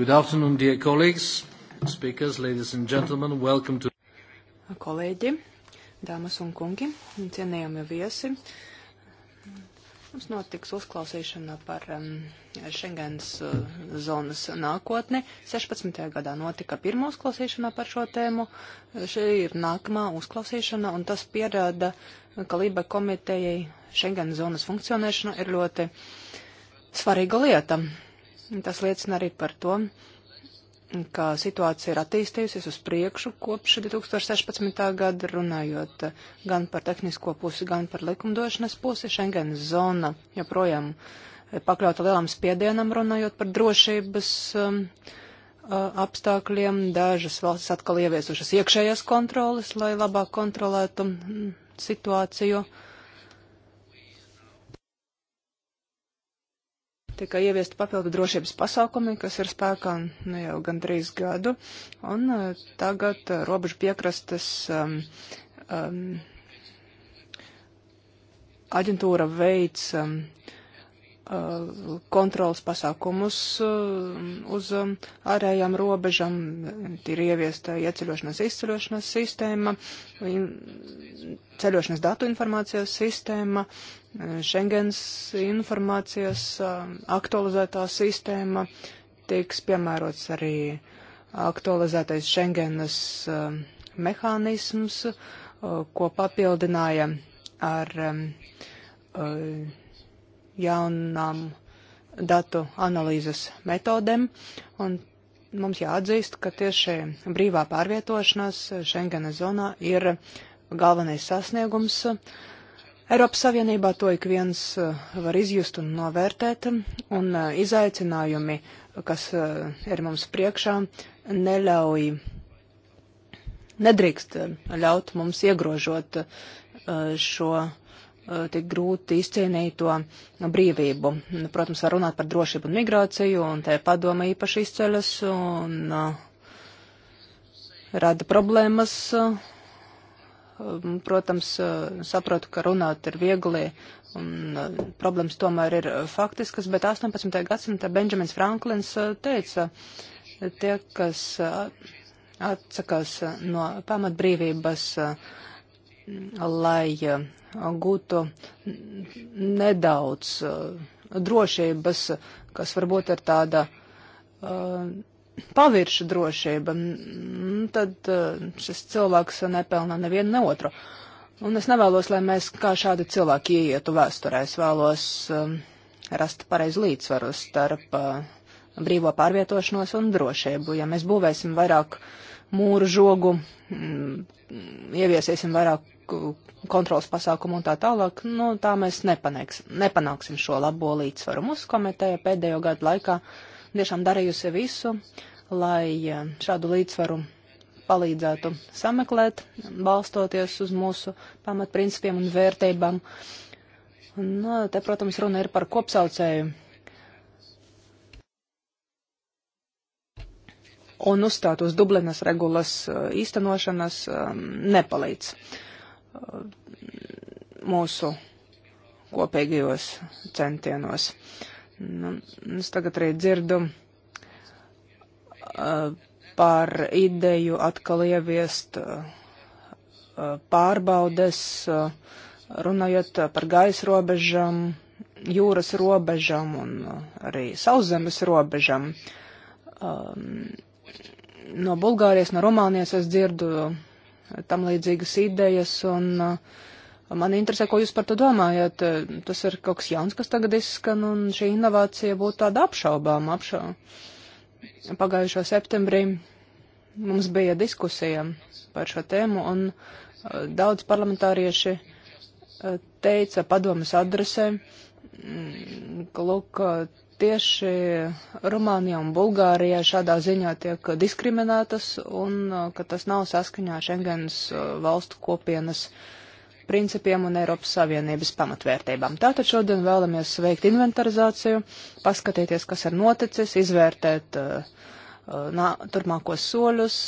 Good afternoon, dear colleagues, speakers, ladies and gentlemen. Welcome to. Kolēģi, dāmas un kungi, cienījami viesi. Mums notiks uzklausīšana par um, Schengens uh, zonas nākotni. 16. gadā notika pirmā uzklausīšana par šo tēmu. Šī ir nākamā uzklausīšana, un tas pierāda, ka Lība komitejai Schengen zonas funkcionēšana ir ļoti svarīga lieta. Tas liecina arī par to, ka situācija ir attīstījusies uz priekšu kopš 2016. gada, runājot gan par tehnisko pusi, gan par likumdošanas pusi. Schengen zona joprojām pakļauta lielam spiedienam, runājot par drošības um, apstākļiem. Dažas valstis atkal ieviesušas iekšējās kontrolas, lai labāk kontrolētu mm, situāciju. Uh, tika ieviesti papildu drošības pasākumi, kas ir spēkā nu, jau gan trīs gadu, un uh, tagad uh, robežu piekrastes um, um, aģentūra veic um, Uh, kontrolas pasākumus uh, uz um, ārējām robežām, ir ieviesta ieceļošanas izceļošanas sistēma, ceļošanas datu informācijas sistēma, uh, Schengens informācijas aktualizētā sistēma, tiks piemērots arī aktualizētais Schengenas mehānisms, ko papildināja ar um, uh, jaunām datu analīzes metodēm, un mums jāatzīst, ka tieši brīvā pārvietošanās Schengena zonā ir galvenais sasniegums. Eiropas Savienībā to ik viens eh, var izjust un novērtēt, un eh, izaicinājumi, kas eh, ir mums priekšā, neļauj, nedrīkst ļaut mums iegrožot šo Eh, tik grūti izcīnīto nu, brīvību. Nu, protams, var runāt par drošību un migrāciju, un te padoma īpaši izceļas un eh, rada problēmas. Eh, protams, saprotu, ka runāt ir viegli, un problēmas tomēr ir faktiskas, bet 18. gadsimta Benjamins Franklins teica, tie, kas atsakās no pamatbrīvības, uh, lai gūtu nedaudz uh, drošības, kas varbūt ir tāda uh, pavirša drošība, mm, tad uh, šis cilvēks nepelnā nevienu ne otru. Un es nevēlos, lai mēs kā šādi cilvēki ieietu vēsturē. Es vēlos um, rast pareizu līdzsvaru starp brīvo pārvietošanos un drošību. Ja mēs būvēsim vairāk mūru žogu, mm, ieviesiesim vairāk kontrols pasākumu un tā tālāk, nu, tā mēs nepanāks, nepanāksim šo labo līdzsvaru. Mūsu komiteja pēdējo gadu laikā tiešām darījusi visu, lai e, šādu līdzsvaru palīdzētu sameklēt, balstoties uz mūsu pamatprincipiem un vērtībām. Nu, te, protams, runa ir par kopsaucēju. Un uzstāt uz Dublinas regulas e, īstenošanas nepalīdz mūsu kopīgajos centienos. Nu, es tagad arī dzirdu uh, par ideju atkal ieviest uh, pārbaudes, uh, runājot par gaisa robežam, jūras robežam un arī sauszemes robežam. No Bulgārijas, no Rumānijas es dzirdu tam līdzīgas idejas, un uh, man interesē, ko jūs par to domājat. Tas ir kaut kas jauns, kas tagad izskan, un šī inovācija būtu tāda apšaubām. Apša... Pagājušo septembrī mums bija diskusija par šo tēmu, un uh, daudz parlamentārieši uh, teica padomas adresē, mm, ka, lūk, tieši Rumānija un Bulgārija šādā ziņā tiek diskriminētas un uh, ka tas nav saskaņā ar Schengens uh, valstu kopienas principiem un Eiropas Savienības pamatvērtībām. Tātad šodien vēlamies veikt inventarizāciju, paskatīties, kas ir noticis, izvērtēt uh, uh nā, turpmākos soļus.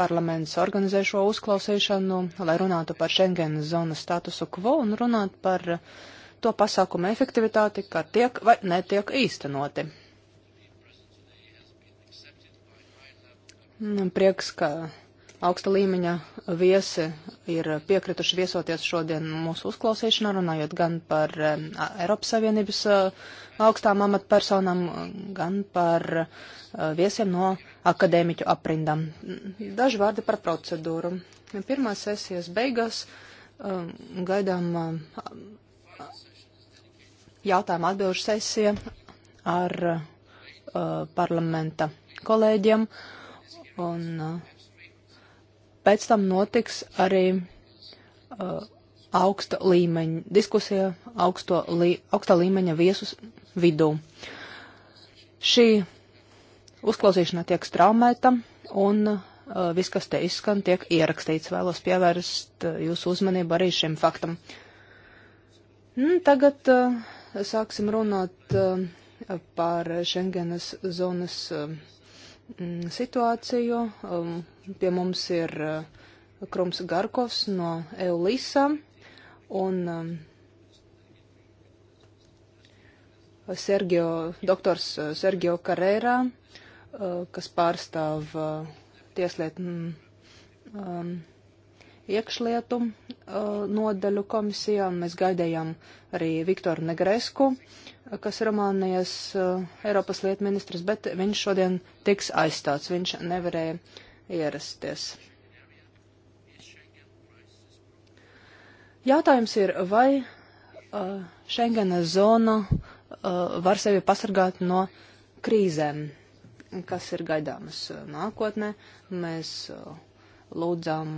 Parlaments organizē šo uzklausīšanu, lai runātu par Schengenas zonas statusu quo un runātu par uh, to pasākumu efektivitāti, kā tiek vai netiek īstenoti. Prieks, ka augsta līmeņa viesi ir piekrituši viesoties šodien mūsu uzklausīšanā, runājot gan par Eiropas Savienības augstām amatpersonām, gan par viesiem no akadēmiķu aprindām. Daži vārdi par procedūru. Pirmās sesijas beigās gaidām jautājuma atbilžu sesija ar uh, parlamenta kolēģiem. Un uh, pēc tam notiks arī uh, augsta līmeņa diskusija augsto lī, augsta līmeņa viesus vidū. Šī uzklausīšana tiek straumēta un uh, viss, kas te izskan, tiek ierakstīts. Vēlos pievērst uh, jūsu uzmanību arī šim faktam. Nu, tagad uh, sāksim runāt eh, par Schengenas zonas mm, situāciju. Eh, pie mums ir eh, Krums Garkovs no Eulisa un Sergio, doktors Sergio Carrera, kas pārstāv tieslietu um, iekšlietu uh, nodaļu komisijā. Mēs gaidījām arī Viktoru Negresku, uh, kas ir Rumānijas uh, Eiropas lietu ministrs, bet viņš šodien tiks aizstāts. Viņš nevarēja ierasties. Jātājums ir, vai uh, Schengena zona uh, var sevi pasargāt no krīzēm, kas ir gaidāmas uh, nākotnē. Mēs lūdzām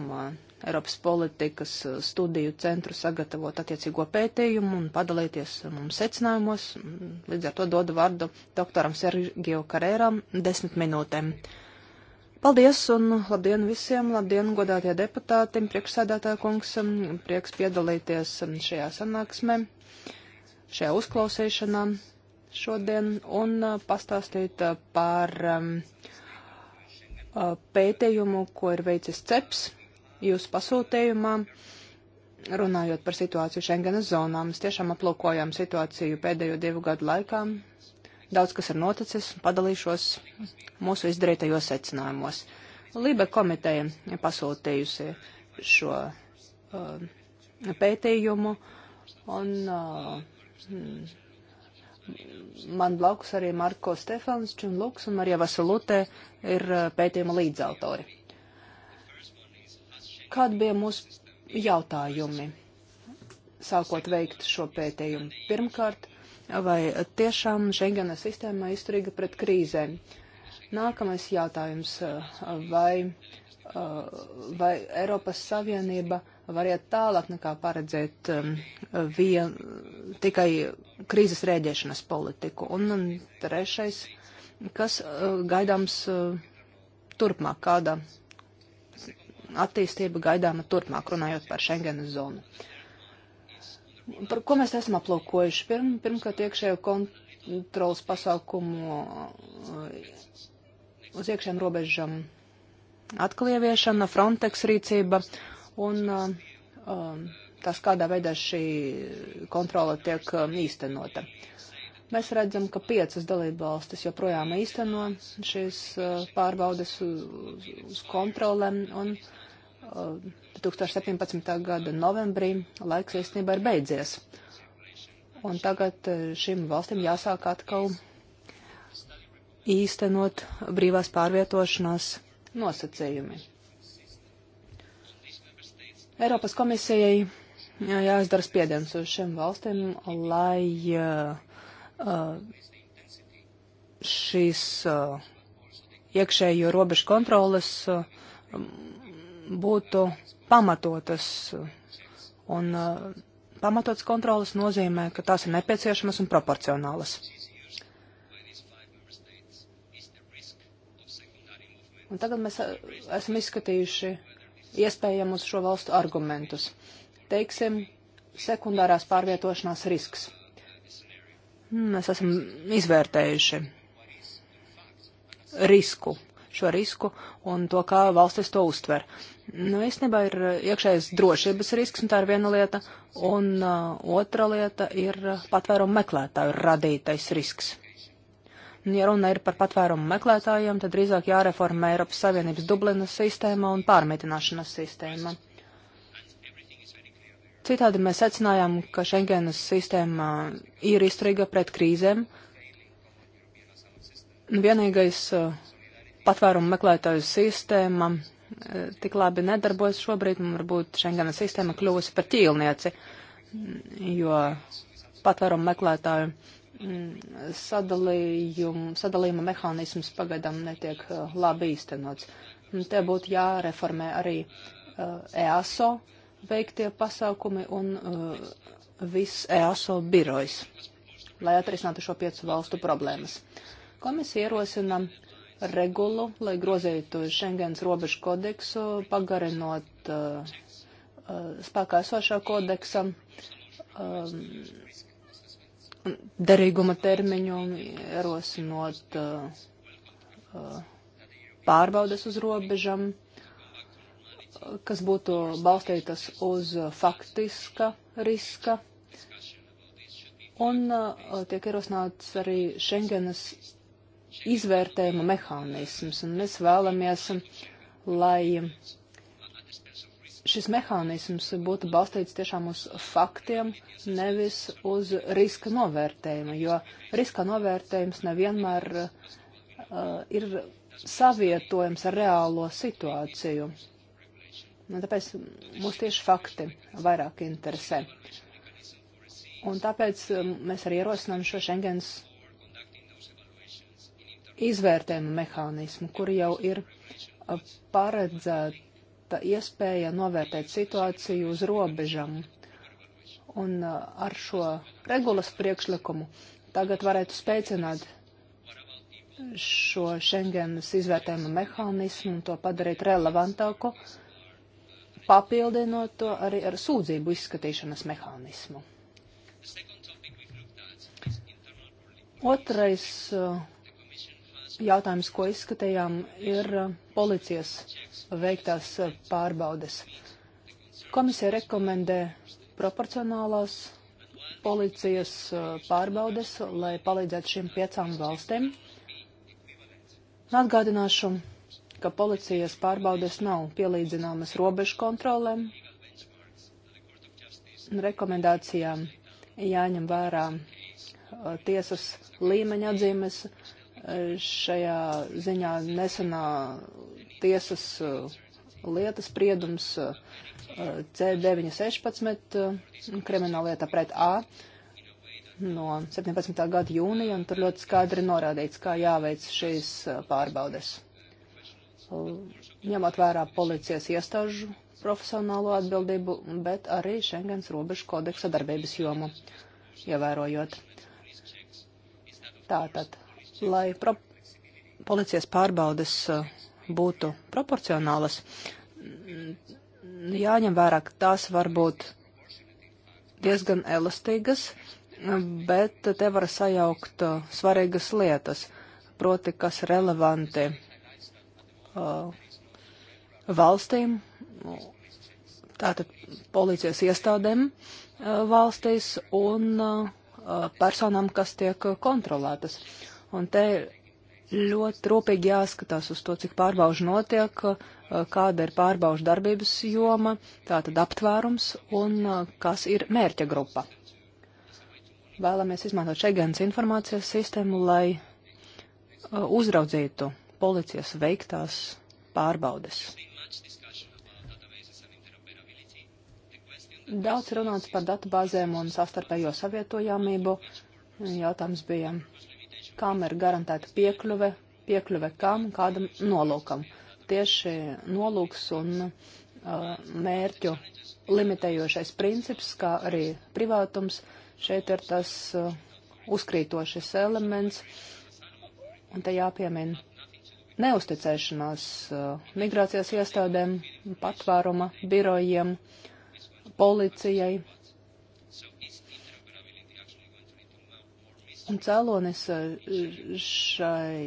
Eiropas politikas eh, studiju centru sagatavot attiecīgo pētījumu un padalīties mums secinājumos. Līdz ar to dodu vārdu doktoram Sergio Karēram desmit minūtēm. Paldies un labdien visiem, labdien godātie deputāti, priekšsēdētāja kungs, prieks piedalīties šajā sanāksmē, šajā uzklausīšanā šodien un eh, pastāstīt eh, par pētījumu, ko ir veicis CEPS jūsu pasūtījumā. Runājot par situāciju Schengenas zonā, mēs tiešām aplūkojām situāciju pēdējo divu gadu laikā. Daudz kas ir noticis, padalīšos mūsu izdarītajos secinājumos. Lībe komiteja pasūtījusi šo uh, pētījumu un uh, man blakus arī Marko Stefans, Čunluks un Marija Vasalutē ir uh, pētījuma līdzautori. Kādi bija mūsu jautājumi, sākot veikt šo pētījumu? Pirmkārt, vai tiešām Schengena sistēma izturīga pret krīzēm? Nākamais jautājums, vai, vai Eiropas Savienība var iet tālāk nekā paredzēt um, vien, tikai krīzes rēģēšanas politiku? Un trešais, kas uh, gaidāms uh, turpmāk, kāda attīstība gaidāma turpmāk, runājot par Schengenas zonu. Par ko mēs esam aplūkojuši? Pirm, pirmkārt, iekšējo kontrolas pasākumu uh, uz iekšējām robežām atklieviešana, Frontex rīcība un uh, um, tas, kādā veidā šī kontrola tiek um, īstenota. Mēs redzam, ka piecas dalībvalstis joprojām īsteno šīs uh, pārbaudes uz, uz kontrolēm, un 2017. gada novembrī laiks īstenībā ir beidzies. Un tagad eh, šīm valstīm jāsāk atkal īstenot brīvās pārvietošanās nosacījumi. Eiropas komisijai jāizdara spiediens uz šiem valstīm, lai eh, eh, šīs iekšējo robežu kontroles būtu pamatotas. Un uh, pamatotas kontrolas nozīmē, ka tās ir nepieciešamas un proporcionālas. Un tagad mēs uh, esam izskatījuši iespējamus šo valstu argumentus. Teiksim, sekundārās pārvietošanās risks. Mm, mēs esam izvērtējuši risku, šo risku un to, kā valstis to uztver. Uh, Nu, īstenībā ir uh, iekšējais drošības risks, un tā ir viena lieta, un uh, otra lieta ir uh, patvērumu meklētāju radītais risks. Un, ja runa ir par patvērumu meklētājiem, tad drīzāk jāreformē Eiropas Savienības Dublinas sistēma un pārmitināšanas sistēma. Citādi mēs secinājām, ka Schengenas sistēma uh, ir izturīga pret krīzēm. Nu, vienīgais uh, patvērumu meklētāju sistēma tik labi nedarbojas šobrīd, un varbūt Schengena sistēma kļūsi par ķīlnieci, jo patvērumu meklētāju mm, sadalījumu, sadalījuma mehānisms pagaidām netiek eh, labi īstenots. Un te būtu jāreformē arī EASO eh, e veiktie pasākumi un eh, viss EASO birojs, lai atrisinātu šo piecu valstu problēmas. Komisija ierosina regulu, lai grozītu Schengens robežu kodeksu, pagarinot uh, uh, spēkā esošā kodeksa um, derīguma termiņu, ierosinot uh, uh, pārbaudes uz robežam, kas būtu balstītas uz faktiska riska. Un uh, tiek ierosināts arī Schengenas izvērtējuma mehānisms, un mēs vēlamies, lai šis mehānisms būtu balstīts tiešām uz faktiem, nevis uz riska novērtējumu, jo riska novērtējums nevienmēr uh, ir savietojams ar reālo situāciju. Un tāpēc mūs tieši fakti vairāk interesē. Un tāpēc um, mēs arī ierosinām šo Schengens izvērtējumu mehānismu, kur jau ir uh, paredzēta iespēja novērtēt situāciju uz robežam. Un uh, ar šo regulas priekšlikumu tagad varētu spēcināt šo Schengenas izvērtējumu mehānismu un to padarīt relevantāku, papildinot to arī ar sūdzību izskatīšanas mehānismu. Otrais uh, jautājums, ko izskatījām, ir uh, policijas veiktās uh, pārbaudes. Komisija rekomendē proporcionālās policijas uh, pārbaudes, lai palīdzētu šīm piecām valstīm. Atgādināšu, ka policijas pārbaudes nav pielīdzināmas robežu kontrolēm. Rekomendācijām jāņem vērā tiesas līmeņa atzīmes Šajā ziņā nesenā tiesas uh, lietas spriedums uh, C916 uh, krimināllietā pret A no 17. gada jūnija, un tur ļoti skaidri norādīts, kā jāveic šīs pārbaudes. Ņemot vērā policijas iestāžu profesionālo atbildību, bet arī Schengens robežu kodeksa darbības jomu ievērojot. Tātad lai pro policijas pārbaudes uh, būtu proporcionālas, jāņem vērā, ka tās var būt diezgan elastīgas, bet te var sajaukt uh, svarīgas lietas, proti, kas relevanti uh, valstīm, tātad policijas iestādēm uh, valstīs un uh, personām, kas tiek uh, kontrolētas. Uh, Un te ir ļoti rūpīgi jāskatās uz to, cik pārbaužu notiek, uh, kāda ir pārbaužu darbības joma, tātad aptvērums un uh, kas ir mērķa grupa. Vēlamies izmantot Schengens informācijas sistēmu, lai uh, uzraudzītu policijas veiktās pārbaudes. Daudz runāts par datubāzēm un sastarpējo savietojamību. Jautājums bija, kam ir garantēta piekļuve, piekļuve kam, kādam nolūkam. Tieši nolūks un uh, mērķu limitējošais princips, kā arī privātums, šeit ir tas uh, uzkrītošais elements, un te jāpiemina neusticēšanās uh, migrācijas iestādēm, patvēruma birojiem, policijai, Un cēlonis e, šai,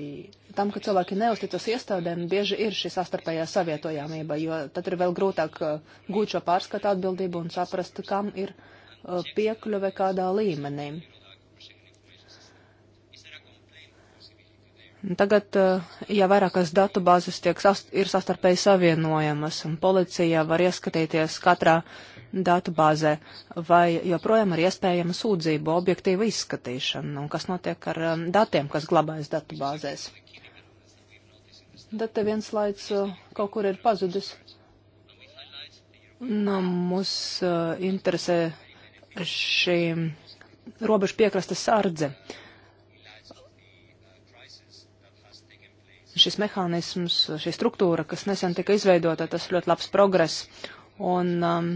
tam, ka cilvēki neusticas iestādēm, bieži ir šī sastarpējā savietojāmība, jo tad ir vēl grūtāk e, gūt šo pārskatu atbildību un saprast, kam ir e, piekļuve kādā līmenī. Tagad, eh, ja vairākas datubāzes tiek sast, ir sastarpēji savienojamas un policija var ieskatīties katrā datubāzē, vai joprojām ir iespējama sūdzību objektīva izskatīšana un kas notiek ar eh, datiem, kas glabājas datubāzēs. Tad te viens laids eh, kaut kur ir pazudis. Un mūs interesē šī robežu piekrastes sardze. Uh, šis mehānisms, šī struktūra, kas nesen tika izveidota, tas ļoti labs progress. Un um,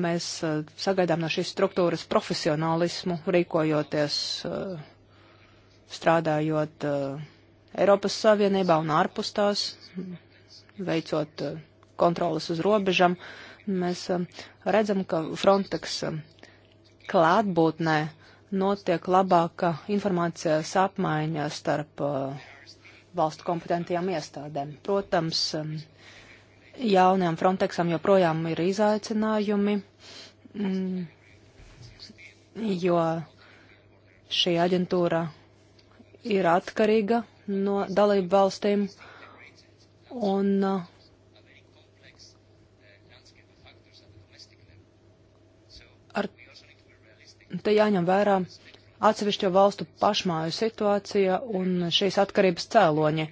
mēs uh, sagaidām no šīs struktūras profesionālismu, rīkojoties, uh, strādājot uh, Eiropas Savienībā un ārpus tās, veicot uh, kontrolas uz robežam. Mēs uh, redzam, ka Frontex uh, klātbūtnē notiek labāka informācijas apmaiņa starp uh, valstu kompetentajām iestādēm. Protams, um, jaunajam Frontexam joprojām ir izaicinājumi, mm, jo šī aģentūra ir atkarīga no dalību valstīm un uh, ar te jāņem vērā atsevišķo valstu pašmāju situācija un šīs atkarības cēloņi.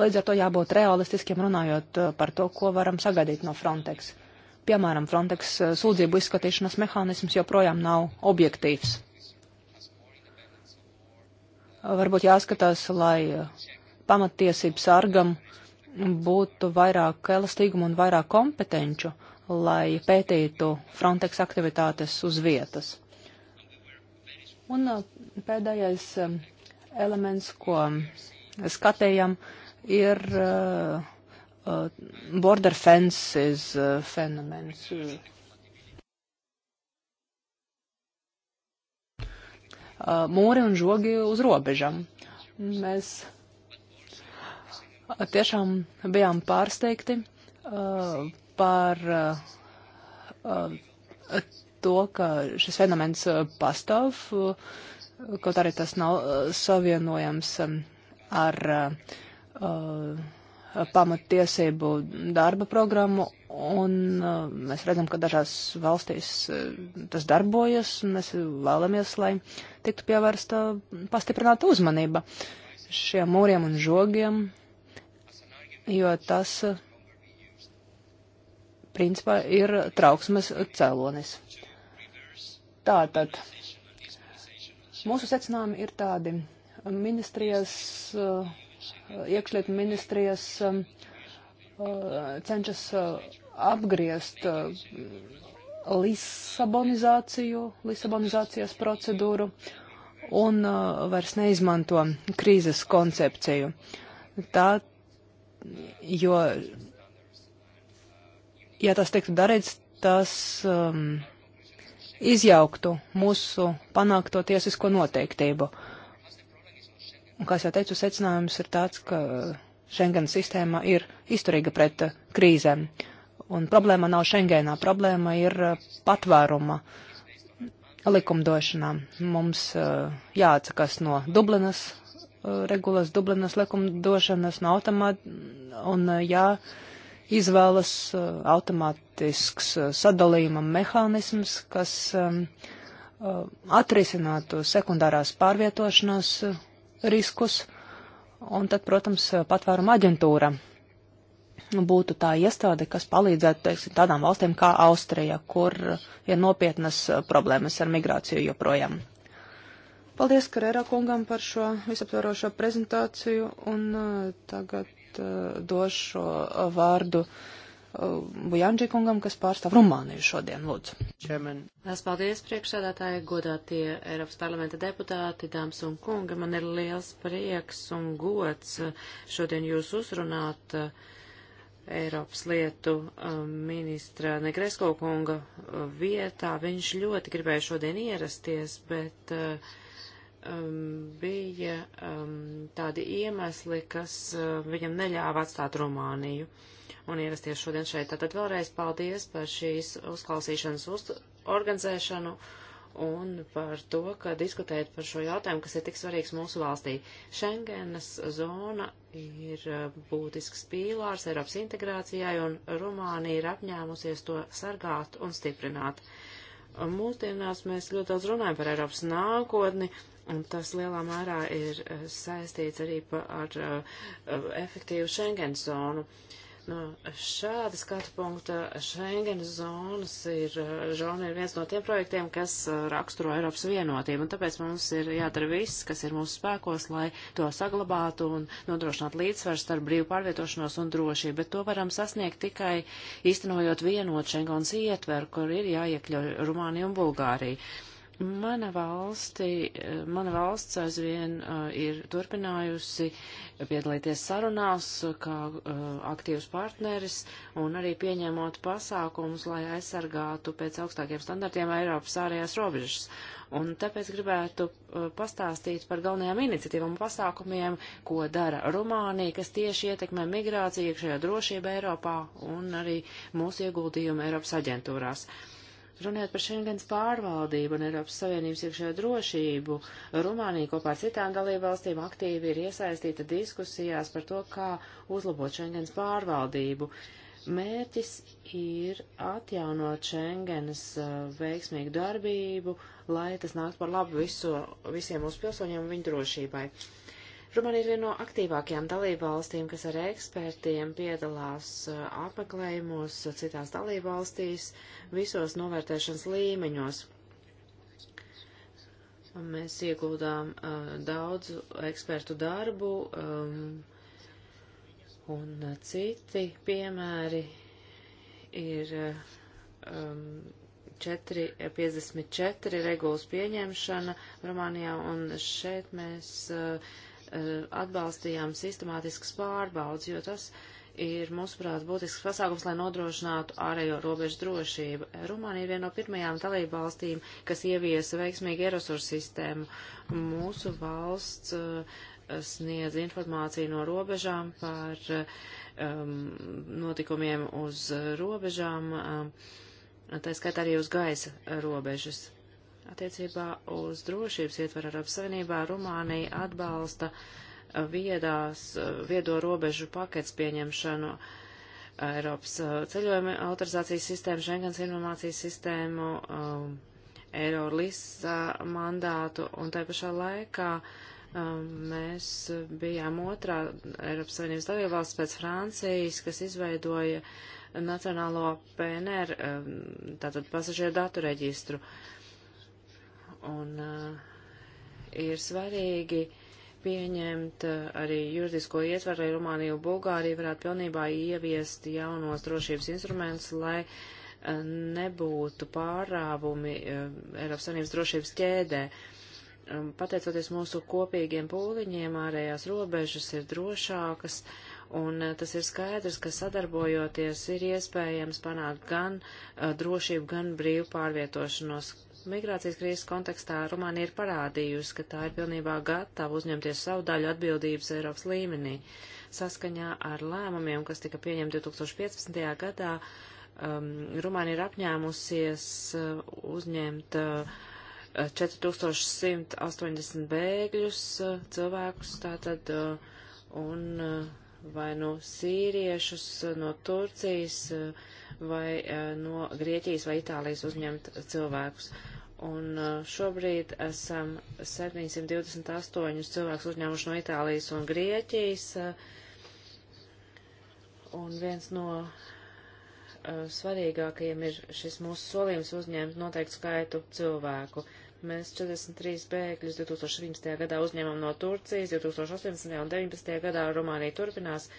Līdz ar to jābūt realistiskiem runājot uh, par to, ko varam sagaidīt no Frontex. Piemēram, Frontex uh, sūdzību izskatīšanas mehānisms joprojām nav objektīvs. Uh, varbūt jāskatās, lai pamatiesības sargam būtu vairāk elastīguma un vairāk kompetenču, lai pētītu Frontex aktivitātes uz vietas. Un uh, pēdējais um, elements, ko skatējam, ir uh, uh, border fences fenomens. Mūri un žogi uz robežam. Mēs tiešām bijām pārsteigti par to, ka šis fenomens uh, pastāv, uh, kaut arī tas nav uh, savienojams um, ar uh, pamattiesību darba programmu, un uh, mēs redzam, ka dažās valstīs uh, tas darbojas, un mēs vēlamies, lai tiktu pievērsta pastiprināta uzmanība šiem mūriem un žogiem, jo tas, uh, principā, ir trauksmes cēlonis. Tātad mūsu secinājumi ir tādi. Ministrijas, eh, iekšlietu ministrijas eh, cenšas eh, apgriezt Lisabonizāciju, Lisabonizācijas procedūru un vairs neizmanto krīzes koncepciju. Tā, jo, ja tas tiktu darīts, tas. Um, izjauktu mūsu panākto tiesisko noteiktību. Un, kā jau teicu, secinājums ir tāds, ka Schengen sistēma ir izturīga pret krīzēm. Un problēma nav Schengenā, problēma ir patvēruma likumdošanā. Mums uh, jāatsakās no Dublinas uh, regulas, Dublinas likumdošanas, no automāta un uh, jā. Ja izvēles eh, automātisks eh, sadalījuma mehānisms, kas eh, atrisinātu sekundārās pārvietošanās riskus, un tad, protams, patvēruma aģentūra būtu tā iestāde, kas palīdzētu, teiksim, tādām valstīm kā Austrija, kur ir nopietnas problēmas ar migrāciju joprojām. Paldies Karērā kungam par šo visaptvarošo prezentāciju, un tagad Eh, došu eh, vārdu eh, Bujanģī kungam, kas pārstāv Rumāniju šodien, lūdzu. Čemen. Es paldies priekšsēdētāji, godātie Eiropas parlamenta deputāti, dāmas un kungi. Man ir liels prieks un gods šodien jūs uzrunāt Eiropas lietu ministra Negresko kunga vietā. Viņš ļoti gribēja šodien ierasties, bet uh, um, bija um, tādi iemesli, kas uh, viņam neļāva atstāt Rumāniju un ierasties šodien šeit. Tātad vēlreiz paldies par šīs uzklausīšanas uz organizēšanu un par to, ka diskutējat par šo jautājumu, kas ir tik svarīgs mūsu valstī. Šengenas zona ir uh, būtisks pīlārs Eiropas integrācijai, un Rumānija ir apņēmusies to sargāt un stiprināt. Mūsdienās mēs ļoti daudz runājam par Eiropas nākotni, Un tas lielā mērā ir eh, saistīts arī ar, ar eh, efektīvu Schengen zonu. No nu, šāda skatu punkta Schengen zonas ir, eh, zona ir viens no tiem projektiem, kas raksturo Eiropas vienotību, un tāpēc mums ir jādara viss, kas ir mūsu spēkos, lai to saglabātu un nodrošinātu līdzsvaru starp brīvu pārvietošanos un drošību, bet to varam sasniegt tikai īstenojot vienot Schengens ietveru, kur ir jāiekļauj Rumānija un Bulgārija. Mana, valsti, mana valsts aizvien uh, ir turpinājusi piedalīties sarunās kā uh, aktīvs partneris un arī pieņemot pasākumus, lai aizsargātu pēc augstākiem standartiem Eiropas ārējās robežas. Un tāpēc gribētu uh, pastāstīt par galvenajām iniciatīvām un pasākumiem, ko dara Rumānija, kas tieši ietekmē migrāciju, iekšējā drošība Eiropā un arī mūsu ieguldījumu Eiropas aģentūrās. Uh, Runājot par Schengens pārvaldību un Eiropas Savienības iekšējo drošību, Rumānija kopā ar citām dalībvalstīm aktīvi ir iesaistīta diskusijās par to, kā uzlabot Schengens pārvaldību. Mērķis ir atjaunot Schengenas uh, veiksmīgu darbību, lai tas nāks par labu viso, visiem mūsu pilsoņiem un viņu drošībai. Uh, Rumānija ir viena no aktīvākajām dalībvalstīm, kas ar ekspertiem piedalās uh, apmeklējumos uh, citās dalībvalstīs visos novērtēšanas līmeņos. Mēs ieguldām uh, daudzu ekspertu darbu, um, un uh, citi piemēri ir um, 454 regulas pieņemšana Rumānijā, un šeit mēs uh, Eh, atbalstījām sistemātiskas pārbaudas, jo tas ir, mūsuprāt, būtisks pasākums, lai nodrošinātu ārējo robežu drošību. Rumānija ir viena no pirmajām dalību valstīm, kas ieviesa veiksmīgi aerosursu sistēmu. Mūsu valsts uh, sniedz informāciju no robežām par um, notikumiem uz robežām, um, tā skaitā arī uz gaisa robežas. Attiecībā uz drošības ietveru Eiropas Savienībā Rumānija atbalsta uh, viedās, uh, viedo robežu pakets pieņemšanu uh, Eiropas ceļojuma autorizācijas sistēmu, Schengens informācijas sistēmu, um, Eirolisa mandātu, un tai pašā laikā um, mēs bijām otrā Eiropas Savienības dalībvalsts pēc Francijas, kas izveidoja Nacionālo PNR, um, tātad pasažieru datu reģistru. Uh, Un uh, ir svarīgi pieņemt uh, arī juridisko ietvaru, lai Rumānija un Bulgārija varētu pilnībā ieviest jaunos drošības instrumentus, lai uh, nebūtu pārāvumi uh, Eiropas Savienības drošības ķēdē. Um, pateicoties mūsu kopīgiem pūliņiem, ārējās robežas ir drošākas, un uh, tas ir skaidrs, ka sadarbojoties ir iespējams panākt gan uh, drošību, gan brīvu pārvietošanos Migrācijas krīzes kontekstā Rumānija ir parādījusi, ka tā ir pilnībā gatava uzņemties savu daļu atbildības Eiropas līmenī. Saskaņā ar lēmumiem, kas tika pieņemti 2015. gadā, um, Rumānija ir apņēmusies uh, uzņemt uh, 4180 bēgļus uh, cilvēkus, tātad, uh, un uh, vai no nu sīriešus, uh, no Turcijas. Uh, vai eh, no Grieķijas vai Itālijas uzņemt cilvēkus. Un eh, šobrīd esam 728 cilvēkus uzņēmuši no Itālijas un Grieķijas. Eh, un viens no svarīgākajiem ir šis mūsu solījums uzņemt noteiktu skaitu cilvēku. Mēs 43 bēgļus 2017. gadā uzņēmām no Turcijas, 2018. un 2019. gadā Rumānija turpinās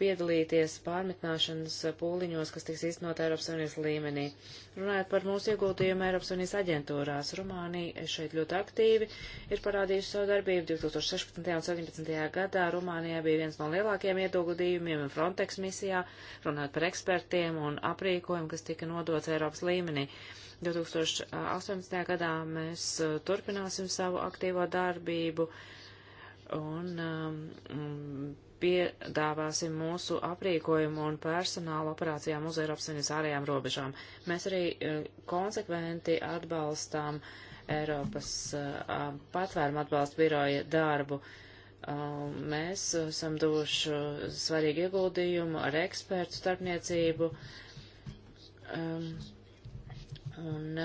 piedalīties pārmetināšanas pūliņos, kas tiks īstenot Eiropas Savienības līmenī. Runājot par mūsu ieguldījumu Eiropas Savienības aģentūrās, Rumānija šeit ļoti aktīvi ir parādījusi savu darbību. 2016. un 2017. gadā Rumānijā bija viens no lielākajiem ieguldījumiem Frontex misijā, runājot par ekspertiem un aprīkojumu, kas tika nodots Eiropas līmenī. 2018. gadā mēs turpināsim savu aktīvo darbību un um, piedāvāsim mūsu aprīkojumu un personālu operācijām uz Eiropas Savienības ārējām robežām. Mēs arī e, konsekventi atbalstām Eiropas e, patvērumu atbalstu biroja darbu. E, mēs esam došu svarīgu ieguldījumu ar ekspertu starpniecību. Um, un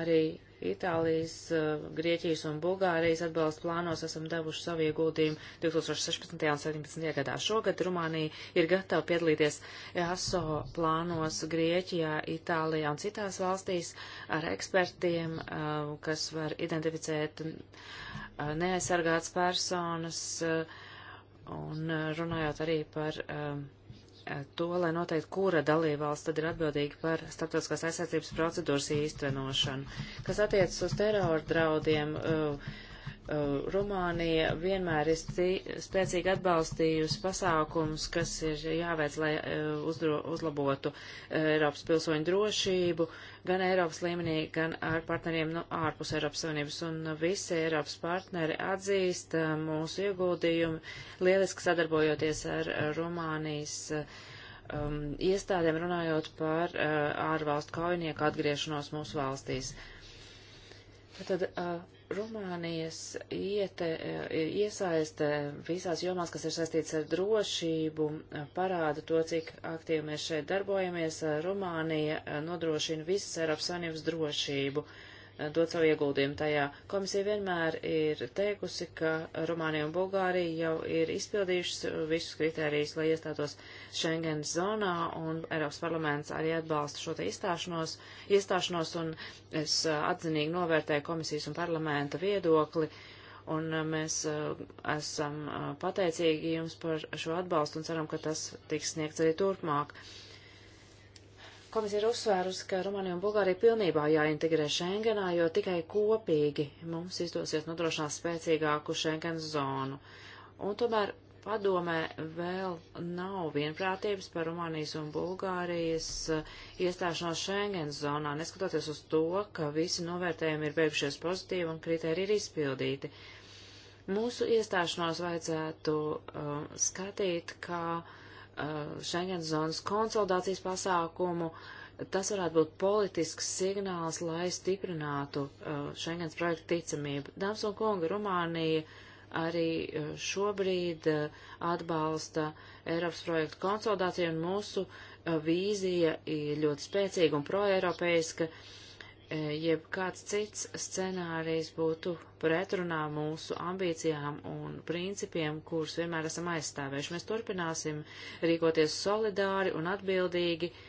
arī Itālijas, eh, Grieķijas un Bulgārijas atbalsta plānos esam devuši savu ieguldījumu 2016. un 2017. gadā. Šogad Rumānija ir gatava piedalīties EASO plānos Grieķijā, Itālijā un citās valstīs ar ekspertiem, eh, kas var identificēt eh, neaizsargātas personas un runājot arī par to, lai noteikti, kura dalībvalsts tad ir atbildīga par starptautiskās aizsardzības procedūras īstenošanu. Kas attiecas uz terora draudiem, uh, Uh, Rumānija vienmēr ir spēcīgi atbalstījusi pasākums, kas ir jāveic, lai uh, uzdro, uzlabotu uh, Eiropas pilsoņu drošību, gan Eiropas līmenī, gan ar partneriem no nu, ārpus Eiropas Savienības. Un visi Eiropas partneri atzīst mūsu ieguldījumu, lieliski sadarbojoties ar Rumānijas um, iestādēm, runājot par uh, ārvalstu kaujinieku atgriešanos mūsu valstīs. Tad, uh, Rumānijas iete, e, iesaiste visās jomās, kas ir saistīts ar drošību, parāda to, cik aktīvi mēs šeit darbojamies. Rumānija e, nodrošina visas Eiropas Savienības drošību. Uh, Eh, dot savu ieguldījumu tajā. Komisija vienmēr ir teikusi, ka Rumānija un Bulgārija jau ir izpildījušas visus kritērijus, lai iestātos Schengen zonā, un Eiropas parlaments arī atbalsta šo te izstāšanos, iestāšanos, un es eh, atzinīgi novērtēju komisijas un parlamenta viedokli, un eh, mēs esam pateicīgi jums par šo atbalstu un ceram, ka tas tiks sniegts arī turpmāk. Uh, Komisija ir uzsvērusi, ka Rumānija un Bulgārija pilnībā jāintegrē Schengenā, jo tikai kopīgi mums izdosies nodrošināt spēcīgāku Schengen zonu. Un tomēr padomē vēl nav vienprātības par Rumānijas un Bulgārijas uh, iestāšanos Schengen zonā, neskatoties uz to, ka visi novērtējumi ir beigušies pozitīvi un kritēri ir izpildīti. Mūsu iestāšanos vajadzētu uh, skatīt, kā uh, Uh, Schengen zonas konsolidācijas pasākumu. Tas varētu būt politisks signāls, lai stiprinātu uh, Schengens projektu ticamību. Dāmas un kungi, Rumānija arī uh, šobrīd atbalsta Eiropas projektu konsolidāciju un mūsu vīzija ir ļoti spēcīga un proeiropeiska. Uh, jeb kāds cits scenārijs būtu pretrunā mūsu ambīcijām un principiem, kurus vienmēr esam aizstāvējuši. Mēs turpināsim rīkoties solidāri un atbildīgi, uh,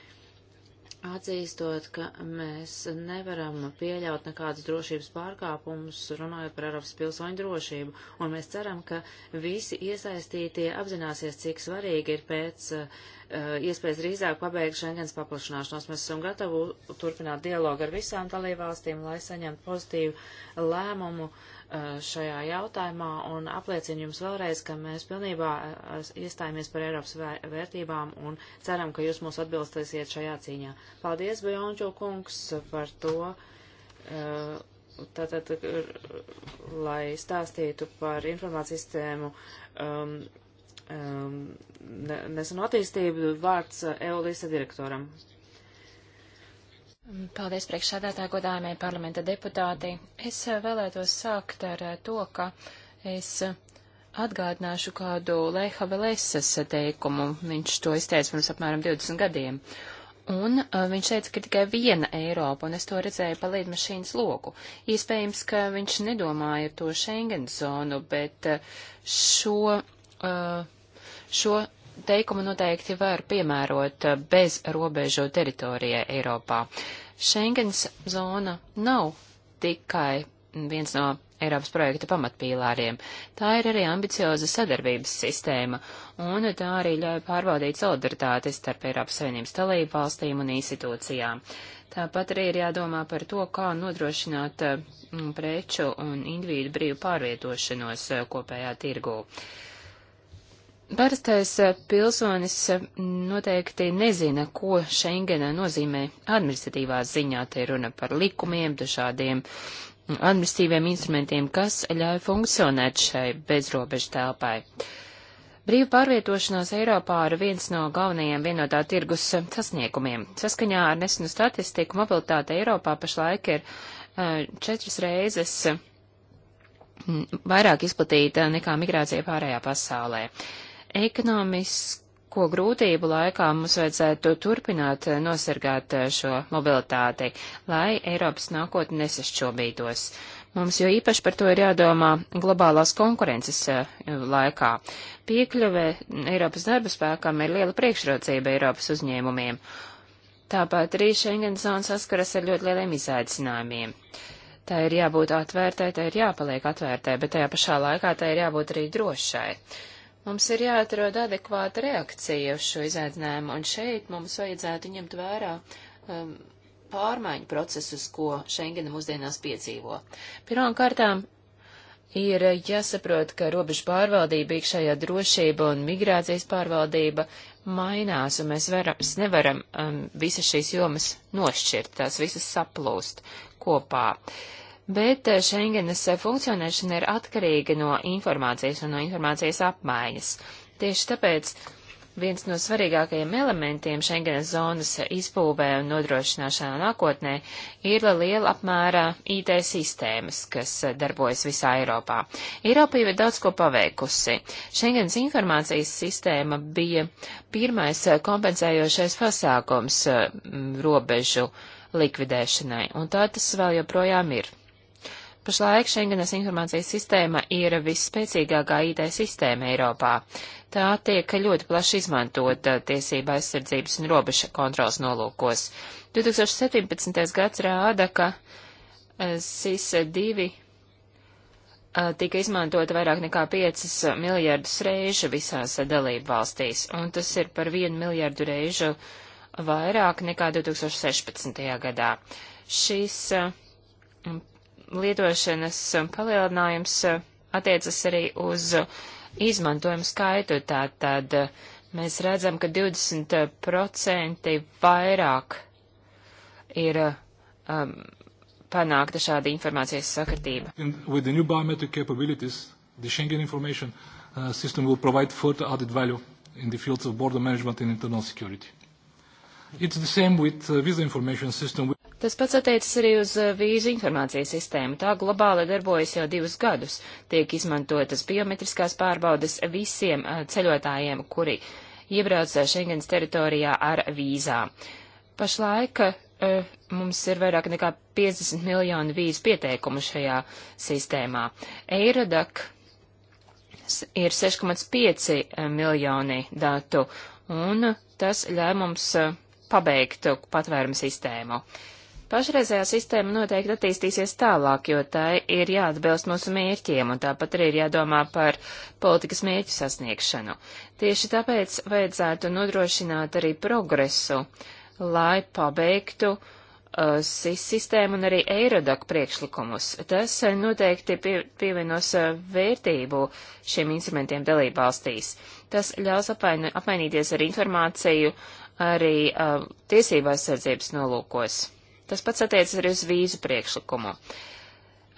Atzīstot, ka mēs nevaram pieļaut nekādus drošības pārkāpumus, runājot par Eiropas pilsoņu drošību, un mēs ceram, ka visi iesaistītie apzināsies, cik svarīgi ir pēc uh, iespējas drīzāk pabeigt Schengens paplašanāšanos. Mēs esam gatavi turpināt dialogu ar visām dalībvalstīm, lai saņemtu pozitīvu lēmumu uh, Eh, šajā jautājumā un apliecinu jums vēlreiz, ka mēs pilnībā eh, iestājamies par Eiropas vērtībām un ceram, ka jūs mūs atbilstēsiet šajā cīņā. Paldies, Bejončo kungs, par to, eh, tātad, lai stāstītu par informācijas sistēmu. Um, um, Nesenu attīstību vārds Eulisa direktoram. Paldies priekšsādātā godājumai parlamenta deputāti. Es eh, vēlētos sākt ar eh, to, ka es eh, atgādināšu kādu Leha Velesas teikumu. Viņš to izteica pirms apmēram 20 gadiem. Un uh, viņš teica, ka tikai viena Eiropa, un es to redzēju pa līdmašīnas loku. Iespējams, ka viņš nedomāja to Schengen zonu, bet šo, uh, šo teikumu noteikti var piemērot bez robežu teritorijai Eiropā. Uh, Schengens zona nav tikai viens no Eiropas projekta pamatpīlāriem. Tā ir arī ambicioza sadarbības sistēma, un tā arī ļauj pārbaudīt solidaritāti starp Eiropas Savienības dalību valstīm un institūcijām. Tāpat arī ir jādomā par to, kā nodrošināt preču un individu brīvu pārvietošanos kopējā tirgū. Uh, Parastais eh, pilsonis eh, noteikti nezina, ko Schengena nozīmē administratīvā ziņā. Te runa par likumiem, dažādiem mm, administratīviem instrumentiem, kas ļauj funkcionēt šai bezrobežu telpai. Brīva pārvietošanās Eiropā ir viens no galvenajiem vienotā tirgus eh, sasniegumiem. Saskaņā ar nesenu statistiku mobilitāte Eiropā pašlaik ir uh, četras reizes mm, vairāk izplatīta nekā migrācija pārējā pasaulē. Uh, ekonomisko grūtību laikā mums vajadzētu turpināt nosargāt eh, šo mobilitāti, lai Eiropas nākotne nesašķobītos. Mums jo īpaši par to ir jādomā globālās konkurences eh, laikā. Piekļuve Eiropas darba spēkam ir liela priekšrocība Eiropas uzņēmumiem. Tāpat arī Schengen zona saskaras ar ļoti lieliem izaicinājumiem. Tā ir jābūt atvērtai, tā ir jāpaliek atvērtai, bet tajā pašā laikā tā ir jābūt arī drošai. Mums ir jāatrod adekvāta reakcija uz šo izaicinājumu, un šeit mums vajadzētu ņemt vērā um, pārmaiņu procesus, ko Schengena mūsdienās piedzīvo. Pirmām kārtām ir jāsaprot, ka robežu pārvaldība, iekšējā drošība un migrācijas pārvaldība mainās, un mēs varam, nevaram um, visas šīs jomas nošķirt, tās visas saplūst kopā. Uh, bet eh, Schengenas eh, funkcionēšana ir atkarīga no informācijas un no informācijas apmaiņas. Tieši tāpēc viens no svarīgākajiem elementiem Schengenas zonas izbūvē un nodrošināšanā nākotnē ir liela apmērā IT sistēmas, kas eh, darbojas visā Eiropā. Eiropa jau ir daudz ko paveikusi. Schengenas informācijas sistēma bija pirmais kompensējošais pasākums robežu likvidēšanai, un tā tas vēl joprojām ir. Pašlaik Schengenas informācijas sistēma ir visspēcīgākā IT sistēma Eiropā. Tā tiek ļoti plaši izmantota tiesība aizsardzības un robeža kontrols nolūkos. 2017. gads rāda, ka eh, SIS-2 eh, tika izmantota vairāk nekā 5 miljardus reižu visās dalību valstīs, un tas ir par 1 miljardu reižu vairāk nekā 2016. gadā. Šis eh, lietošanas palielinājums eh, attiecas arī uz izmantojumu skaitu. Tātad eh, mēs redzam, ka 20% vairāk ir eh, um, panākta šāda informācijas sakritība. The Schengen information uh, system will provide further added value in the fields of border management and internal security. It's the same with uh, visa information system. Tas pats attiecas arī uz uh, vīzu informācijas sistēmu. Tā globāli darbojas jau divus gadus. Tiek izmantotas biometriskās pārbaudes visiem uh, ceļotājiem, kuri iebrauc uh, Schengens teritorijā ar vīzām. Pašlaik mums ir vairāk nekā 50 miljonu vīzu pieteikumu šajā sistēmā. Eirodak ir 6,5 miljoni datu, un tas ļauj mums pabeigt patvērumu sistēmu. Uh, Pašreizējā sistēma noteikti attīstīsies tālāk, jo tai ir jāatbilst mūsu mērķiem, un tāpat arī ir jādomā par politikas mērķu sasniegšanu. Tieši tāpēc vajadzētu nodrošināt arī progresu, lai pabeigtu uh, SIS sistēmu un arī Eirodak priekšlikumus. Tas uh, noteikti pie, pievienos uh, vērtību šiem instrumentiem dalībvalstīs. Tas ļaus apaini, apmainīties ar informāciju arī uh, tiesībās sardzības nolūkos. Tas pats attiecas arī uz vīzu priekšlikumu.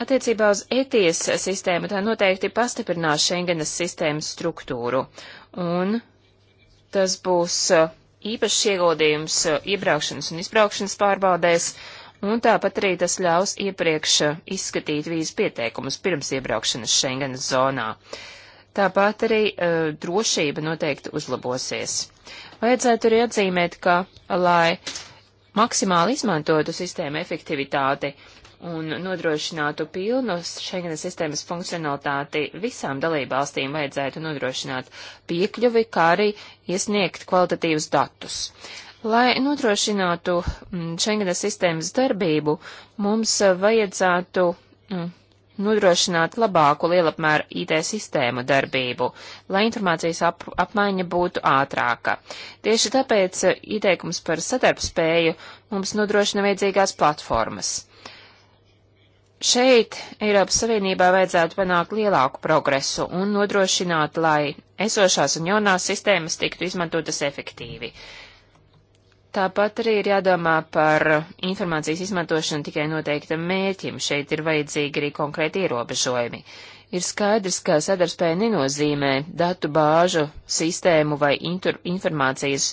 Attiecībā uz ETIES sistēmu tā noteikti pastiprinās Schengenas sistēmas struktūru, un tas būs uh, īpašs ieguldījums uh, iebraukšanas un izbraukšanas pārbaudēs, un tāpat arī tas ļaus iepriekš uh, izskatīt vīzu pieteikumus pirms iebraukšanas Schengenas zonā. Tāpat arī uh, drošība noteikti uzlabosies. Vajadzētu arī atzīmēt, ka, lai uh, maksimāli izmantotu sistēmu efektivitāti un nodrošinātu pilnu Schengenas sistēmas funkcionalitāti visām dalībvalstīm vajadzētu nodrošināt piekļuvi, kā arī iesniegt kvalitatīvus datus. Lai nodrošinātu mm, Schengenas sistēmas darbību, mums vajadzētu mm, nodrošināt labāku lielapmēru IT sistēmu darbību, lai informācijas ap, apmaiņa būtu ātrāka. Tieši tāpēc eh, ieteikums par sadarbspēju mums nodrošina vajadzīgās platformas. Šeit Eiropas Savienībā vajadzētu panākt lielāku progresu un nodrošināt, lai esošās un jaunās sistēmas tiktu izmantotas efektīvi. Uh, Tāpat arī ir jādomā par informācijas izmantošanu tikai noteiktam mērķim. Šeit ir vajadzīgi arī konkrēti ierobežojumi. Ir skaidrs, ka sadarbspēja nenozīmē datu bāžu sistēmu vai inter, informācijas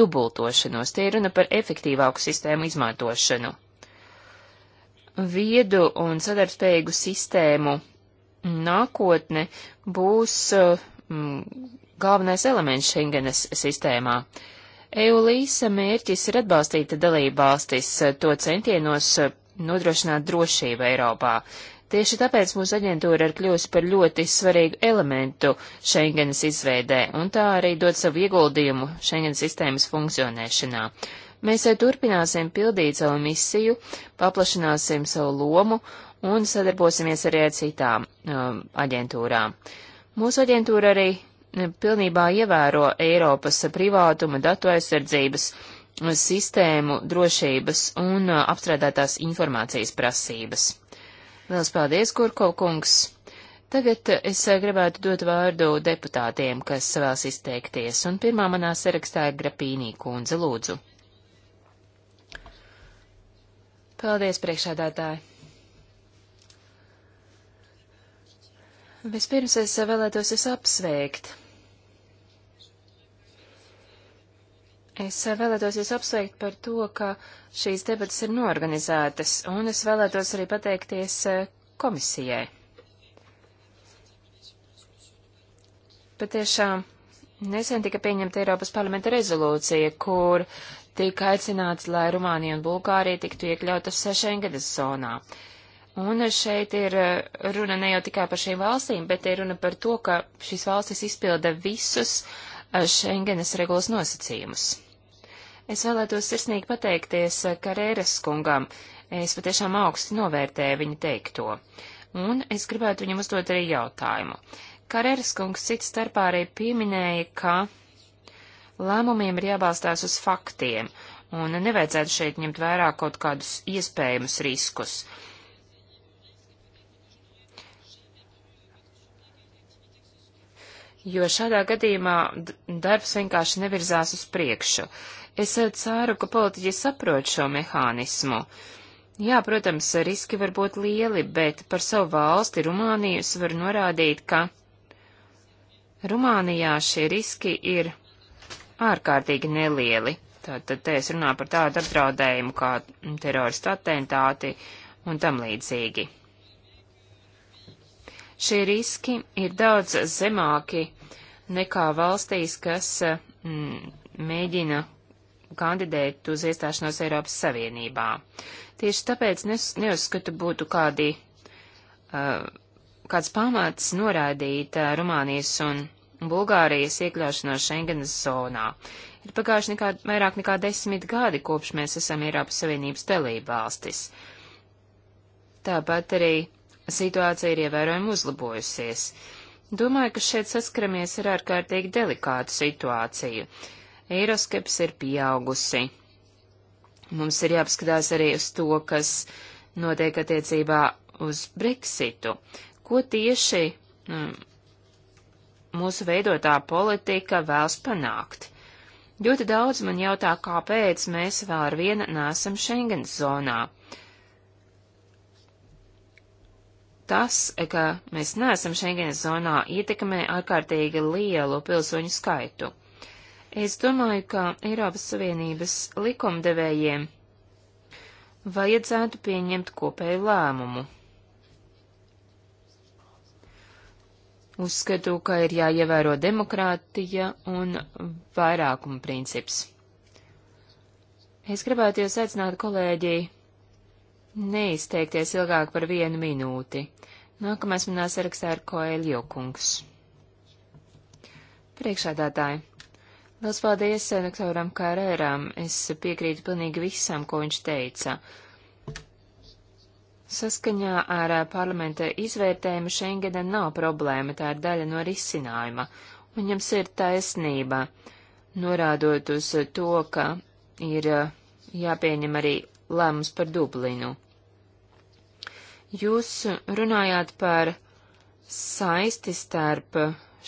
dubultošanos. Tie ir runa par efektīvāku sistēmu izmantošanu. Viedu un sadarbspējīgu sistēmu nākotne būs mm, galvenais elements Schengenes sistēmā. Uh, EULISA mērķis ir atbalstīt dalībvalstis eh, to centienos eh, nodrošināt drošību Eiropā. Tieši tāpēc mūsu aģentūra ir kļuvusi par ļoti svarīgu elementu Schengenas izveidē, un tā arī dod savu ieguldījumu Schengenas sistēmas funkcionēšanā. Mēs eh, turpināsim pildīt savu misiju, paplašināsim savu lomu un sadarbosimies arī ar citām um, aģentūrām. Mūsu aģentūra arī pilnībā ievēro Eiropas privātuma datu aizsardzības sistēmu drošības un uh, apstrādātās informācijas prasības. Liels paldies, Kurkov kungs! Tagad uh, es uh, gribētu dot vārdu deputātiem, kas vēlas izteikties, un pirmā manā sarakstā ir Grapīnī kundze lūdzu. Paldies, priekšādātāji! Vispirms es vēlētos jūs apsveikt Es vēlētos jūs apsveikt par to, ka šīs debatas ir norganizētas, un es vēlētos arī pateikties eh, komisijai. Patiešām nesen tika pieņemta Eiropas parlamenta rezolūcija, kur tika aicināts, lai Rumānija un Bulgārija tiktu iekļautas Schengenes zonā. Un šeit ir eh, runa ne jau tikai par šīm valstīm, bet ir runa par to, ka šīs valstis izpilda visus eh, Schengenes regulas nosacījumus. Es vēlētos sirsnīgi pateikties Karēras kungam. Es patiešām augstu novērtēju viņa teikto. Un es gribētu viņam uzdot arī jautājumu. Karēras kungs cits starpā arī pieminēja, ka lēmumiem ir jābalstās uz faktiem, un nevajadzētu šeit ņemt vērā kaut kādus iespējamus riskus. jo šādā gadījumā darbs vienkārši nevirzās uz priekšu. Es eh, ceru, ka politiķi saprot šo mehānismu. Jā, protams, riski var būt lieli, bet par savu valsti Rumāniju es varu norādīt, ka Rumānijā šie riski ir ārkārtīgi nelieli. Tātad te es runāju par tādu apdraudējumu kā terorista atentāti un tam līdzīgi. Šie riski ir daudz zemāki nekā valstīs, kas mm, mēģina kandidēt uz iestāšanos Eiropas Savienībā. Tieši tāpēc nes, neuzskatu būtu kādi, uh, kāds pamats norādīt uh, Rumānijas un Bulgārijas iekļaušanos Schengenas zonā. Ir pagājuši nekā, vairāk nekā desmit gadi, kopš mēs esam Eiropas Savienības dalība valstis. Tāpat arī situācija ir ievērojami uzlabojusies. Domāju, ka šeit saskaramies ar ārkārtīgi delikātu situāciju. Uh, eiroskepse ir pieaugusi. Mums ir jāapskatās arī uz to, kas notiek attiecībā uz Brexitu. Ko tieši mm, mūsu veidotā politika vēlas panākt? Ļoti daudz man jautā, kāpēc mēs vēl ar vienu nesam Schengen zonā. Tas, ka mēs neesam Schengen zonā, ietekmē ārkārtīgi lielu pilsoņu skaitu. Es domāju, ka Eiropas Savienības likumdevējiem vajadzētu pieņemt kopēju lēmumu. Uzskatu, ka ir jāievēro demokrātija un vairākuma princips. Es gribētu jūs aicināt, kolēģi, neizteikties ilgāk par vienu minūti. Nākamais manā sarakstā ir Koeļo kungs. Priekšādātāji. Lielas paldies eh, doktoram Kārēram. Es piekrītu pilnīgi visam, ko viņš teica. Saskaņā ar eh, parlamenta izvērtējumu Schengena nav problēma, tā ir daļa no risinājuma. Un jums ir taisnība, norādot uz to, ka ir eh, jāpieņem arī lēmums par Dublinu. Jūs runājāt par saisti starp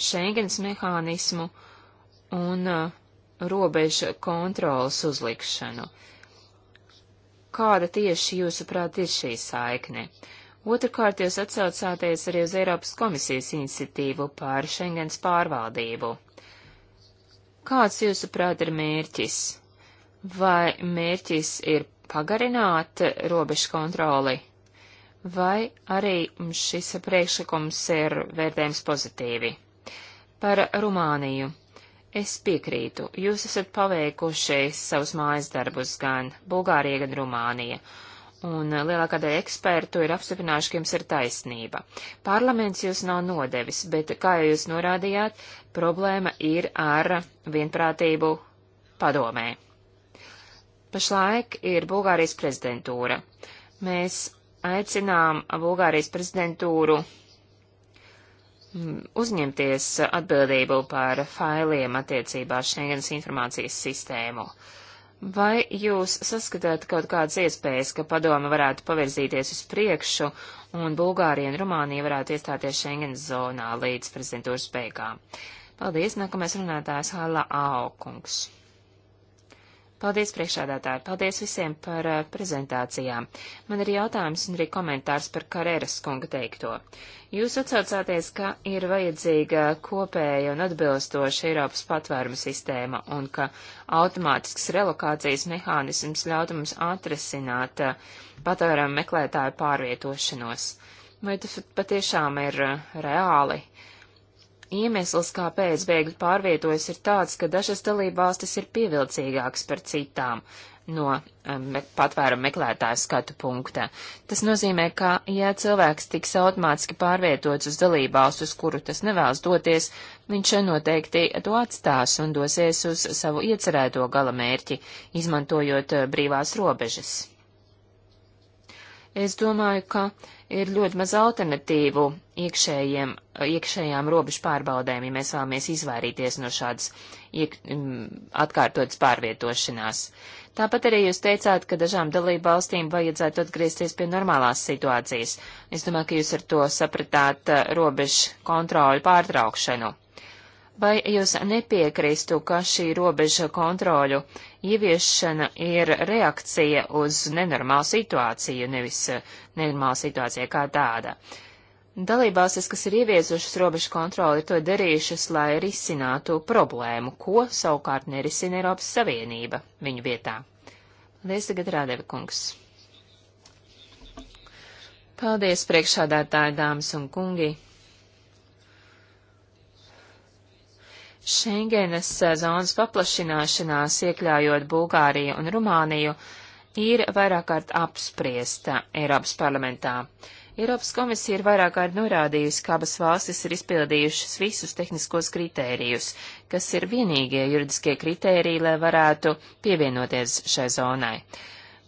Schengens mehānismu un uh, robežu kontrolas uzlikšanu. Kāda tieši jūsuprāt ir šī saikne? Otrakārt jūs atsaucāties arī uz Eiropas komisijas iniciatīvu pār Schengens pārvaldību. Kāds jūsuprāt ir mērķis? Vai mērķis ir pagarināt robežu kontroli? Vai arī šis priekšlikums ir vērtējums pozitīvi? Par Rumāniju. Es piekrītu, jūs esat paveikuši savus mājas darbus gan Bulgārija, gan Rumānija. Un lielākā daļa ekspertu ir apstiprinājuši, ka jums ir taisnība. Parlaments jūs nav nodevis, bet, kā jūs norādījāt, problēma ir ar vienprātību padomē. Pašlaik ir Bulgārijas prezidentūra. Mēs aicinām Bulgārijas prezidentūru uzņemties atbildību par failiem attiecībā Schengens informācijas sistēmu. Vai jūs saskatāt kaut kādas iespējas, ka padoma varētu pavirzīties uz priekšu un Bulgārija un Rumānija varētu iestāties Schengens zonā līdz prezidentūras beigām? Paldies, nākamais runātājs Hāla Aukungs. Paldies priekšādātāji, paldies visiem par uh, prezentācijām. Man ir jautājums un arī komentārs par Karēras kunga teikto. Jūs atsaucāties, ka ir vajadzīga kopēja un atbilstoša Eiropas patvēruma sistēma un ka automātisks relokācijas mehānisms ļautu mums atrasināt uh, patvērumu meklētāju pārvietošanos. Vai tas patiešām ir uh, reāli? Iemesls, kāpēc bēgļi pārvietojas, ir tāds, ka dažas dalībvalstis ir pievilcīgākas par citām no um, me, patvēru meklētāju skatu punkta. Tas nozīmē, ka, ja cilvēks tiks automātiski pārvietots uz dalībvalstu, uz kuru tas nevēlas doties, viņš noteikti to atstās un dosies uz savu iecerēto gala mērķi, izmantojot uh, brīvās robežas. Es domāju, ka uh, ir ļoti maz alternatīvu iekšējiem, iekšējām robežu pārbaudēm, ja mēs vēlamies izvairīties no šādas iek, mm, atkārtotas pārvietošanās. Tāpat arī jūs teicāt, ka dažām dalību valstīm vajadzētu atgriezties pie normālās situācijas. Es domāju, ka jūs ar to sapratāt eh, robežu kontroli pārtraukšanu. Vai jūs nepiekristu, ka šī robeža kontroļu ieviešana ir reakcija uz nenormālu situāciju, nevis eh, nenormālu situāciju kā tāda. Dalībvalstis, kas ir ieviesušas robežu kontroli, to darījušas, lai risinātu problēmu, ko savukārt nerisina Eiropas Savienība viņu vietā. Paldies, tagad Rādeva kungs. Paldies, priekšādātāji, dāmas un kungi! Šengenas eh, zonas paplašināšanās, iekļaujot Bulgāriju un Rumāniju, ir vairāk kārt apspriesta Eiropas parlamentā. Eiropas komisija ir vairāk kārt norādījusi, ka abas valstis ir izpildījušas visus tehniskos kritērijus, kas ir vienīgie juridiskie kritēriji, lai varētu pievienoties šai zonai.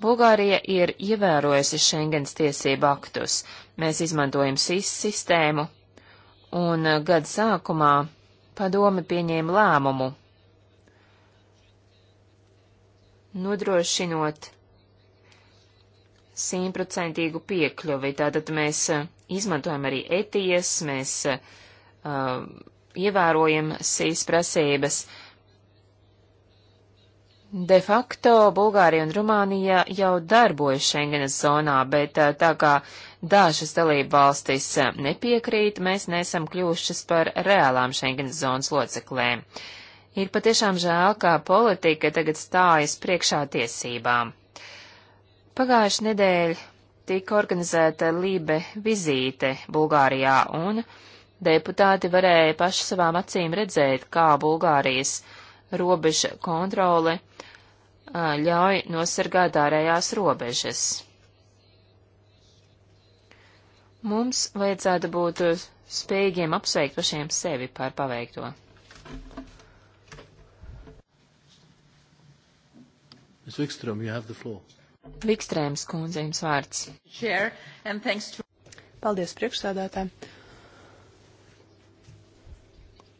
Bulgārija ir ievērojusi Schengens tiesību aktus. Mēs izmantojam SIS sistēmu, un eh, gada sākumā Padome pieņēma lēmumu, nodrošinot simtprocentīgu piekļuvi. Tātad mēs eh, izmantojam arī etijas, mēs uh, ievērojam sīs prasības. De facto Bulgārija un Rumānija jau darbojas Schengenas zonā, bet tā kā dažas dalība valstis eh, nepiekrīt, mēs nesam kļūšas par reālām Schengens zonas loceklēm. Ir patiešām žēl, kā politika tagad stājas priekšā tiesībām. Pagājuši nedēļ tika organizēta Lībe vizīte Bulgārijā, un deputāti varēja paši savām acīm redzēt, kā Bulgārijas robeža kontrole eh, ļauj nosargāt ārējās robežas. Mums vajadzētu būt spējīgiem apsveikt pašiem sevi par paveikto. Vikstrēm, Vikstrēms kundze, jums vārds. Chair, to... Paldies priekšsādātājiem.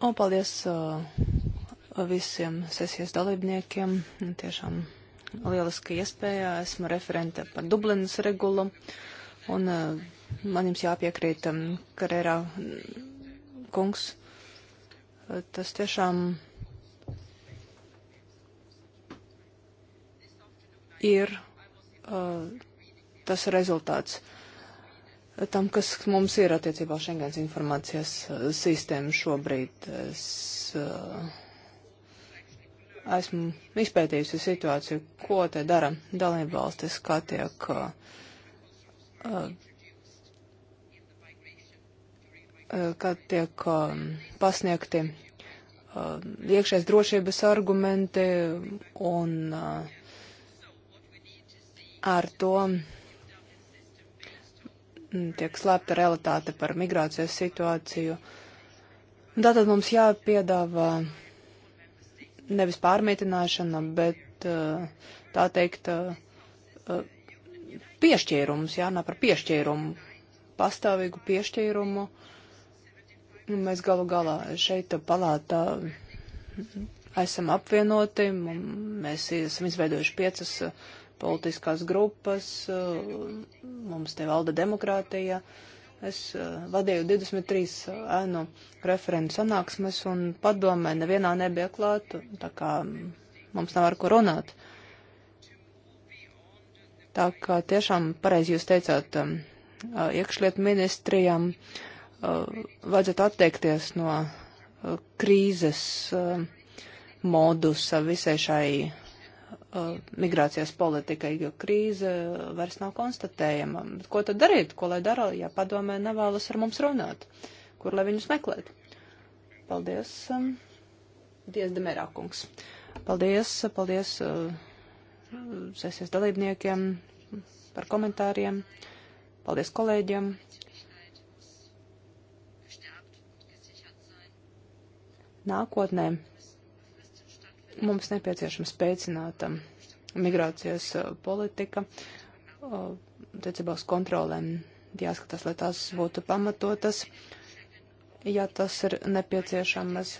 Un paldies uh, visiem sesijas dalībniekiem. Tiešām lieliski iespēja. Esmu referente par Dublinas regulu. Un uh, Man jums jāpiekrīt, um, Karērā kungs. Uh, tas tiešām ir uh, tas rezultāts uh, tam, kas mums ir attiecībā uz Schengens informācijas uh, sistēmu šobrīd. Es uh, esmu izpētījusi situāciju, ko te dara dalībvalstis, kā tiek uh, Eh, kad tiek eh, pasniegti eh, iekšējais drošības argumenti un ar to mm, tiek slēpta realitāte par migrācijas situāciju. Tātad mums jāpiedāvā nevis pārmītināšana, bet tā teikt piešķīrums, jārunā par piešķīrumu, pastāvīgu piešķīrumu. Uh, Nu, mēs galu galā šeit palātā esam apvienoti, mēs esam izveidojuši piecas uh, politiskās grupas, uh, mums te valda demokrātija. Es uh, vadīju 23 ēnu referentu sanāksmes un padomē nevienā nebija klāt, tā kā mums nav ar ko runāt. Tā kā tiešām pareizi jūs teicāt um, iekšlietu ministrijām. Uh, Uh, vajadzētu atteikties no uh, krīzes uh, modusa visai šai migrācijas politikai, jo krīze vairs nav konstatējama. Bet ko tad darīt? Ko lai dara, ja padomē nevēlas ar mums runāt? Kur lai viņus meklēt? Paldies, um, Dievs Demērākungs. Paldies, paldies sesijas dalībniekiem par komentāriem. Paldies kolēģiem. nākotnē mums nepieciešams spēcināt migrācijas uh, politika, uh, tiecībā uz kontrolēm jāskatās, lai tās būtu pamatotas. Ja tas ir nepieciešams,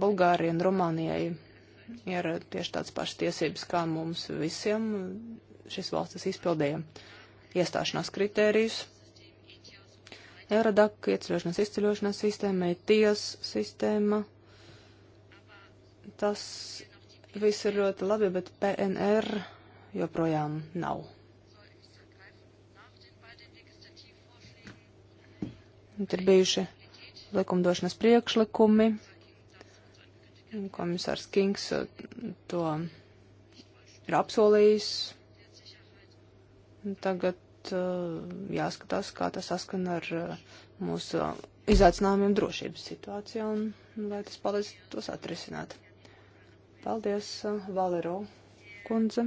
Bulgārija un Rumānijai ir tieši tāds pašs tiesības, kā mums visiem šis valstis izpildīja iestāšanās kritērijus. Eurodak, ieceļošanas izceļošanas sistēma, ETIAS sistēma. Tas viss ir ļoti labi, bet PNR joprojām nav. Tur bijuši likumdošanas priekšlikumi. Komisārs Kings to ir apsolījis. Tagad uh, jāskatās, kā tas saskan ar uh, mūsu izaicinājumiem drošības situācijā un vai tas palīdz tos atrisināt. Paldies, uh, Valero kundze.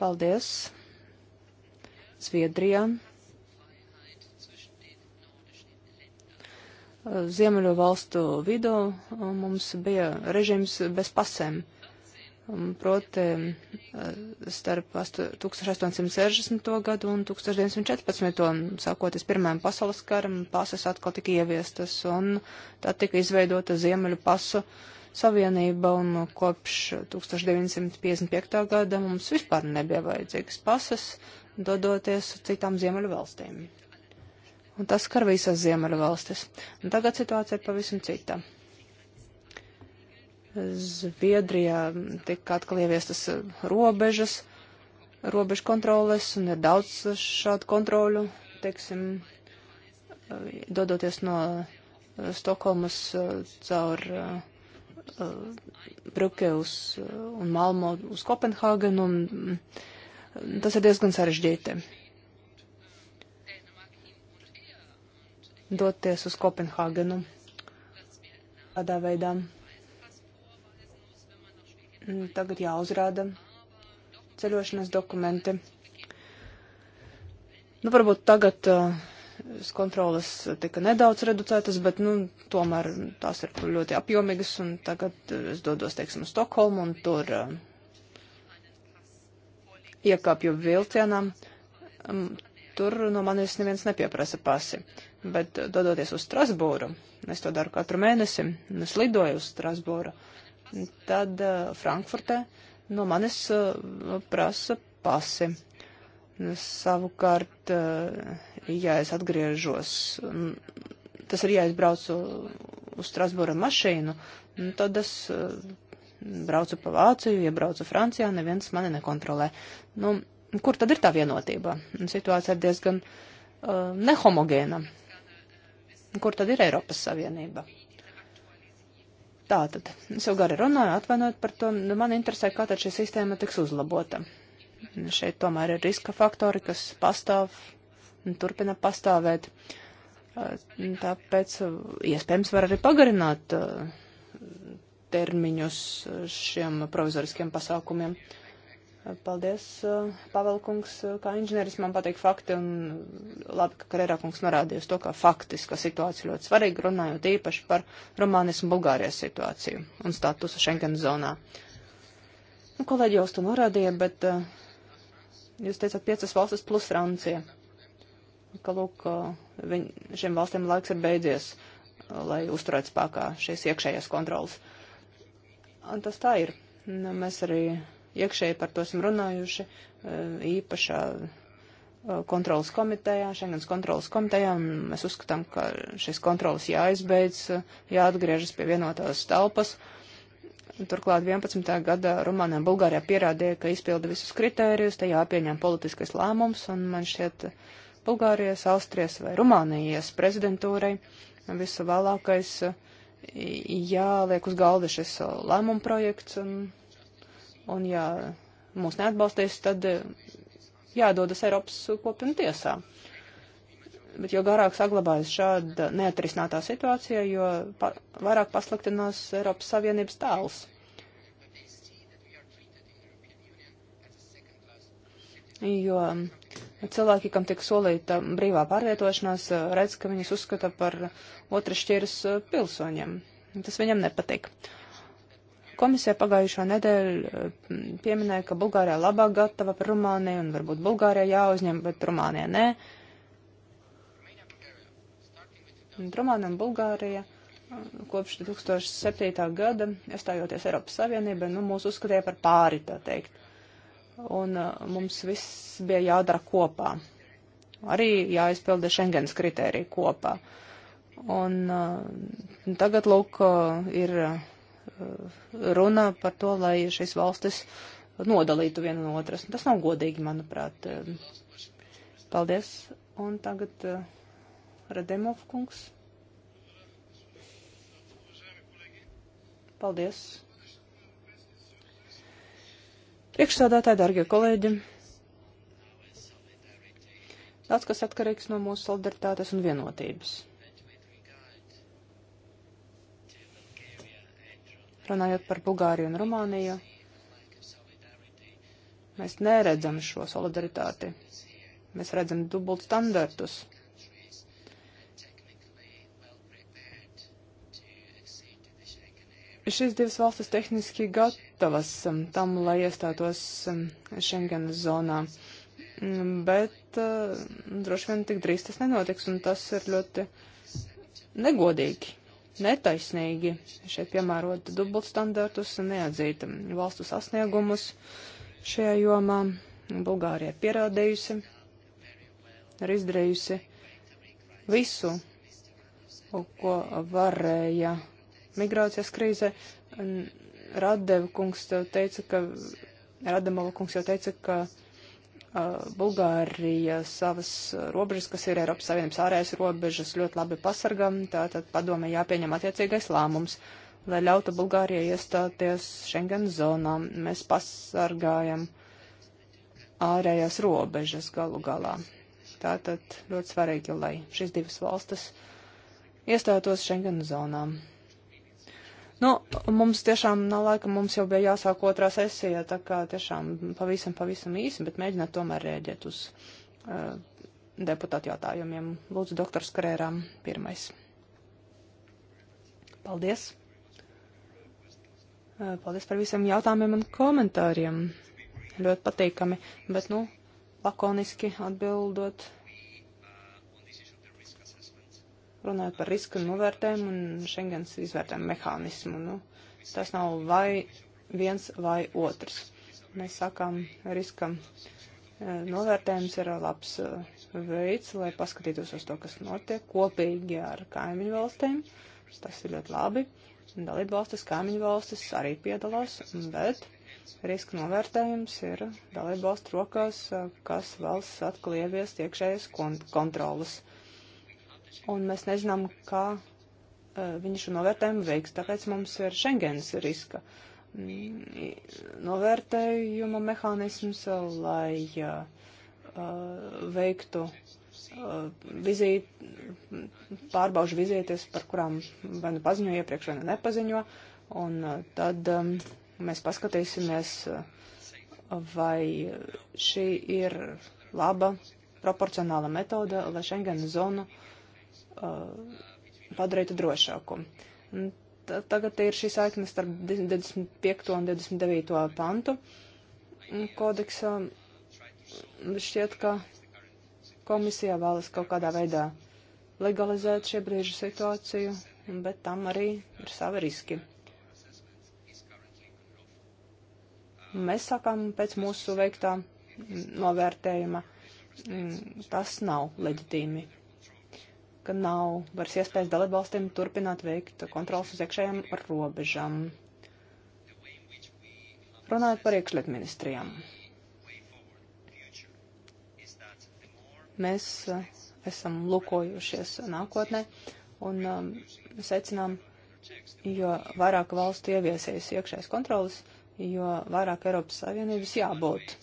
Paldies. Zviedrijā. Uh, Ziemeļu valstu vidū uh, mums bija režīms bez pasēm. Um, proti starp 1860. gadu un 1914. sākoties Pirmajam pasaules karam, pases atkal tika ieviestas un tā tika izveidota Ziemeļu pasu uh, Savienība un kopš 1955. gada mums vispār nebija vajadzīgas pasas, dodoties uz citām ziemeļu valstīm. Un tas skar visas ziemeļu valstis. Un tagad situācija ir pavisam cita. Zviedrijā tika atkal ieviestas robežas, robežu kontroles, un ir daudz šādu kontroļu, teiksim, dodoties no Stokholmas eh, caur uh, Uh, Bruke uz, uh, un Malmo uz Kopenhāgenu, un mm, tas ir diezgan sarežģīti. Doties uz Kopenhāgenu tādā veidā. Mm, tagad jāuzrāda ceļošanas dokumenti. Nu, varbūt tagad uh, kontrolas tika nedaudz reducētas, bet, nu, tomēr tās ir ļoti apjomīgas, un tagad eh, es dodos, teiksim, uz Stokholmu, un tur uh, iekāpju vilcienām. Mm, um, tur no manis neviens nepieprasa pasi, bet dodoties uz Strasbūru, es to daru katru mēnesi, un es lidoju uz Strasbūru, tad uh, Frankfurtē no manis uh, prasa pasi. Savukārt uh, ja es atgriežos, tas ir, ja es braucu uz Strasbūra mašīnu, tad es eh, braucu pa Vāciju, iebraucu ja Francijā, neviens mani nekontrolē. Nu, kur tad ir tā vienotība? Situācija ir diezgan uh, nehomogēna. Kur tad ir Eiropas Savienība? Tātad, es jau gari runāju, atvainojot par to, nu, man interesē, kā tad šī sistēma tiks uzlabota. Šeit tomēr ir riska faktori, kas pastāv, turpina pastāvēt. Uh, tāpēc uh, iespējams var arī pagarināt uh, termiņus šiem provizoriskiem pasākumiem. Paldies, Pavelkungs, kā inženieris man patīk fakti, un labi, ka Karērākungs norādīja uz to, ka faktiska situācija ļoti svarīga, runājot īpaši par Romānijas un Bulgārijas situāciju un statusu Schengen zonā. Nu, kolēģi jau uz to norādīja, bet uh, jūs teicāt piecas valstis plus Francija. Uh, ka lūk, viņ, šiem valstiem laiks ir beidzies, lai uzturētu spēkā šīs iekšējās kontrolas. Un tas tā ir. Nu, mēs arī iekšēji par to esam runājuši eh, īpašā eh, kontrolas komitejā, Šengens kontrolas komitejā, un mēs uzskatām, ka šīs kontrolas jāizbeidz, jāatgriežas pie vienotās telpas. Turklāt 11. gada Rumānijā un Bulgārijā pierādīja, ka izpilda visus kritērijus, te jāpieņem politiskais lēmums, un man šķiet, uh, Bulgārijas, Austrijas vai Rumānijas prezidentūrai visu vēlākais jāliek uz galda šis lēmuma projekts, un, un ja mūs neatbalstīs, tad jādodas Eiropas kopienu tiesā. Bet jo garāk saglabājas šāda neatrisinātā situācija, jo pa, vairāk pasliktinās Eiropas Savienības tēls. Jo Cilvēki, kam tiek solīta brīvā pārvietošanās, eh, redz, ka viņus uzskata par otršķiras eh, pilsoņiem. Tas viņam nepatīk. Komisija pagājušā nedēļa eh, pieminēja, ka Bulgārijā labāk gatava par Rumāniju un varbūt Bulgārijā jāuzņem, bet Rumānijā nē. Rumāna un Bulgārija kopš 2007. gada, iestājoties Eiropas Savienībā, nu, mūs uzskatīja par pāri, tā teikt un uh, mums viss bija jādara kopā. Arī jāizpilda Schengens kritērija kopā. Un uh, tagad, lūk, uh, ir runa par to, lai šīs valstis nodalītu vienu no otras. Tas nav godīgi, manuprāt. Paldies. Un tagad Rademov kungs. Paldies. Priekšsādātāji, dargie kolēģi, daudz kas atkarīgs no mūsu solidaritātes un vienotības. Runājot par Bulgāriju un Rumāniju, mēs neredzam šo solidaritāti. Mēs redzam dubult standartus šīs divas valstis tehniski gatavas um, tam, lai iestātos um, Schengenas zonā. Mm, bet uh, droši vien tik drīz tas nenotiks, un tas ir ļoti negodīgi, netaisnīgi. Šeit piemērot dubultstandartus, neatzīt um, valstu sasniegumus šajā jomā. Bulgārija pierādījusi, ir izdarījusi visu, ko varēja. Uh, migrācijas krīzē. Radeva kungs jau teica, ka, Rademova kungs jau teica, ka uh, Bulgārija savas robežas, kas ir Eiropas Savienības ārējās robežas, ļoti labi pasargam, tātad padome jāpieņem attiecīgais lēmums, lai ļautu Bulgārijai iestāties Schengen zonā. Mēs pasargājam ārējās robežas galu galā. Tātad ļoti svarīgi, lai šīs divas valstis iestātos Schengen zonām. Nu, mums tiešām nav laika, mums jau bija jāsāk otrā sesija, tā kā tiešām pavisam, pavisam īsi, bet mēģināt tomēr rēģēt uz uh, deputātu jautājumiem. Lūdzu, doktors Krērām, pirmais. Paldies. Uh, paldies par visiem jautājumiem un komentāriem. Ļoti patīkami, bet, nu, lakoniski atbildot runājot par riska novērtējumu un Schengens izvērtējumu mehānismu. Nu, tas nav vai viens vai otrs. Mēs sakām, riska e, novērtējums ir labs e, veids, lai paskatītos uz to, kas notiek kopīgi ar kaimiņu valstīm. Tas ir ļoti labi. Dalību valstis, kaimiņu valstis arī piedalās, bet riska novērtējums ir dalību valstu rokās, e, kas valsts atkal ieviest iekšējas kontrolas. Uh, un mēs nezinām, kā eh, viņi šo novērtējumu veiks. Tāpēc mums ir Schengens riska mm, novērtējuma mehānisms, lai uh, veiktu uh, eh, vizīt, pārbaužu vizītes, par kurām vai nu paziņo iepriekš, vai nu nepaziņo, un uh, tad um, mēs paskatīsimies, vai šī ir laba proporcionāla metode, lai Schengen zonu uh, Uh, padarītu drošāku. Un tagad ir šī saikne starp 25. un 29. pantu kodeksā. Šķiet, ka komisija vēlas kaut kādā veidā legalizēt šie brīža situāciju, bet tam arī ir savi riski. Mēs sakām pēc mūsu veiktā novērtējuma, mm, tas nav leģitīmi ka nav vairs iespējas dalībvalstīm turpināt veikt kontrolas uz iekšējām robežām. Runājot par iekšļietu ministrijām. Mēs uh, esam lukojušies nākotnē un um, secinām, jo vairāk valstu ieviesīs iekšējas kontrolas, jo vairāk Eiropas Savienības jābūt,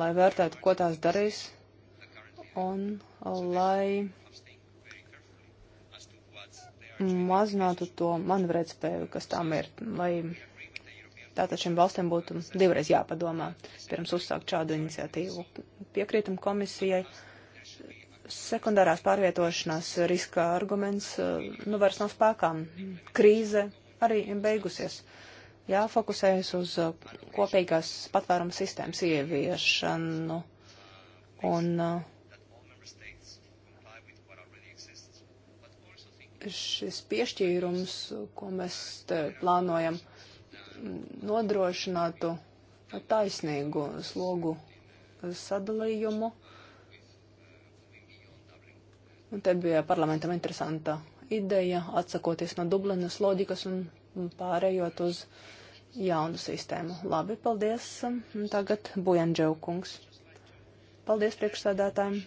lai vērtētu, ko tās darīs un lai mazinātu to manevrētspēju, kas tām ir, lai tātad šiem valstiem būtu divreiz jāpadomā pirms uzsākt šādu iniciatīvu. Piekrītam komisijai. Sekundārās pārvietošanās riska arguments eh, nu vairs nav spēkā. Krīze arī beigusies. Jāfokusējas uz eh, kopīgās patvērums sistēmas ieviešanu un uh, šis piešķīrums, ko mēs plānojam, nodrošinātu taisnīgu slogu sadalījumu. Un te bija parlamentam interesanta ideja, atsakoties no Dublinas loģikas un pārējot uz jaunu sistēmu. Labi, paldies. Tagad Bujanģev kungs. Paldies priekšsēdētājiem.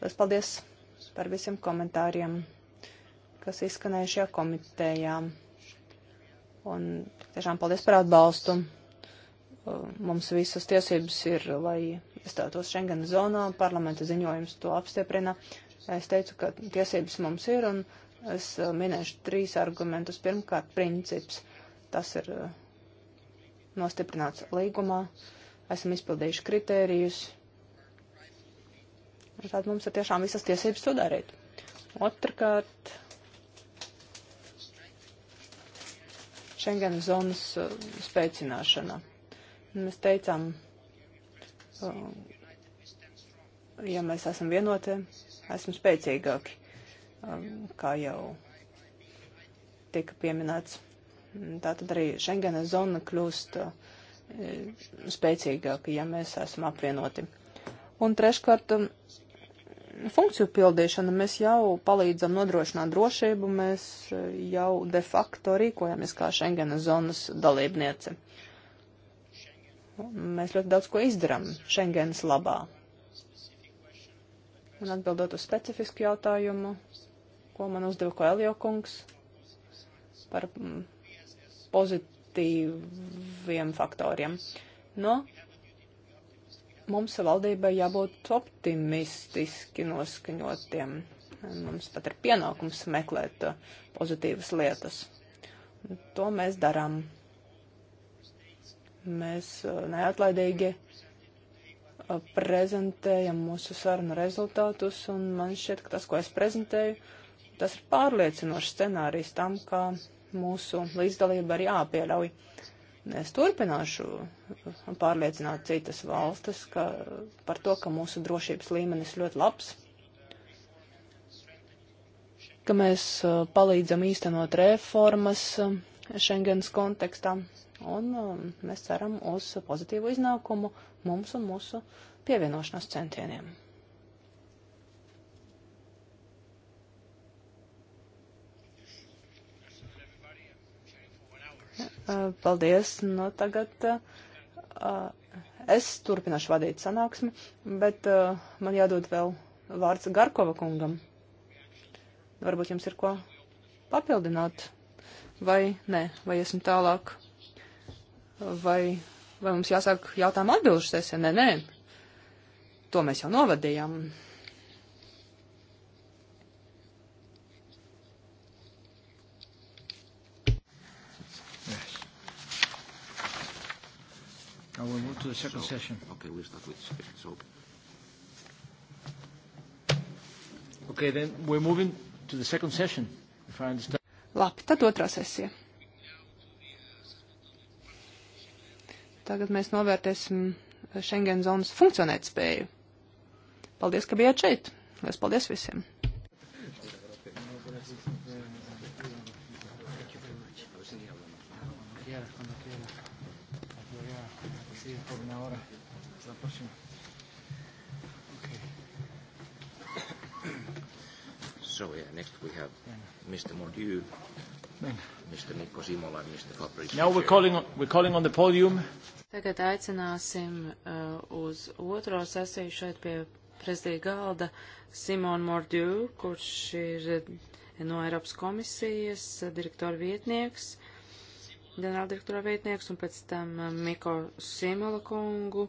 Paldies. paldies par visiem komentāriem, kas izskanēja šajā komitejā. Un tiešām paldies par atbalstu. Uh, mums visas tiesības ir, lai iestātos Schengen zonā, parlamenta ziņojums to apstiprina. Es teicu, ka tiesības mums ir, un es uh, minēšu trīs argumentus. Pirmkārt, princips. Tas ir uh, nostiprināts līgumā. Esam izpildījuši kritērijus Tad mums ir tiešām visas tiesības to darīt. Otrakārt, Schengen zonas uh, spēcināšana. Mēs teicām, uh, ja mēs esam vienoti, esam spēcīgāki, um, kā jau tika pieminēts. Tātad arī Schengena zona kļūst uh, spēcīgāka, ja mēs esam apvienoti. Un treškārt, um, funkciju pildīšana. Mēs jau palīdzam nodrošināt drošību, mēs eh, jau de facto rīkojamies kā Schengena zonas dalībniece. Mēs ļoti daudz ko izdarām Schengenas labā. Un atbildot uz specifisku jautājumu, ko man uzdeva Koelio kungs par mm, pozitīviem faktoriem. No mums valdībai jābūt optimistiski noskaņotiem. Mums pat ir pienākums meklēt uh, pozitīvas lietas. To mēs darām. Mēs uh, neatlaidīgi uh, prezentējam mūsu sarunu rezultātus, un man šķiet, ka tas, ko es prezentēju, tas ir pārliecinošs scenārijs tam, kā mūsu līdzdalība ir jāpieļauj. Uh, Es turpināšu pārliecināt citas valstis ka, par to, ka mūsu drošības līmenis ļoti labs, ka mēs uh, palīdzam īstenot reformas uh, Schengens kontekstā, un um, mēs ceram uz pozitīvu iznākumu mums un mūsu pievienošanās centieniem. Uh, paldies. Nu, tagad uh, uh, es turpināšu vadīt sanāksmi, bet man jādod vēl vārds Garkova kungam. Varbūt jums ir ko papildināt, vai nē, vai esmu tālāk, vai, vai mums jāsāk jautājumu atbilžu sesija. Nē, nē, to mēs jau novadījām. Now we'll move to the second so, session. Okay, we'll start with second. So. Okay, then we're moving to the second session, if I understand. Labi, tad otrā sesija. Tagad mēs novērtēsim Schengen zonas funkcionēt spēju. Paldies, ka bijāt šeit. Lielas paldies visiem! sí, por una hora. La próxima. Okay. So, yeah, next we have Venga. Mr. Mordieu, Venga. Mr. Mikko Simola, and Mr. Fabrice. Now we're calling, on, we're calling on the podium. Tagad aicināsim uh, uz otro sesiju šeit pie prezidija galda Simonu Mordieu, kurš ir no Eiropas komisijas direktora vietnieks. Uh, ģenerāldirektora vietnieks, un pēc tam uh, Miko Simola kungu,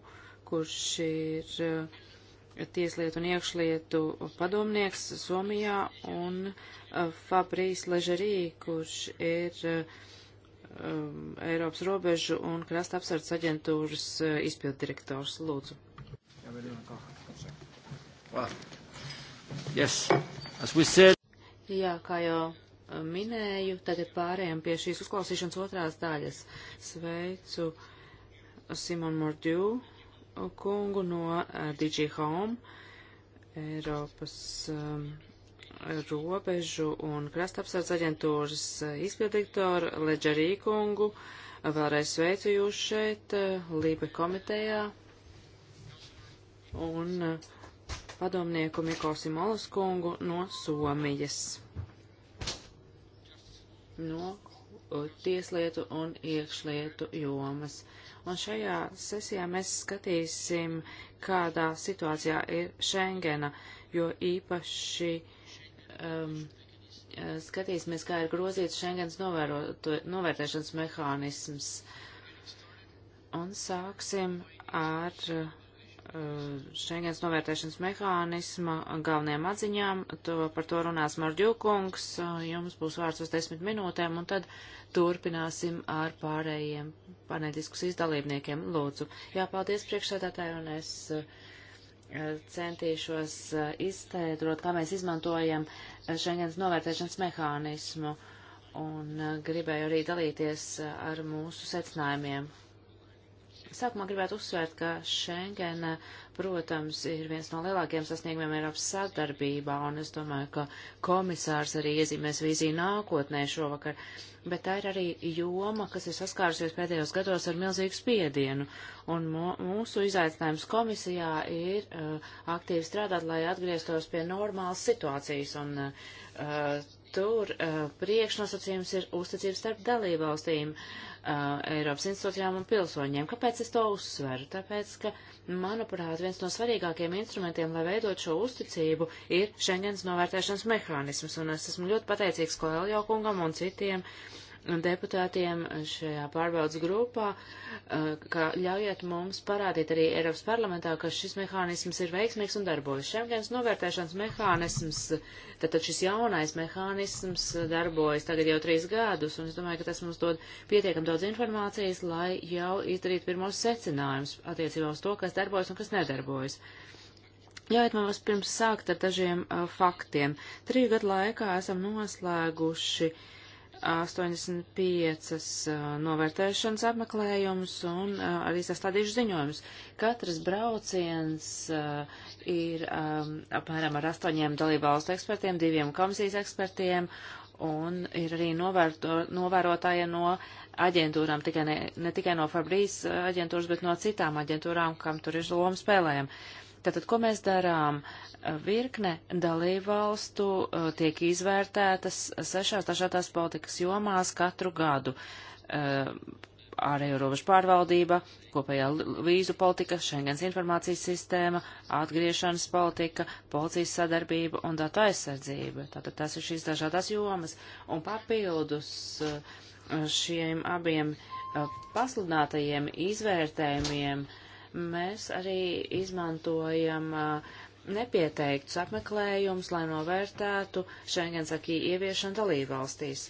kurš ir uh, tieslietu un iekšlietu padomnieks Somijā, un uh, Fabrīs Ležerī, kurš ir um, Eiropas robežu un krasta apsardzes aģentūras uh, izpildirektors. Lūdzu. Yes. Said... Jā, kā jau minēju. Tagad pārējām pie šīs uzklausīšanas otrās daļas. Sveicu Simon Mordju kungu no eh, DG Home, Eiropas um, robežu un krastapsardz aģentūras eh, izpilddirektoru Leģerī kungu. Vēlreiz sveicu jūs šeit, eh, Lībe komitejā. Un padomnieku Miko Simolus kungu no Somijas no tieslietu un iekšlietu jomas. Un šajā sesijā mēs skatīsim, kādā situācijā ir Schengena, jo īpaši um, skatīsimies, kā ir grozīts Schengens novērtēšanas mehānisms. Un sāksim ar uh, Šengens eh, novērtēšanas mehānisma galvenajām atziņām. To, par to runās Mardjukungs. Eh, jums būs vārds uz desmit minūtēm, un tad turpināsim ar pārējiem paneļdiskusijas dalībniekiem. Lūdzu. Jā, paldies priekšsēdētāji, un es eh, centīšos izskaidrot, kā mēs izmantojam Šengens novērtēšanas mehānismu, un gribēju arī dalīties ar mūsu secinājumiem Sākumā gribētu uzsvērt, ka Schengena, protams, ir viens no lielākajiem sasniegumiem Eiropas sadarbībā, un es domāju, ka komisārs arī iezīmēs vīziju nākotnē šovakar. Bet tā ir arī joma, kas ir saskārusies pēdējos gados ar milzīgu spiedienu, un mūsu izaicinājums komisijā ir uh, aktīvi strādāt, lai atgrieztos pie normālas situācijas, un uh, tur uh, priekšnosacījums ir uzticības starp dalībvalstīm, uh, Eiropas institūcijām un pilsoņiem. Kāpēc es to uzsveru? Tāpēc, ka, manuprāt, viens no svarīgākajiem instrumentiem, lai veidot šo uzticību, ir Schengens novērtēšanas mehānisms, un es esmu ļoti pateicīgs Koeljo kungam un citiem uh, deputātiem šajā pārbaudas grupā, eh, ka ļaujiet mums parādīt arī Eiropas parlamentā, ka šis mehānisms ir veiksmīgs un darbojas. Šengens novērtēšanas mehānisms, tātad šis jaunais mehānisms darbojas tagad jau trīs gadus, un es domāju, ka tas mums dod pietiekam daudz informācijas, lai jau izdarītu pirmos secinājumus attiecībā uz to, kas darbojas un kas nedarbojas. Ļaujiet man vispirms sākt ar dažiem uh, faktiem. Trīs gadu laikā esam noslēguši uh, 85 uh, novērtēšanas apmeklējumus un uh, arī sastādījuši ziņojumus. Katrs brauciens uh, ir um, apmēram ar astoņiem dalībvalstu ekspertiem, diviem komisijas ekspertiem un ir arī novērto, novērotāja no aģentūrām, tikai ne, ne tikai no Fabrīs aģentūras, bet no citām aģentūrām, kam tur ir loma spēlējama. Tātad, ko mēs darām? Virkne dalībvalstu uh, tiek izvērtētas sešās dažādās politikas jomās katru gadu. Uh, ārējo robežu pārvaldība, kopējā vīzu politika, Schengens informācijas sistēma, atgriešanas politika, policijas sadarbība un datu aizsardzība. Tātad tas ir šīs dažādās jomas. Un papildus uh, šiem abiem pasludinātajiem izvērtējumiem uh, Mēs arī izmantojam uh, nepieteiktus apmeklējumus, lai novērtētu Schengens akī ieviešanu dalībvalstīs.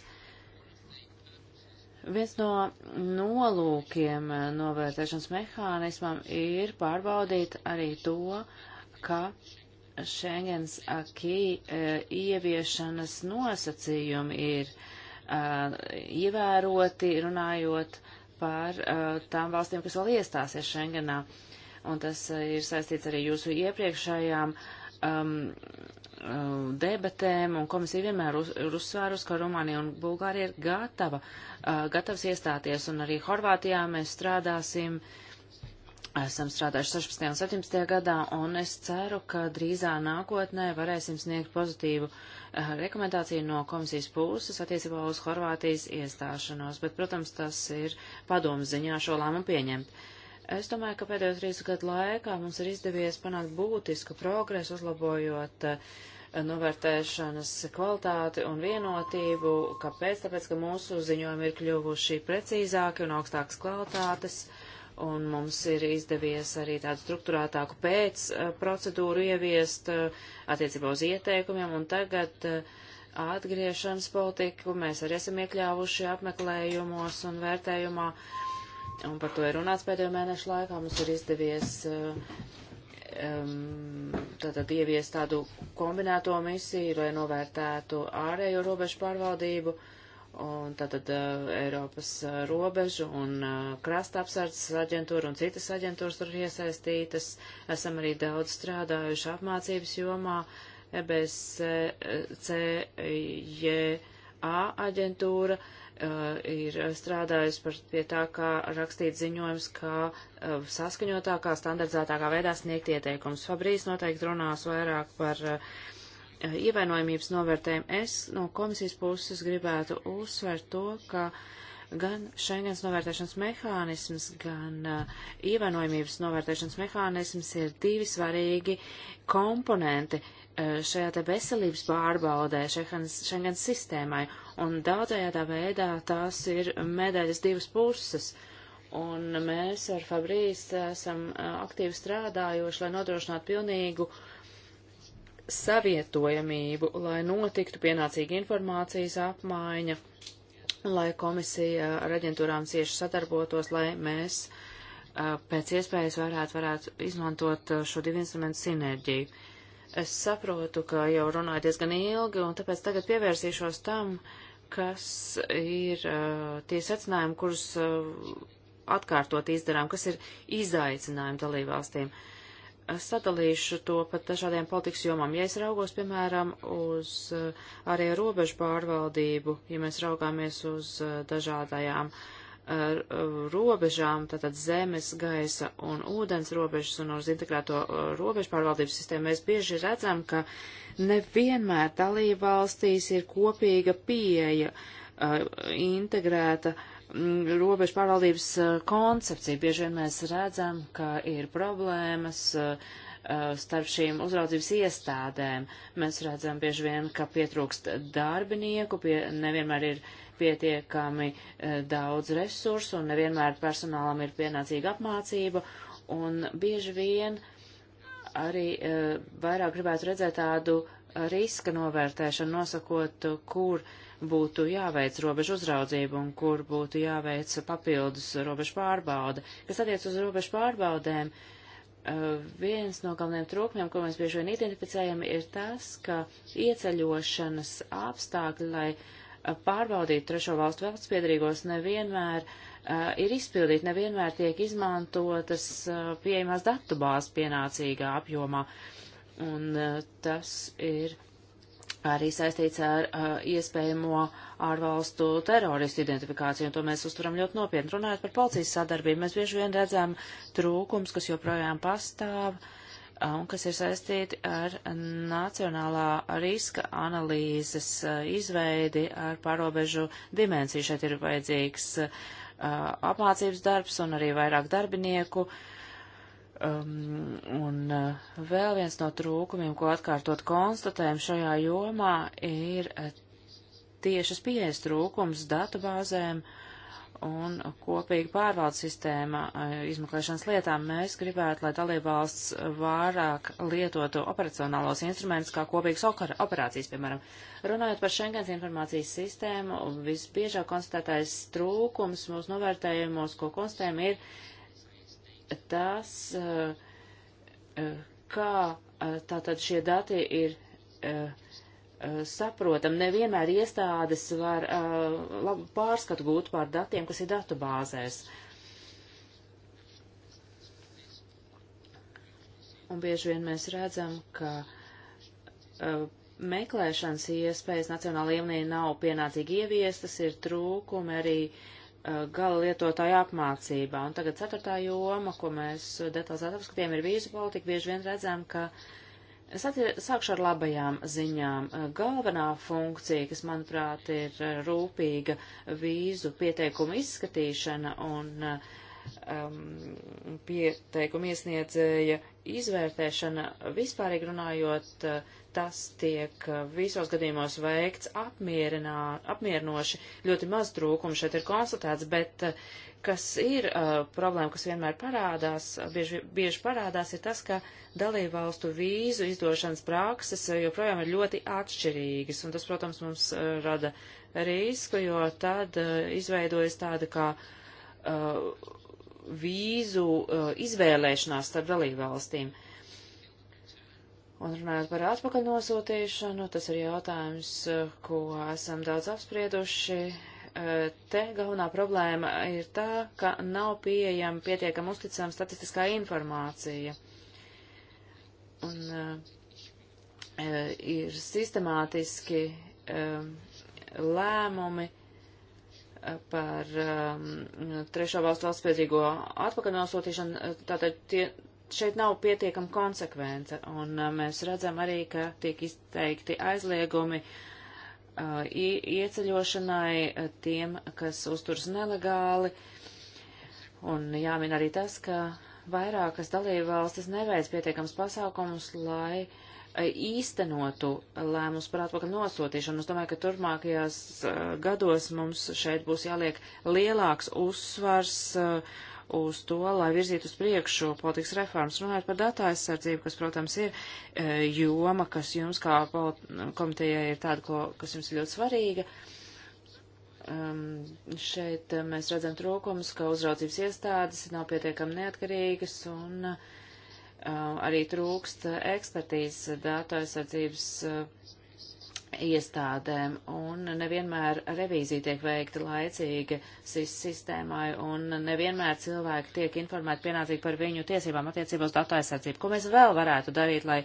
Viens no nolūkiem uh, novērtēšanas mehānismam ir pārbaudīt arī to, ka Schengens akī uh, ieviešanas nosacījumi ir uh, ievēroti, runājot par uh, tām valstīm, kas vēl iestāsies Schengenā. Un tas uh, ir saistīts arī jūsu iepriekšējām um, um debatēm, un komisija vienmēr uz, ir uzsvērusi, ka Rumānija un Bulgārija ir gatava, uh, gatavs iestāties, un arī Horvātijā mēs strādāsim uh, esam strādājuši 16. un 17. gadā, un es ceru, ka drīzā nākotnē varēsim sniegt pozitīvu uh, rekomendāciju no komisijas puses attiecībā uz Horvātijas iestāšanos, bet, protams, tas ir padomu ziņā šo lēmumu pieņemt. Es domāju, ka pēdējos trīs gadu laikā mums ir izdevies panākt būtisku progresu, uzlabojot uh, novērtēšanas kvalitāti un vienotību. Kāpēc? Tāpēc, ka mūsu ziņojumi ir kļuvuši precīzāki un augstākas kvalitātes. Uh, un mums ir izdevies arī tādu struktūrētāku pēc eh, procedūru ieviest eh, attiecībā uz ieteikumiem, un tagad eh, atgriešanas politiku mēs arī esam iekļāvuši apmeklējumos un vērtējumā, un par to ir runāts pēdējo mēnešu laikā. Mums ir izdevies um, tātad ieviest tādu kombinēto misiju, lai novērtētu ārējo robežu pārvaldību un tātad uh, Eiropas uh, robežu un uh, krasta apsardzes aģentūra un citas aģentūras tur ir iesaistītas. Esam arī daudz strādājuši apmācības jomā. EBSCJA e aģentūra ir strādājusi par, pie tā, kā rakstīt ziņojums, kā saskaņotākā, standardizētākā veidā sniegt ieteikumus. Fabrīs noteikti runās vairāk par uh, ievainojumības novērtējumu. Es no komisijas puses gribētu uzsvērt to, ka gan Schengens novērtēšanas mehānisms, gan uh, ievainojumības novērtēšanas mehānisms ir divi svarīgi komponenti uh, šajā te veselības pārbaudē Schengens sistēmai, un daudzajādā veidā tās ir medaļas divas puses. Un mēs ar Fabrīs esam uh, aktīvi strādājuši, lai nodrošinātu pilnīgu uh, savietojamību, lai notiktu pienācīga informācijas apmaiņa, lai komisija ar aģentūrām cieši sadarbotos, lai mēs pēc iespējas varētu, varētu izmantot šo divu instrumentu sinerģiju. Es saprotu, ka jau runāju diezgan ilgi, un tāpēc tagad pievērsīšos tam, kas ir uh, tie secinājumi, kurus uh, atkārtot izdarām, kas ir izaicinājumi dalībvalstīm. Uh, sadalīšu to pat dažādiem politikas jomām. Ja es raugos, piemēram, uz eh, arī robežu pārvaldību, ja mēs raugāmies uz eh, dažādajām eh, robežām, tātad zemes, gaisa un ūdens robežas un uz integrēto robežu pārvaldības sistēmu, mēs bieži redzam, ka nevienmēr dalība valstīs ir kopīga pieeja integrēta uh, Mm, robežu pārvaldības uh, koncepciju. Bieži vien mēs redzam, ka ir problēmas uh, uh, starp šīm uzraudzības iestādēm. Mēs redzam bieži vien, ka pietrūkst darbinieku, pie, nevienmēr ir pietiekami daudz resursu un nevienmēr personālam ir pienācīga apmācība. Un bieži vien arī vairāk gribētu redzēt tādu riska novērtēšanu, nosakot, kur uh, būtu jāveic robežu uzraudzība un kur būtu jāveic papildus robežu pārbauda. Kas attiec uz robežu pārbaudēm, eh, viens no galvenajiem trūkumiem, ko mēs bieži vien identificējam, ir tas, ka ieceļošanas apstākļi, lai eh, pārbaudītu trešo valstu valstspiedrīgos, nevienmēr uh, ir izpildīti, nevienmēr tiek izmantotas uh, pieejamās datubās pienācīgā apjomā. Un uh, tas ir arī saistīts ar uh, iespējamo ārvalstu teroristu identifikāciju, un to mēs uztveram ļoti nopietni. Runājot par policijas sadarbību, mēs bieži vien redzam trūkums, kas joprojām pastāv uh, un kas ir saistīti ar nacionālā riska analīzes uh, izveidi ar pārobežu dimensiju. Šeit ir vajadzīgs uh, apmācības darbs un arī vairāk darbinieku. Uh, Um, un uh, vēl viens no trūkumiem, ko atkārtot konstatējam šajā jomā, ir uh, tiešas pieejas trūkums datubāzēm un kopīga pārvaldes sistēma uh, izmeklēšanas lietām. Mēs gribētu, lai dalībvalsts vairāk lietotu operacionālos instrumentus kā kopīgas operācijas, piemēram. Runājot par Schengens informācijas sistēmu, visbiežāk konstatētais trūkums mūsu novērtējumos, ko konstatējam, ir tas, eh, eh, kā eh, tātad šie dati ir saprotam, nevienmēr iestādes var labu pārskatu gūt pār datiem, kas ir datu bāzēs. Un bieži vien mēs redzam, ka uh, meklēšanas iespējas nacionāla līmenī nav pienācīgi ieviestas, ir trūkumi arī uh, Uh, gala lietotāju apmācībā. Un tagad ceturtā joma, ko mēs detalizēti apskatījām, ir vīzu politika. Bieži vien redzam, ka es sākšu ar labajām ziņām. Uh, galvenā funkcija, kas, manuprāt, ir rūpīga vīzu pieteikuma izskatīšana un uh, um, pieteikuma iesniedzēja izvērtēšana, vispārīgi runājot, tas tiek visos gadījumos veikts apmierinoši. Ļoti maz trūkumu šeit ir konstatēts, bet uh, kas ir uh, problēma, kas vienmēr parādās, bieži, bieži parādās, ir tas, ka dalībvalstu vīzu izdošanas prakses joprojām ir ļoti atšķirīgas, un tas, protams, mums uh, rada risku, jo tad uh, izveidojas tāda kā uh, vīzu uh, izvēlēšanās starp dalībvalstīm. Un runājot par atpakaļ nosūtīšanu, tas ir jautājums, uh, ko esam daudz apsprieduši. Uh, te galvenā problēma ir tā, ka nav pieejama pietiekama uzticama statistiskā informācija. Un uh, uh ir sistemātiski uh, lēmumi, uh, par um, trešo valstu valstspiedzīgo atpakaļnosūtīšanu, tātad tie, šeit nav pietiekama konsekvence, un uh, mēs redzam arī, ka tiek izteikti aizliegumi uh, ieceļošanai uh, tiem, kas uzturs nelegāli, un jāmin arī tas, ka vairākas dalībvalstis neveic pietiekams pasākumus, lai uh, E, īstenotu lēmumus par atpakaļ nosūtīšanu. Es domāju, ka turpmākajās e, gados mums šeit būs jāliek lielāks uzsvars uh, uz to, lai virzītu uz priekšu politikas reformas. Runājot par datu aizsardzību, kas, protams, ir e, joma, kas jums kā komitejai ir tāda, ko, kas jums ir ļoti svarīga. Um, šeit mēs redzam trūkumus, ka uzraudzības iestādes nav pietiekami neatkarīgas un uh, Uh, arī trūkst ekspertīzes datu aizsardzības uh, iestādēm, un nevienmēr revīzija tiek veikta laicīgi SIS sistēmai, un nevienmēr cilvēki tiek informēti pienācīgi par viņu tiesībām attiecībā uz datu aizsardzību. Ko mēs vēl varētu darīt, lai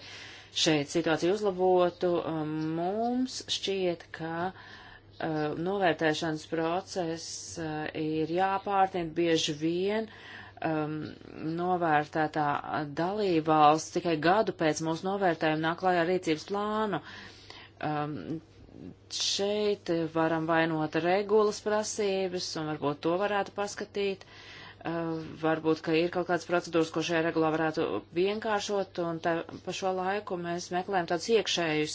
šeit situāciju uzlabotu? Um, mums šķiet, ka uh, novērtēšanas process uh, ir jāpārtniet bieži vien. Uh, um, novērtētā dalībvalsts tikai gadu pēc mūsu novērtējuma nāk klājā rīcības plānu. Um, šeit varam vainot regulas prasības, un varbūt to varētu paskatīt. Uh, Eh, varbūt, ka ir kaut kādas procedūras, ko šajā regulā varētu vienkāršot, un tā, pa šo laiku mēs meklējam tādus iekšējus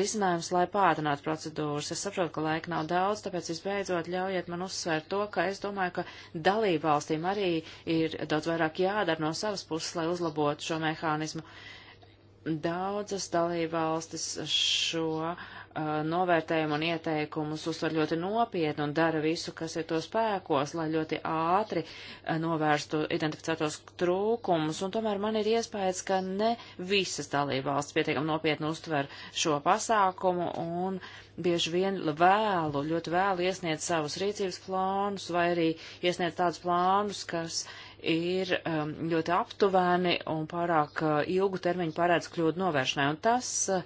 risinājumus, lai pātrinātu procedūras. Es saprotu, ka laika nav daudz, tāpēc visbeidzot ļaujiet man uzsvērt to, ka es domāju, ka dalību valstīm arī ir daudz vairāk jādara no savas puses, lai uzlabotu šo mehānismu. Daudzas dalību valstis šo Uh, novērtējumu un ieteikumus uztver ļoti nopietni un dara visu, kas ir to spēkos, lai ļoti ātri uh, novērstu identificētos trūkumus. Un tomēr man ir iespējas, ka ne visas dalībvalsts pietiekam nopietni uztver šo pasākumu un bieži vien vēlu, ļoti vēlu iesniedz savus rīcības plānus vai arī iesniedz tādus plānus, kas ir um, ļoti aptuveni un pārāk uh, ilgu termiņu parādz kļūdu novēršanai. Un tas uh,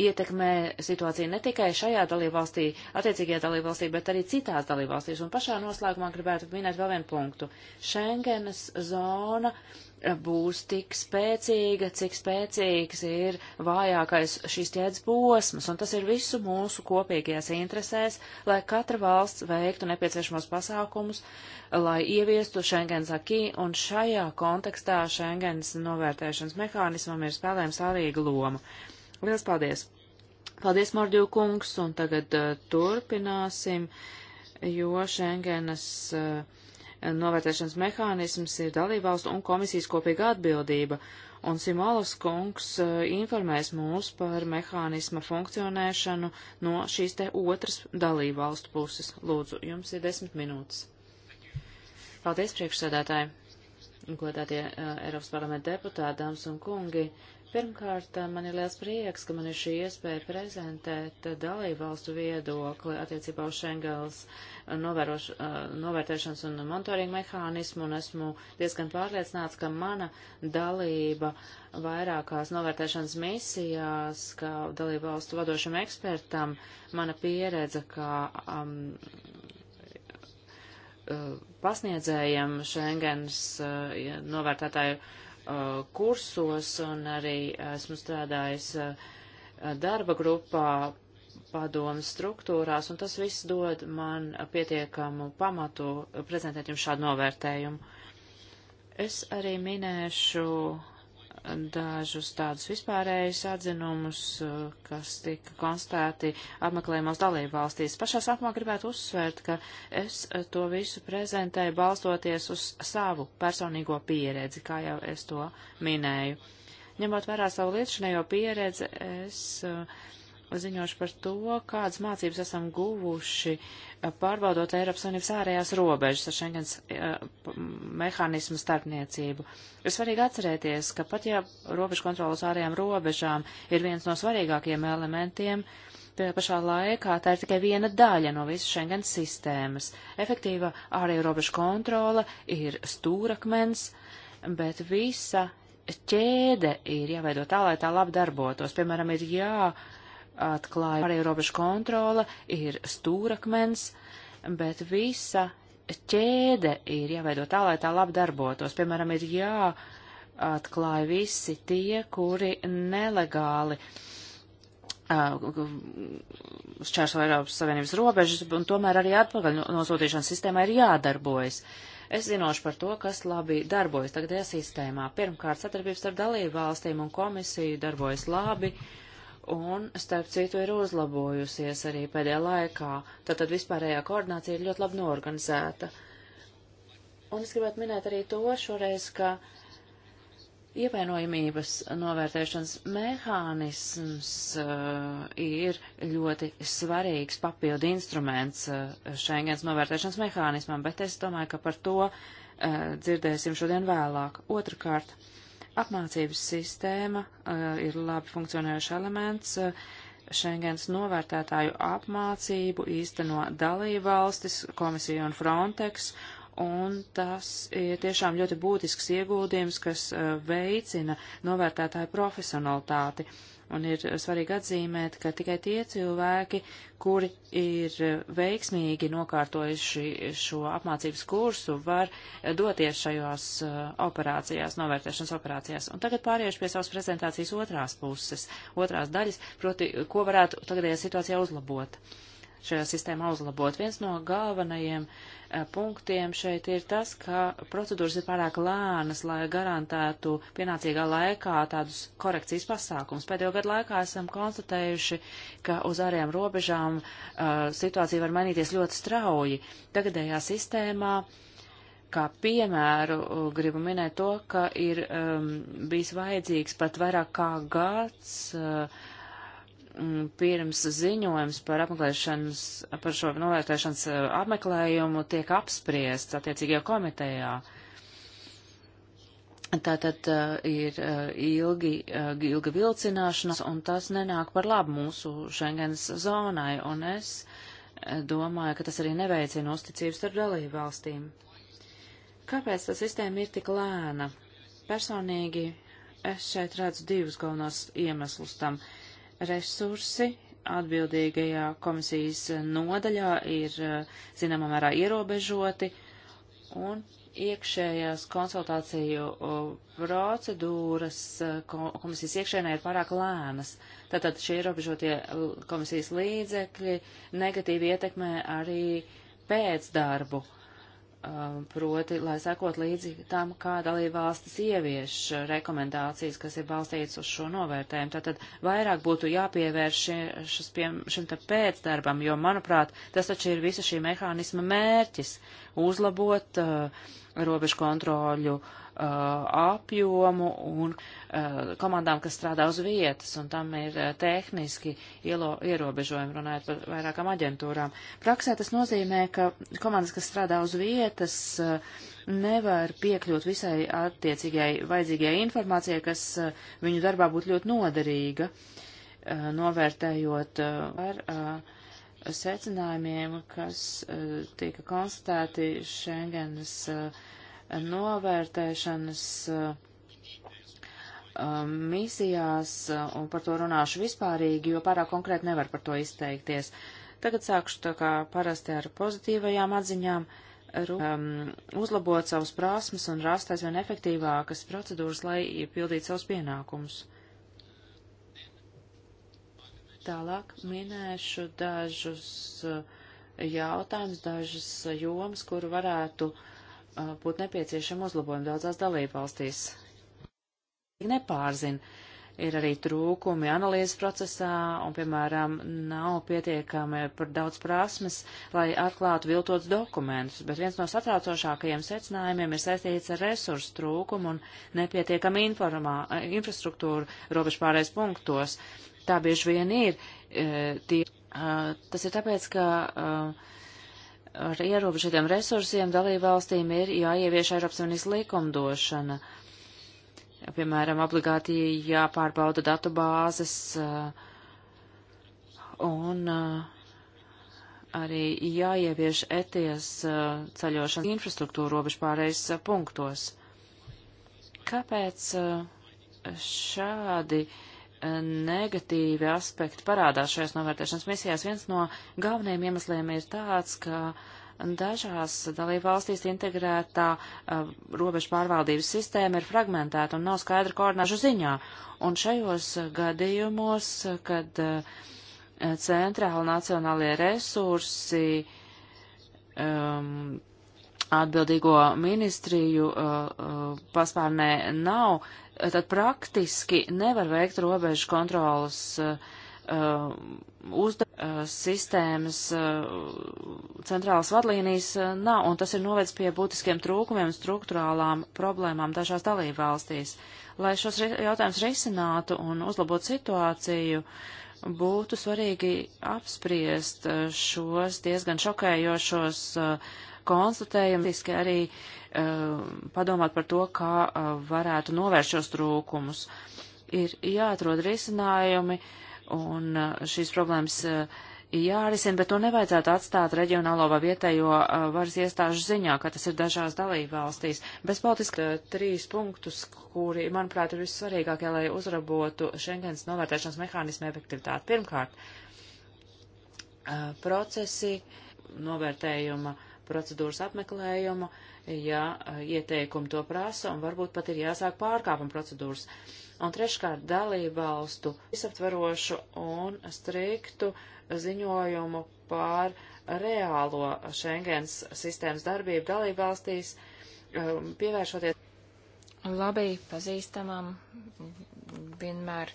ietekmē situāciju ne tikai šajā dalībvalstī, attiecīgajā dalībvalstī, bet arī citās dalībvalstīs. Un pašā noslēgumā gribētu minēt vēl vienu punktu. Schengenas zona būs tik spēcīga, cik spēcīgs ir vājākais šīs ķēdes posms, un tas ir visu mūsu kopīgajās interesēs, lai katra valsts veiktu nepieciešamos pasākumus, lai ieviestu Schengens akī, un šajā kontekstā Schengens novērtēšanas mehānismam ir spēlējama svarīga loma. Liels paldies! Paldies, Mordju kungs, un tagad uh, turpināsim, jo Schengenas uh, novērtēšanas mehānisms ir dalībvalstu un komisijas kopīga atbildība, un Simolas kungs uh, informēs mūs par mehānisma funkcionēšanu no šīs te otras dalībvalstu puses. Lūdzu, jums ir desmit minūtes. Paldies, priekšsēdētāji, godātie uh, Eiropas parlamenta deputāti, dāmas un kungi. Uh, Pirmkārt, man ir liels prieks, ka man ir šī iespēja prezentēt dalībvalstu viedokli attiecībā uz Šengels uh, novēroš, uh, novērtēšanas un monitoringa mehānismu, un esmu diezgan pārliecināts, ka mana dalība vairākās novērtēšanas misijās, kā dalībvalstu vadošam ekspertam, mana pieredze, kā um, uh, pasniedzējiem Šengens uh, novērtētāju uh, kursos un arī esmu strādājis uh, darba grupā padomas struktūrās, un tas viss dod man pietiekamu pamatu prezentēt jums šādu novērtējumu. Es arī minēšu dažus tādus vispārējus atzinumus, eh, kas tika konstatēti apmeklējumos dalību valstīs. Pašā sākumā gribētu uzsvērt, ka es eh, to visu prezentēju balstoties uz savu personīgo pieredzi, kā jau es to minēju. Ņemot vērā savu lietušanējo pieredzi, es uh, ziņošu par to, kādas mācības esam guvuši eh, pārbaudot Eiropas Savienības ārējās robežas ar Schengens uh, mehānismu starpniecību. Ir svarīgi atcerēties, ka pat ja robežu kontrola uz ārējām robežām ir viens no svarīgākajiem elementiem, tajā pašā laikā tā ir tikai viena daļa no visas Schengens sistēmas. Efektīva ārējo robežu kontrola ir stūrakmens, bet visa ķēde ir jāveido tā, lai tā labi darbotos. Piemēram, ir jā atklāja arī robežu kontrola, ir stūrakmens, bet visa ķēde ir jāveido tā, lai tā labi darbotos. Piemēram, ir jāatklāja visi tie, kuri nelegāli šķērso Eiropas Savienības robežas, un tomēr arī atpakaļ nosūtīšanas sistēmā ir jādarbojas. Es zinošu par to, kas labi darbojas tagadējā sistēmā. Pirmkārt, sadarbības ar dalību valstīm un komisiju darbojas labi. Uh, un, starp citu, ir uzlabojusies arī pēdējā laikā. Tātad vispārējā koordinācija ir ļoti labi norganizēta. Un es gribētu minēt arī to šoreiz, ka ievainojamības novērtēšanas mehānisms uh, ir ļoti svarīgs papildu instruments uh, Schengens novērtēšanas mehānismam, bet es domāju, ka par to uh, dzirdēsim šodien vēlāk. Otrakārt. Uh, Apmācības sistēma uh, ir labi funkcionējuši elements. Uh, Schengens novērtētāju apmācību īsteno dalību valstis, komisija un Frontex, un tas ir tiešām ļoti būtisks ieguldījums, kas uh, veicina novērtētāju profesionalitāti. Un ir svarīgi atzīmēt, ka tikai tie cilvēki, kuri ir veiksmīgi nokārtojuši šo apmācības kursu, var doties šajās uh, operācijās, novērtēšanas operācijās. Un tagad pāriešu pie savas prezentācijas otrās puses, otrās daļas, proti, ko varētu tagadējā situācijā uzlabot. Uh, šajā sistēmā uzlabot. Viens no galvenajiem a, eh, punktiem šeit ir tas, ka procedūras ir pārāk lēnas, lai garantētu pienācīgā laikā tādus korekcijas pasākums. Pēdējo gadu laikā esam konstatējuši, ka uz ārējām robežām a, eh, situācija var mainīties ļoti strauji. Tagadējā sistēmā kā piemēru eh, gribu minēt to, ka ir um, bijis vajadzīgs pat vairāk kā gads uh, Mm, pirms ziņojums par apmeklēšanas, par šo novērtēšanas eh, apmeklējumu tiek apspriests attiecīgajā komitejā. Tātad uh, ir uh, ilgi, uh, ilga vilcināšanās, un tas nenāk par labu mūsu Schengens zonai, un es domāju, ka tas arī neveicina uzticības starp dalību valstīm. Kāpēc tā sistēma ir tik lēna? Personīgi es šeit redzu divus galvenos iemeslus tam. Uh, resursi atbildīgajā komisijas nodaļā ir eh, zināmā mērā ierobežoti, un iekšējās konsultāciju eh, procedūras eh, komisijas iekšēnē ir pārāk lēnas. Tātad šie ierobežotie komisijas līdzekļi negatīvi ietekmē arī pēcdarbu. darbu Um, proti, lai sekot līdzi tam, kā dalība valstis ievieš rekomendācijas, kas ir balstītas uz šo novērtējumu. Tātad vairāk būtu jāpievērš šis, piem, šim te pēcdarbam, jo, manuprāt, tas taču ir visa šī mehānisma mērķis - uzlabot uh, robežu kontroļu uh, Uh, apjomu un uh, komandām, kas strādā uz vietas, un tam ir uh, tehniski ielo, ierobežojumi, runājot par vairākām aģentūrām. Praksē tas nozīmē, ka komandas, kas strādā uz vietas, nevar piekļūt visai attiecīgai vajadzīgajai informācijai, kas viņu darbā būtu ļoti noderīga, novērtējot ar secinājumiem, kas tika konstatēti Schengenas uh, novērtēšanas eh, eh, misijās, eh, un par to runāšu vispārīgi, jo pārāk konkrēti nevar par to izteikties. Tagad sākšu tā kā parasti ar pozitīvajām atziņām, um, uzlabot savus prasmes un rast aizvien efektīvākas procedūras, lai pildītu savus pienākumus. Tālāk minēšu dažus jautājumus, dažas jomas, kuru varētu uh, Uh, būtu nepieciešama uzlabojuma daudzās dalībvalstīs. Nepārzina. Ir arī trūkumi analīzes procesā, un, piemēram, nav pietiekami par daudz prasmes, lai atklātu viltots dokumentus, bet viens no satraucošākajiem secinājumiem ir saistīts ar resursu trūkumu un nepietiekami informā, infrastruktūru robežpārējais punktos. Tā bieži vien ir. E, tie, a, eh, tas ir tāpēc, ka. A, eh, ar ierobežotiem resursiem dalībvalstīm ir jāievieš Eiropas Savienības likumdošana. Piemēram, obligāti jāpārbauda datu bāzes uh, un uh, arī jāievieš eties uh, ceļošanas infrastruktūra robežu pārējais punktos. Kāpēc šādi uh, negatīvi aspekti parādās šajās novērtēšanas misijās. Viens no galvenajiem iemesliem ir tāds, ka dažās dalībvalstīs integrētā uh, robežu pārvaldības sistēma ir fragmentēta un nav skaidra koordināšu ziņā. Un šajos gadījumos, kad uh, centrāla nacionālie resursi um, atbildīgo ministriju uh, uh, paspārnē nav, tad praktiski nevar veikt robežu kontrolas uh, uzdevuma sistēmas centrālas vadlīnijas nav, un tas ir novedis pie būtiskiem trūkumiem un struktūrālām problēmām dažās dalībvalstīs. Lai šos jautājumus risinātu un uzlabotu situāciju, būtu svarīgi apspriest šos diezgan šokējošos uh, konstatējam, riski arī uh, padomāt par to, kā uh, varētu novērst šos trūkumus. Ir jāatrod risinājumi un uh, šīs problēmas jārisina, bet to nevajadzētu atstāt reģionālo vai vietējo varas iestāžu ziņā, kā tas ir dažās dalībvalstīs. Bez politiski trīs punktus, kuri, manuprāt, ir vissvarīgākie, lai uzrabotu Schengens novērtēšanas mehānismu efektivitāti. Pirmkārt, procesi novērtējuma uh, procedūras apmeklējumu, ja eh, ieteikumi to prasa, un varbūt pat ir jāsāk pārkāpuma procedūras. Un treškārt dalībvalstu visaptvarošu un striktu ziņojumu pār reālo Schengens sistēmas darbību dalībvalstīs, eh, pievēršoties labi pazīstamam, vienmēr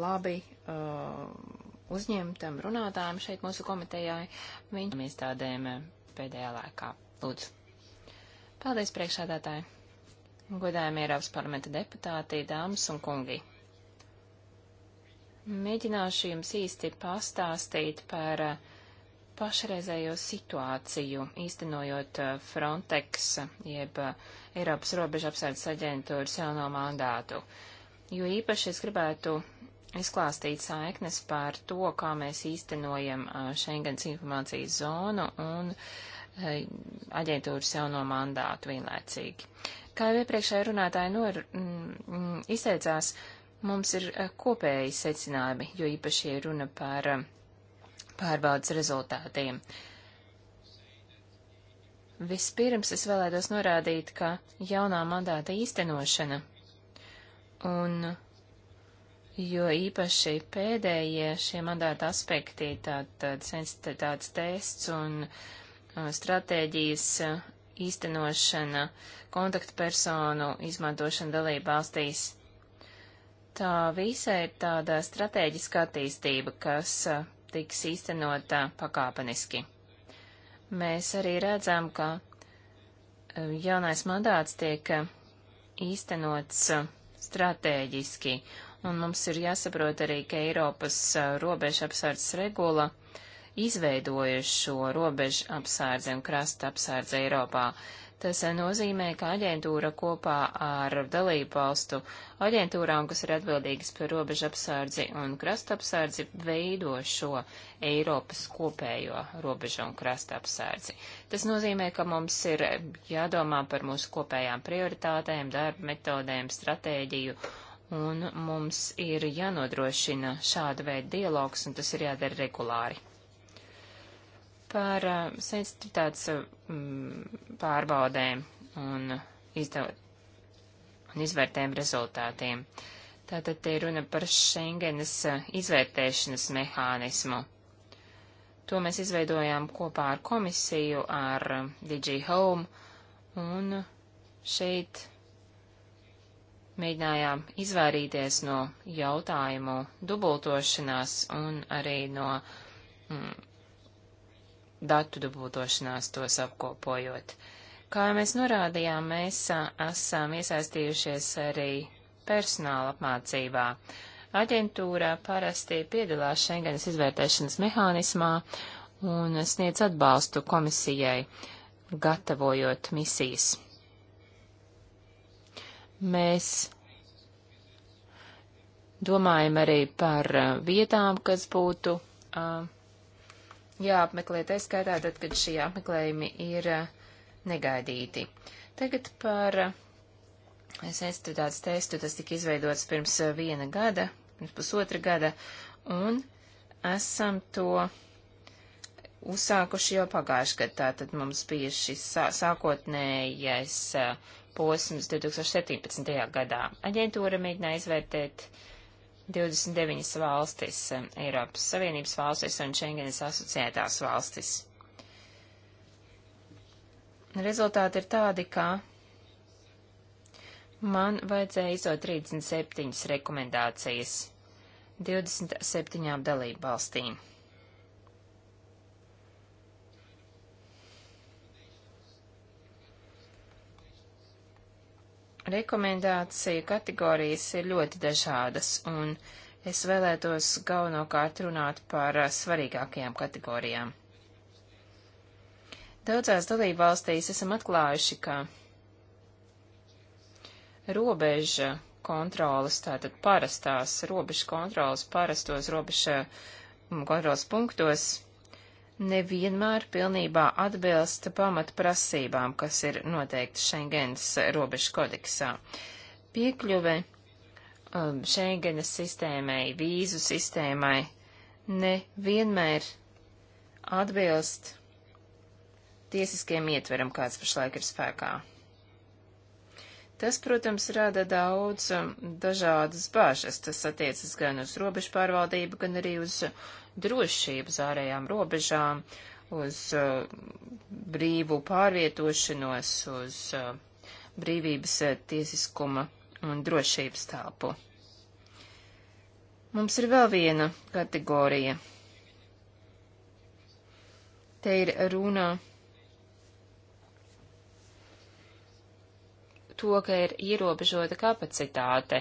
labi uh, uzņemtam runātājam šeit mūsu komitejā, viņam iestādēm pēdējā laikā. Lūdzu. Paldies, priekšādātāji. Godājumie Eiropas parlamenta deputāti, dāmas un kungi. Mēģināšu jums īsti pastāstīt par uh, pašreizējo situāciju, īstenojot uh, Frontex, jeb uh, Eiropas robeža apsardzes aģentūras jauno mandātu. Jo īpaši es gribētu izklāstīt saiknes par to, kā mēs īstenojam Schengens informācijas zonu un aģentūras jauno mandātu vienlaicīgi. Kā jau iepriekšēji runātāji nor, mm, mm izteicās, mums ir kopēji secinājumi, jo īpaši ir runa par pārbaudas rezultātiem. Vispirms es vēlētos norādīt, ka jaunā mandāta īstenošana un jo īpaši pēdējie šie mandāta aspekti, tātad sensitivitātes tests un uh, stratēģijas uh, īstenošana, kontaktpersonu izmantošana dalība valstīs. Tā visa ir tāda strateģiska attīstība, kas uh, tiks īstenota pakāpeniski. Mēs arī redzam, ka jaunais mandāts tiek īstenots stratēģiski, un mums ir jāsaprot arī, ka Eiropas robeža apsardzes regula izveidoja šo robežu apsardzi un krasta apsardzi Eiropā. Tas eh, nozīmē, ka aģentūra kopā ar dalību valstu aģentūrām, kas ir atbildīgas par robežu apsardzi un krasta apsardzi, veido šo Eiropas kopējo robežu un krasta apsardzi. Tas nozīmē, ka mums ir jādomā par mūsu kopējām prioritātēm, darba metodēm, stratēģiju un mums ir jānodrošina šāda veida dialogs, un tas ir jādara regulāri par uh, sensitivitātes mm, pārbaudēm un, izdev... un izvērtēm rezultātiem. Tātad te runa par Schengenas eh, izvērtēšanas mehānismu. To mēs izveidojām kopā ar komisiju, ar DG Home, un šeit mēģinājām izvairīties no jautājumu dubultošanās un arī no mm, datu dubultošanās tos apkopojot. Kā mēs norādījām, mēs esam iesaistījušies arī personāla apmācībā. Aģentūra parasti piedalās Schengenas izvērtēšanas mehānismā un sniedz atbalstu komisijai, gatavojot misijas. Mēs domājam arī par vietām, kas būtu uh, jāapmeklē, tā skaitā tad, kad šie apmeklējumi ir eh, negaidīti. Tagad par eh, sensitivitātes testu, tas tika izveidots pirms eh, viena gada, pirms pusotra gada, un esam to uzsākuši jau pagājuši gadu, tātad mums bija šis sākotnējais posms 2017. gadā. Aģentūra mēģināja izvērtēt uh, 29 valstis, um, Eiropas Savienības valstis un Schengenes asociētās valstis. Rezultāti ir tādi, ka man vajadzēja izdot 37 rekomendācijas 27 dalību valstīm. Rekomendāciju kategorijas ir ļoti dažādas, un es vēlētos galvenokārt runāt par eh, svarīgākajām kategorijām. Daudzās dalībvalstīs esam atklājuši, ka robeža kontrolas, tātad parastās robeža kontrolas, parastos robeža mm, kontrolas punktos nevienmēr pilnībā atbilst pamatprasībām, kas ir noteikti Schengens robežu kodeksā. Piekļuve um, Schengenas sistēmai, vīzu sistēmai nevienmēr atbilst tiesiskajam ietveram, kāds pašlaik ir spēkā. Tas, protams, rada daudz um, dažādas bāžas. Tas attiecas gan uz robežu pārvaldību, gan arī uz drošību zārējām robežām, uz uh, brīvu pārvietošanos, uz uh, brīvības uh, tiesiskuma un drošības tāpu. Mums ir vēl viena kategorija. Te ir runa to, ka ir ierobežota kapacitāte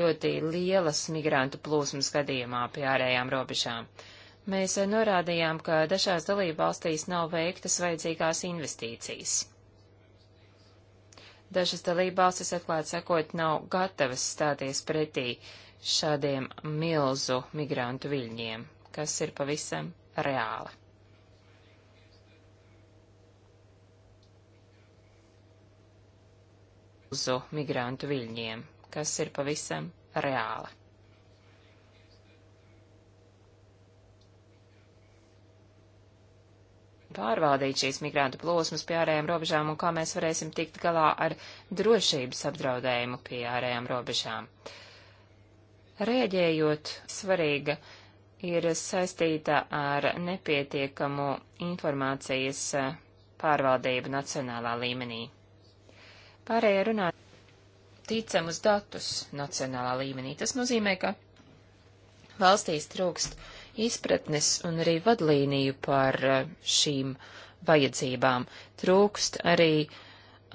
ļoti lielas migrantu plūsmas gadījumā pie ārējām robežām. Mēs norādījām, ka dažās dalībvalstīs nav veiktas vajadzīgās investīcijas. Dažas dalībvalstis atklāt sakot nav gatavas stāties pretī šādiem milzu migrantu viļņiem, kas ir pavisam reāli. milzu migrantu viļņiem, kas ir pavisam reāla. Pārvaldīt šīs migrantu plūsmas pie ārējām robežām un kā mēs varēsim tikt galā ar drošības apdraudējumu pie ārējām robežām. Rēģējot, svarīga ir saistīta ar nepietiekamu informācijas eh, pārvaldību nacionālā līmenī. Pārējie runā. Ticam uz datus nacionālā līmenī. Tas nozīmē, ka valstīs trūkst izpratnes un arī vadlīniju par eh, šīm vajadzībām. Trūkst arī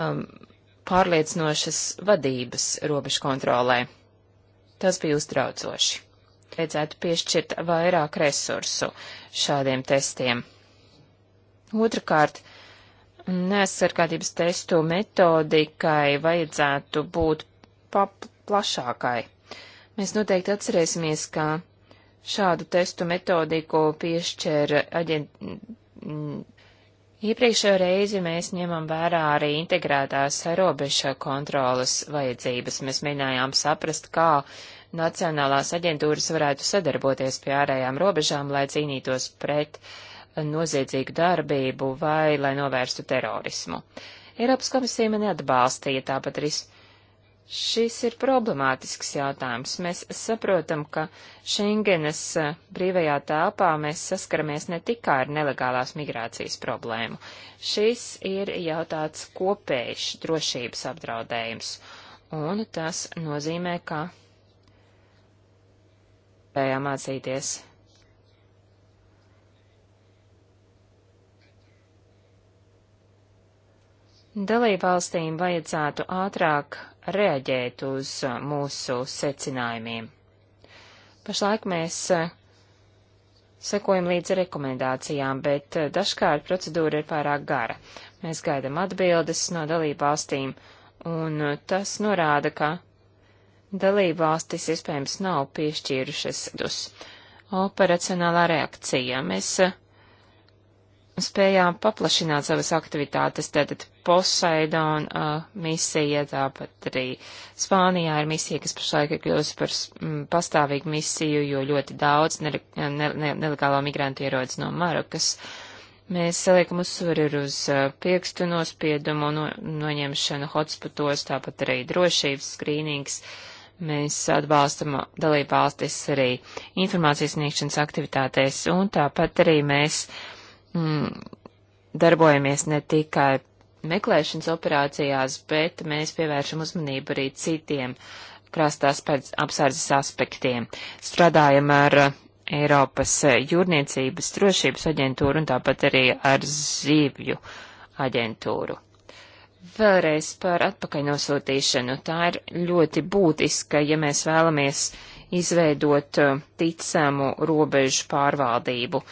um, pārliecinošas vadības robežu kontrolē. Tas bija uztraucoši. Vajadzētu piešķirt vairāk resursu šādiem testiem. Otrakārt, nesargādības testu metodikai vajadzētu būt plašākai. Mēs noteikti atcerēsimies, ka šādu testu metodiku piešķēra aģent... Iepriekšējo reizi mēs ņemam vērā arī integrētās robeža kontrolas vajadzības. Mēs mēģinājām saprast, kā nacionālās aģentūras varētu sadarboties pie ārējām robežām, lai cīnītos pret uh, noziedzīgu darbību vai lai novērstu terorismu. Eiropas komisija mani atbalstīja, tāpat arī šis ir problemātisks jautājums. Mēs saprotam, ka Schengenas eh, brīvajā telpā mēs saskaramies ne tikai ar nelegālās migrācijas problēmu. Šis ir jau tāds kopējs drošības apdraudējums, un tas nozīmē, ka spējām mācīties Dalībvalstīm vajadzētu ātrāk reaģēt uz uh, mūsu secinājumiem. Pašlaik mēs uh, sekojam līdz rekomendācijām, bet uh, dažkārt procedūra ir pārāk gara. Mēs gaidam atbildes no dalībvalstīm, un tas norāda, ka dalībvalstis iespējams nav piešķīrušas dus. Operacionālā reakcija. Mēs spējām paplašināt savas aktivitātes, tātad Poseidon uh, misija, tāpat arī Spānijā ir misija, kas pašlaik ir kļūst par mm, pastāvīgu misiju, jo ļoti daudz ne, ne, ne, nelegālo migrantu ierodas no Marokas. Mēs liekam uzsvaru uz uh, piekstu nospiedumu, no, noņemšanu hotspotos, tāpat arī drošības skrīnings. Mēs atbalstam uh, dalībvalstis arī informācijas sniegšanas aktivitātēs, un tāpat arī mēs uh, mm, darbojamies ne tikai meklēšanas operācijās, bet mēs pievēršam uzmanību arī citiem krastās pēc apsardzes aspektiem. Strādājam ar Eiropas jūrniecības drošības aģentūru un tāpat arī ar zīvju aģentūru. Vēlreiz par atpakaļnosūtīšanu. Tā ir ļoti būtiska, ja mēs vēlamies izveidot uh, ticamu robežu pārvaldību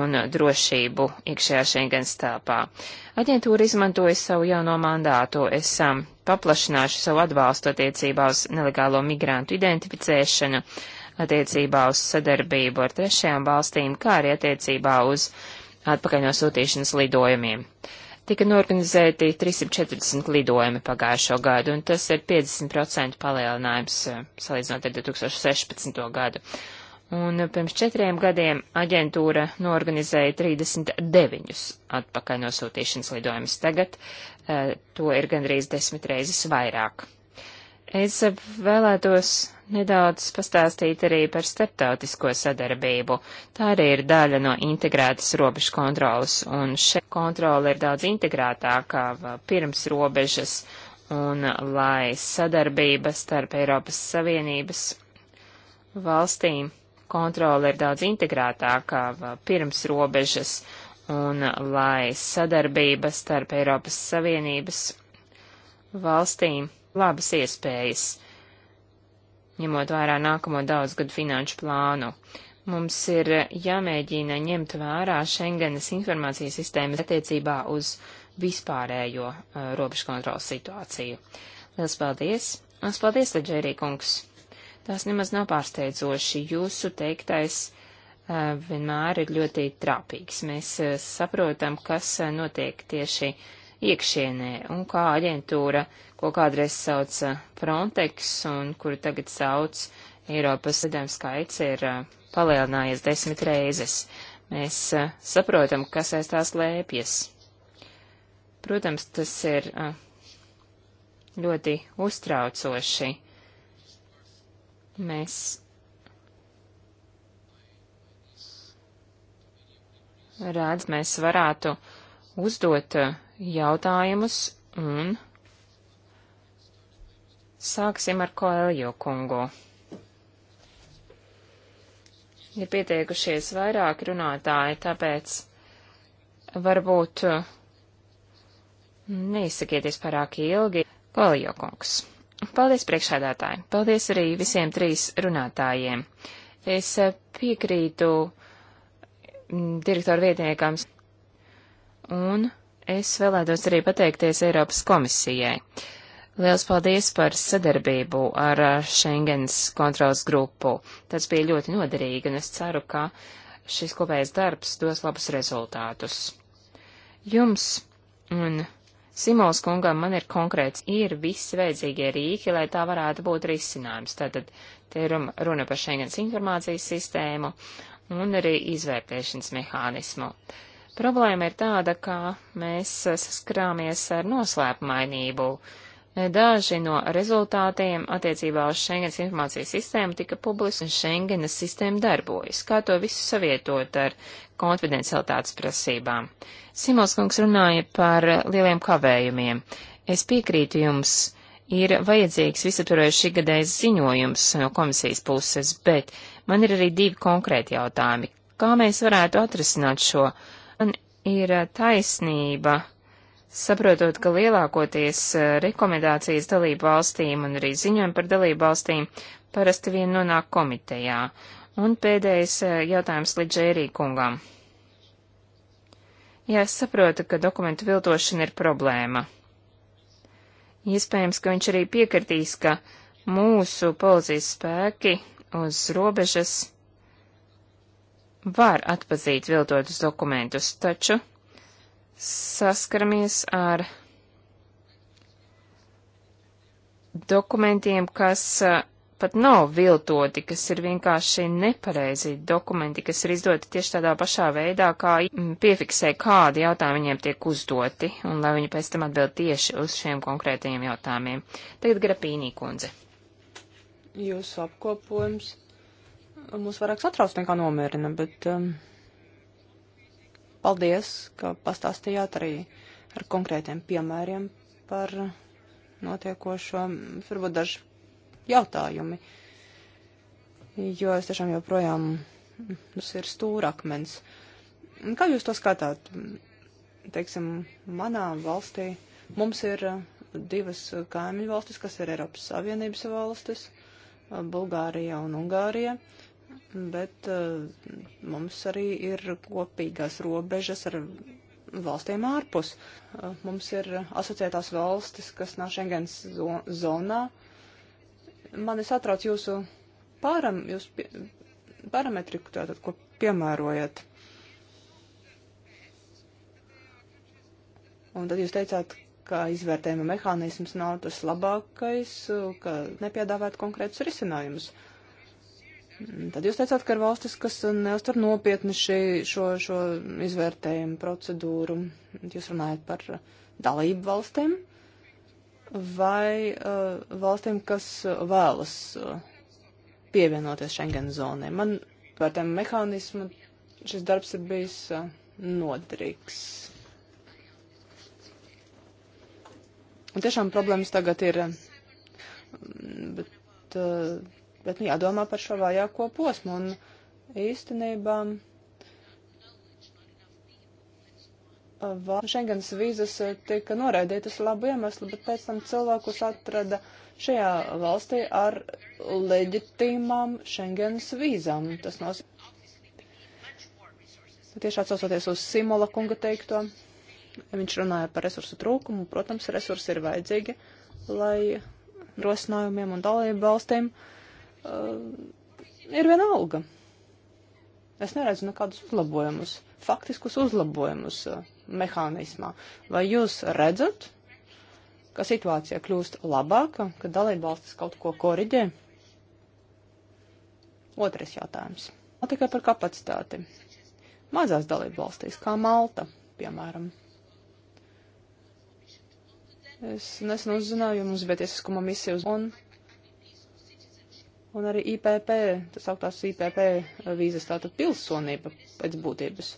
un drošību iekšējā Schengens tāpā. Aģentūra izmantoja savu jauno mandātu, esam paplašinājuši savu atbalstu attiecībā uz nelegālo migrantu identificēšanu, attiecībā uz sadarbību ar trešajām valstīm, kā arī attiecībā uz atpakaļnosūtīšanas lidojumiem tika norganizēti 340 lidojumi pagājušo gadu, un tas ir 50% palielinājums eh, salīdzinot ar 2016. gadu un pirms četriem gadiem aģentūra norganizēja 39 atpakaļ nosūtīšanas lidojumus. Tagad e, to ir gandrīz desmit reizes vairāk. Es vēlētos nedaudz pastāstīt arī par starptautisko sadarbību. Tā arī ir daļa no integrētas robežu kontrolas, un šeit kontrola ir daudz integrētākā pirms robežas, un lai sadarbība starp Eiropas Savienības valstīm kontrole ir daudz integrētākā pirms robežas un lai sadarbība starp Eiropas Savienības valstīm labas iespējas, ņemot vērā nākamo daudzgadu finanšu plānu. Mums ir jāmēģina ņemt vērā Schengenas informācijas sistēmas attiecībā uz vispārējo uh, robežu kontrolas situāciju. Lielas paldies! Un paldies, Leģērī kungs! Tas nemaz nav pārsteidzoši. Jūsu teiktais eh, vienmēr ir ļoti trāpīgs. Mēs eh, saprotam, kas eh, notiek tieši iekšienē un kā aģentūra, ko kādreiz sauca Frontex un kuru tagad sauc Eiropas sadēmas skaits, ir palielinājies desmit reizes. Mēs saprotam, kas aiz tās lēpjas. Protams, tas ir ļoti uztraucoši Mēs redz, mēs varētu uzdot uh, jautājumus un sāksim ar Koeljo kungu. Ir ja pieteikušies vairāk runātāji, tāpēc varbūt uh, neizsakieties pārāk ilgi. Koeljo kungs. Paldies priekšādātāji. Paldies arī visiem trīs runātājiem. Es eh, piekrītu mm, direktoru vietniekam un es vēlētos arī pateikties Eiropas komisijai. Liels paldies par sadarbību ar eh, Schengens kontrols grupu. Tas bija ļoti noderīgi, un es ceru, ka šis kopējais darbs dos labus rezultātus. Jums un Simons kungam man ir konkrēts, ir visi veidzīgie rīki, lai tā varētu būt risinājums. Tātad te ir runa par Schengens informācijas sistēmu un arī izvērtēšanas mehānismu. Problēma ir tāda, ka mēs saskrāmies ar noslēpumainību uh, Daži no rezultātiem attiecībā uz Schengenas informācijas sistēmu tika publiski, un Schengenas sistēma darbojas. Kā to visu savietot ar konfidencialitātes prasībām? Simons kungs runāja par lieliem kavējumiem. Es piekrītu jums, ir vajadzīgs visaptvarojuši gadējs ziņojums no komisijas puses, bet man ir arī divi konkrēti jautājumi. Kā mēs varētu atrisināt šo? Man ir taisnība Saprotot, ka lielākoties e, rekomendācijas dalību valstīm un arī ziņojumi par dalību valstīm parasti vien nonāk komitejā. Un pēdējais e, jautājums Lidžērī kungam. Jā, es saprotu, ka dokumentu viltošana ir problēma. Iespējams, ka viņš arī piekritīs, ka mūsu policijas spēki uz robežas var atpazīt viltotus dokumentus, taču saskaramies ar dokumentiem, kas uh, pat nav viltoti, kas ir vienkārši nepareizi dokumenti, kas ir izdoti tieši tādā pašā veidā, kā mm, piefiksē, kādi jautājumi viņiem tiek uzdoti, un lai viņi pēc tam atbild tieši uz šiem konkrētajiem jautājumiem. Tagad Grapīnī kundze. Jūsu apkopojums uh, mūs vairāk satrauc nekā nomierina, bet. Um... Paldies, ka pastāstījāt arī ar konkrētiem piemēriem par notiekošo. Varbūt daži jautājumi, jo es tiešām joprojām mums ir stūrakmens. Kā jūs to skatāt? Teiksim, manā valstī mums ir uh, divas kaimiņu valstis, kas ir Eiropas Savienības valstis uh, - Bulgārija un Ungārija. Uh, bet eh, mums arī ir kopīgās robežas ar valstīm ārpus. Eh, mums ir asociētās valstis, kas nav Schengens zonā. Mani satrauc jūsu, param, jūsu pie, parametriku, tātad, ko piemērojat. Un tad jūs teicāt, ka izvērtējuma mehānisms nav tas labākais, eh, ka nepiedāvāt konkrētus risinājumus. Uh, Tad jūs teicāt, ka ir valstis, kas neuztur nopietni šī, šo, šo izvērtējumu procedūru. Jūs runājat par dalību valstīm vai uh, valstīm, kas vēlas uh, pievienoties Schengen zonai. Man par tiem mehānismu šis darbs ir bijis uh, noderīgs. Un tiešām problēmas tagad ir, uh, bet uh, Bet nu, jādomā par šo vājāko posmu un īstenībā. Šengens vīzas tika noraidītas labu iemeslu, bet pēc tam cilvēkus atrada šajā valstī ar leģitīmām Šengens vīzām. Tas nos... Tieši atsaucoties uz Simola kunga teikto, viņš runāja par resursu trūkumu. Protams, resursi ir vajadzīgi, lai rosinājumiem un dalību valstīm uh, Uh, ir viena alga. Es neredzu nekādus uzlabojumus, faktiskus uzlabojumus uh, mehānismā. Vai jūs redzat, ka situācija kļūst labāka, ka dalībvalstis kaut ko koriģē? Otrais jautājums. Nav tikai par kapacitāti. Mazās dalībvalstīs, kā Malta, piemēram. Es nesen uzzināju, mums bija tiesiskuma misija uz un un arī IPP, tas augtās IPP vīzas, tātad pilsonība pēc būtības.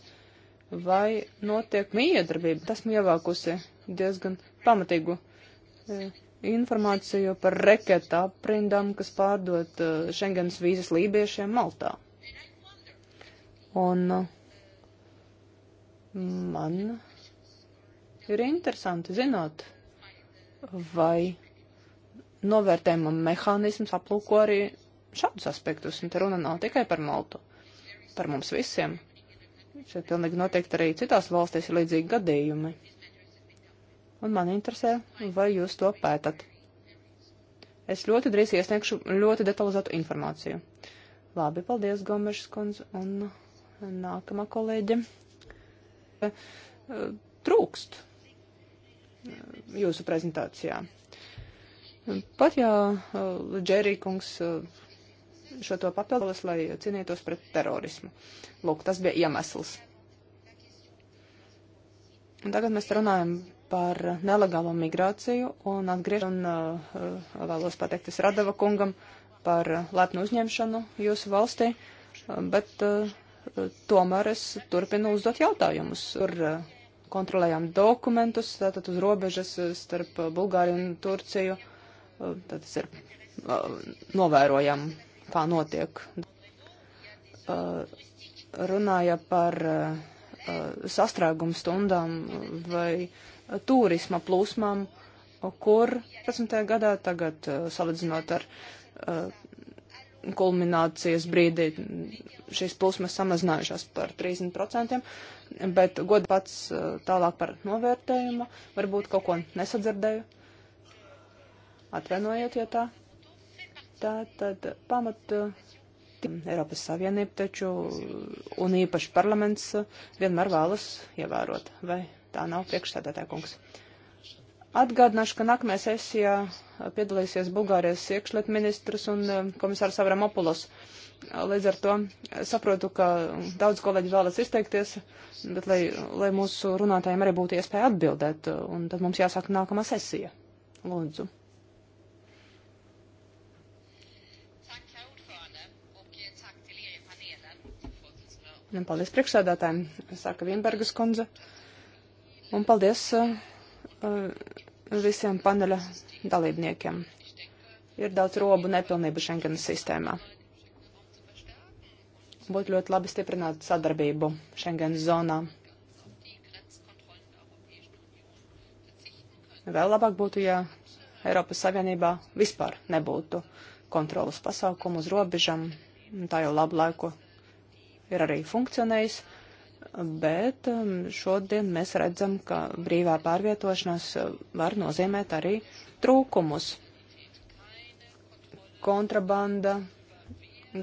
Vai notiek miedarbība? Tas man ievākusi diezgan pamatīgu e, informāciju par reketa aprindām, kas pārdot e, Schengens vīzas lībiešiem Maltā. Un e, man ir interesanti zināt, vai novērtējuma mehānisms aplūko arī šādus aspektus, un te runa nav tikai par Maltu, par mums visiem. Šeit pilnīgi noteikti arī citās valstīs ir līdzīgi gadījumi. Un man interesē, vai jūs to pētat. Es ļoti drīz iesniegšu ļoti detalizētu informāciju. Labi, paldies, Gomešs kundze, un nākamā kolēģe. Eh, trūkst jūsu prezentācijā. Pat ja eh, Džerī kungs eh, šo to papildus, lai cīnītos pret terorismu. Lūk, tas bija iemesls. Un tagad mēs runājam par nelegālo migrāciju un atgriež un uh, uh vēlos pateikties Radava kungam par lepnu uzņemšanu jūsu valstī, um, bet uh, tomēr es turpinu uzdot jautājumus. Tur uh, kontrolējām dokumentus, tātad uz robežas uh, starp Bulgāriju un Turciju, uh, tātad ir novērojam tā notiek. Uh, runāja par uh, uh, sastrēgumu stundām vai turisma plūsmām, kur 15. gadā tagad salīdzinot ar kulminācijas brīdī šīs plūsmas samazinājušās par 30%, bet godu pats tālāk par novērtējumu, varbūt kaut ko nesadzirdēju. Atvainojiet, ja tā. Tā tad pamat eh, Eiropas Savienība taču un īpaši parlaments eh, vienmēr vēlas ievērot, vai tā nav priekšstādātāja kungs. Atgādināšu, ka nākamajā sesijā piedalīsies Bulgārijas iekšliet ministrs un eh, komisārs Avramopulos. Līdz ar to saprotu, ka daudz kolēģi vēlas izteikties, bet lai, lai mūsu runātājiem arī būtu iespēja atbildēt, un tad mums jāsāk nākamā sesija. Lūdzu. Paldies priekšsēdētājiem, saka Vienbergas kundze. Un paldies uh, visiem paneļa dalībniekiem. Ir daudz robu nepilnību Schengenas sistēmā. Būtu ļoti labi stiprināt sadarbību Schengenas zonā. Vēl labāk būtu, ja Eiropas Savienībā vispār nebūtu kontrolas pasaukumu uz robežam. Tā jau labu laiku ir arī funkcionējis, bet um, šodien mēs redzam, ka brīvā pārvietošanās uh, var nozīmēt arī trūkumus. Kontrabanda,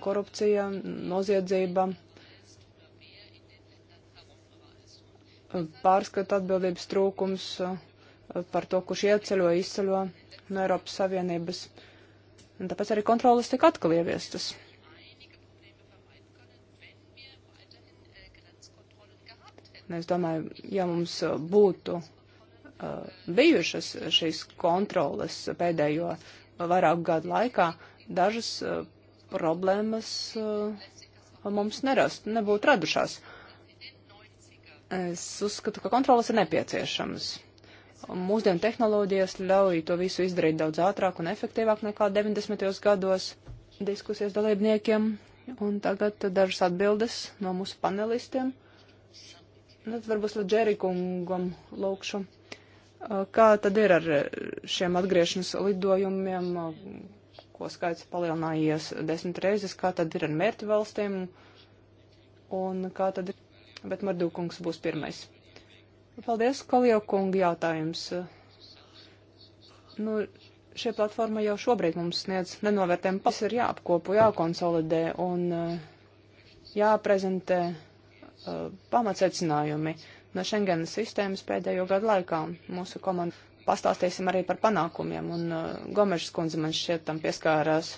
korupcija, noziedzība, pārskata atbildības trūkums uh, par to, kurš ieceļo, izceļo no Eiropas Savienības. Un tāpēc arī kontrolas tika atkal ieviestas. Un nu, es domāju, ja mums uh, būtu uh, bijušas šīs kontroles pēdējo vairāku gadu laikā, dažas uh, problēmas uh, mums nerast, nebūtu radušās. Es uzskatu, ka kontrolas ir nepieciešamas. Mūsdienu tehnoloģijas ļauj to visu izdarīt daudz ātrāk un efektīvāk nekā 90. gados diskusijas dalībniekiem. Un tagad dažas atbildes no mūsu panelistiem. Nu, varbūt Džerikungam lūkšu. Kā tad ir ar šiem atgriešanas lidojumiem, ko skaits palielinājies desmit reizes, kā tad ir ar mērķu valstīm un kā tad ir. Bet Mardūkungs būs pirmais. Paldies, Kalio kungi, jautājums. Nu, šie platforma jau šobrīd mums sniedz nenovērtējumu. Tas ir jāapkopo, jākonsolidē un jāprezentē uh, pamatsecinājumi no Schengenas sistēmas pēdējo gadu laikā. Mūsu komanda pastāstīsim arī par panākumiem, un uh, Gomešas kundze man šķiet tam pieskārās.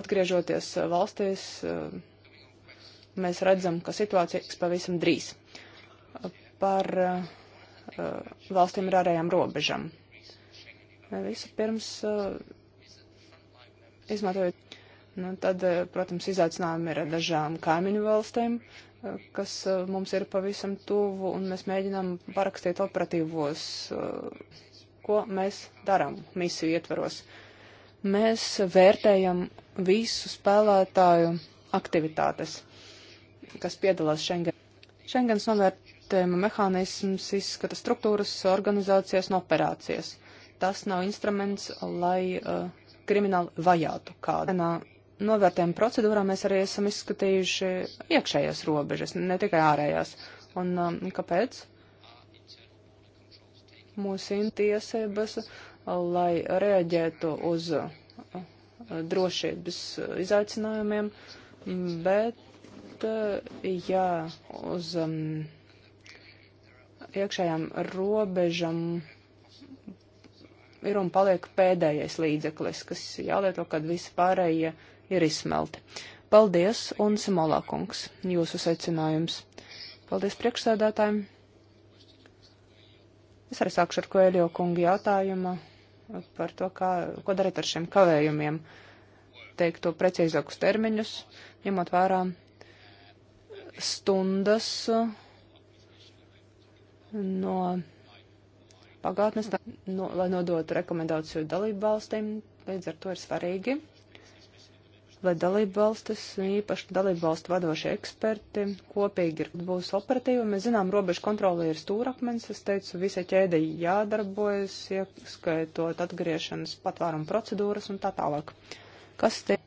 Atgriežoties uh, valstīs, uh, mēs redzam, ka situācija tiks pavisam drīz uh, par uh, uh, valstīm ar ārējām robežām. Visu pirms uh, izmantojot, nu, tad, protams, izaicinājumi ir dažām kaimiņu valstīm, kas eh, mums ir pavisam tuvu, un mēs mēģinām parakstīt operatīvos, eh, ko mēs darām misiju ietvaros. Mēs vērtējam visu spēlētāju aktivitātes, kas piedalās Schengen. Schengens novērtējuma mehānisms izskata struktūras, organizācijas un operācijas. Tas nav instruments, lai uh, krimināli vajātu kādu novērtējuma procedūrā mēs arī esam izskatījuši iekšējās robežas, ne tikai ārējās. Un um, kāpēc? Mūsu tiesības, lai reaģētu uz uh, drošības izaicinājumiem, bet, uh, jā, uz um, iekšējām robežam ir un paliek pēdējais līdzeklis, kas jālieto, kad visi pārējie. Ja ir izsmelti. Paldies, un Simolā kungs, jūsu secinājums. Paldies priekšsēdētājiem. Es arī sākšu ar Koeļo kungu jautājumu par to, kā, ko darīt ar šiem kavējumiem, teikt to precīzākus termiņus, ņemot vērā stundas no pagātnes, no, lai nodotu rekomendāciju dalību valstīm, līdz ar to ir svarīgi lai dalību valstis, īpaši dalību valstu vadošie eksperti, kopīgi ir, būs operatīvi. Mēs zinām, robežu kontrole ir stūrakmens, es teicu, visai ķēdei jādarbojas, ieskaitot atgriešanas patvērumu procedūras un tā tālāk. Kas te,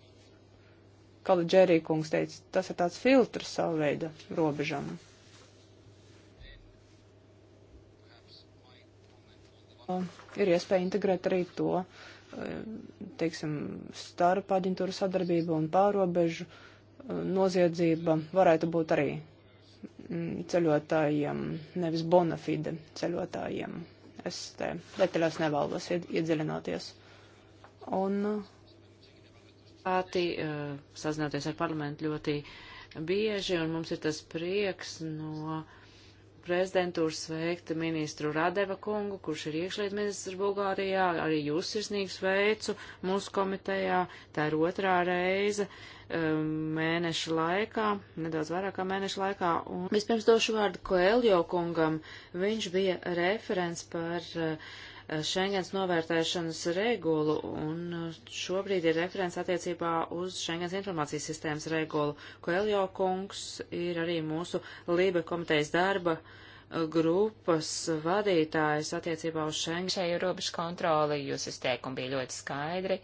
kā Džērī kungs teica, tas ir tāds filtrs savu veidu robežam. Ir iespēja integrēt arī to teiksim, starp aģentūru sadarbība un pārobežu e, noziedzība varētu būt arī mm, ceļotājiem, nevis bonafide ceļotājiem. Es te detaļās nevaldos iedziļināties. Un pati e, sazināties ar parlamentu ļoti bieži, un mums ir tas prieks no. Uh, prezidentūru sveikt ministru Radeva kungu, kurš ir iekšliet ministrs Bulgārijā, arī jūs sirsnīgi sveicu mūsu komitejā. Tā ir otrā reize um, mēneša laikā, nedaudz vairāk kā mēneša laikā. Un vispirms došu vārdu Koeljo kungam. Viņš bija referents par uh, Schengens novērtēšanas regulu, un uh, šobrīd ir referents attiecībā uz Schengens informācijas sistēmas regulu, ko Eljo kungs ir arī mūsu Lībe komitejas darba uh, grupas vadītājs attiecībā uz Schengen. Šajā robežu kontroli jūs izteikumi bija ļoti skaidri,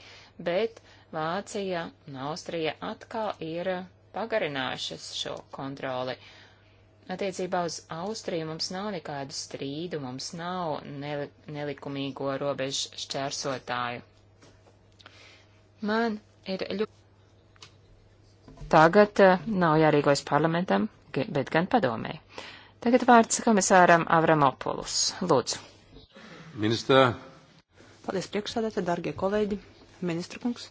bet Vācija un Austrija atkal ir pagarinājušas šo kontroli. Uh, Attiecībā uz Austriju mums nav nekādu strīdu, mums nav nel nelikumīgo robežu šķērsotāju. Man ir ļoti. Tagad uh, nav jārīkojas parlamentam, bet gan padomē. Tagad vārds komisāram Avramopulus. Lūdzu. Ministrā. Paldies priekšsādātāji, dargie kolēģi, ministra kungs.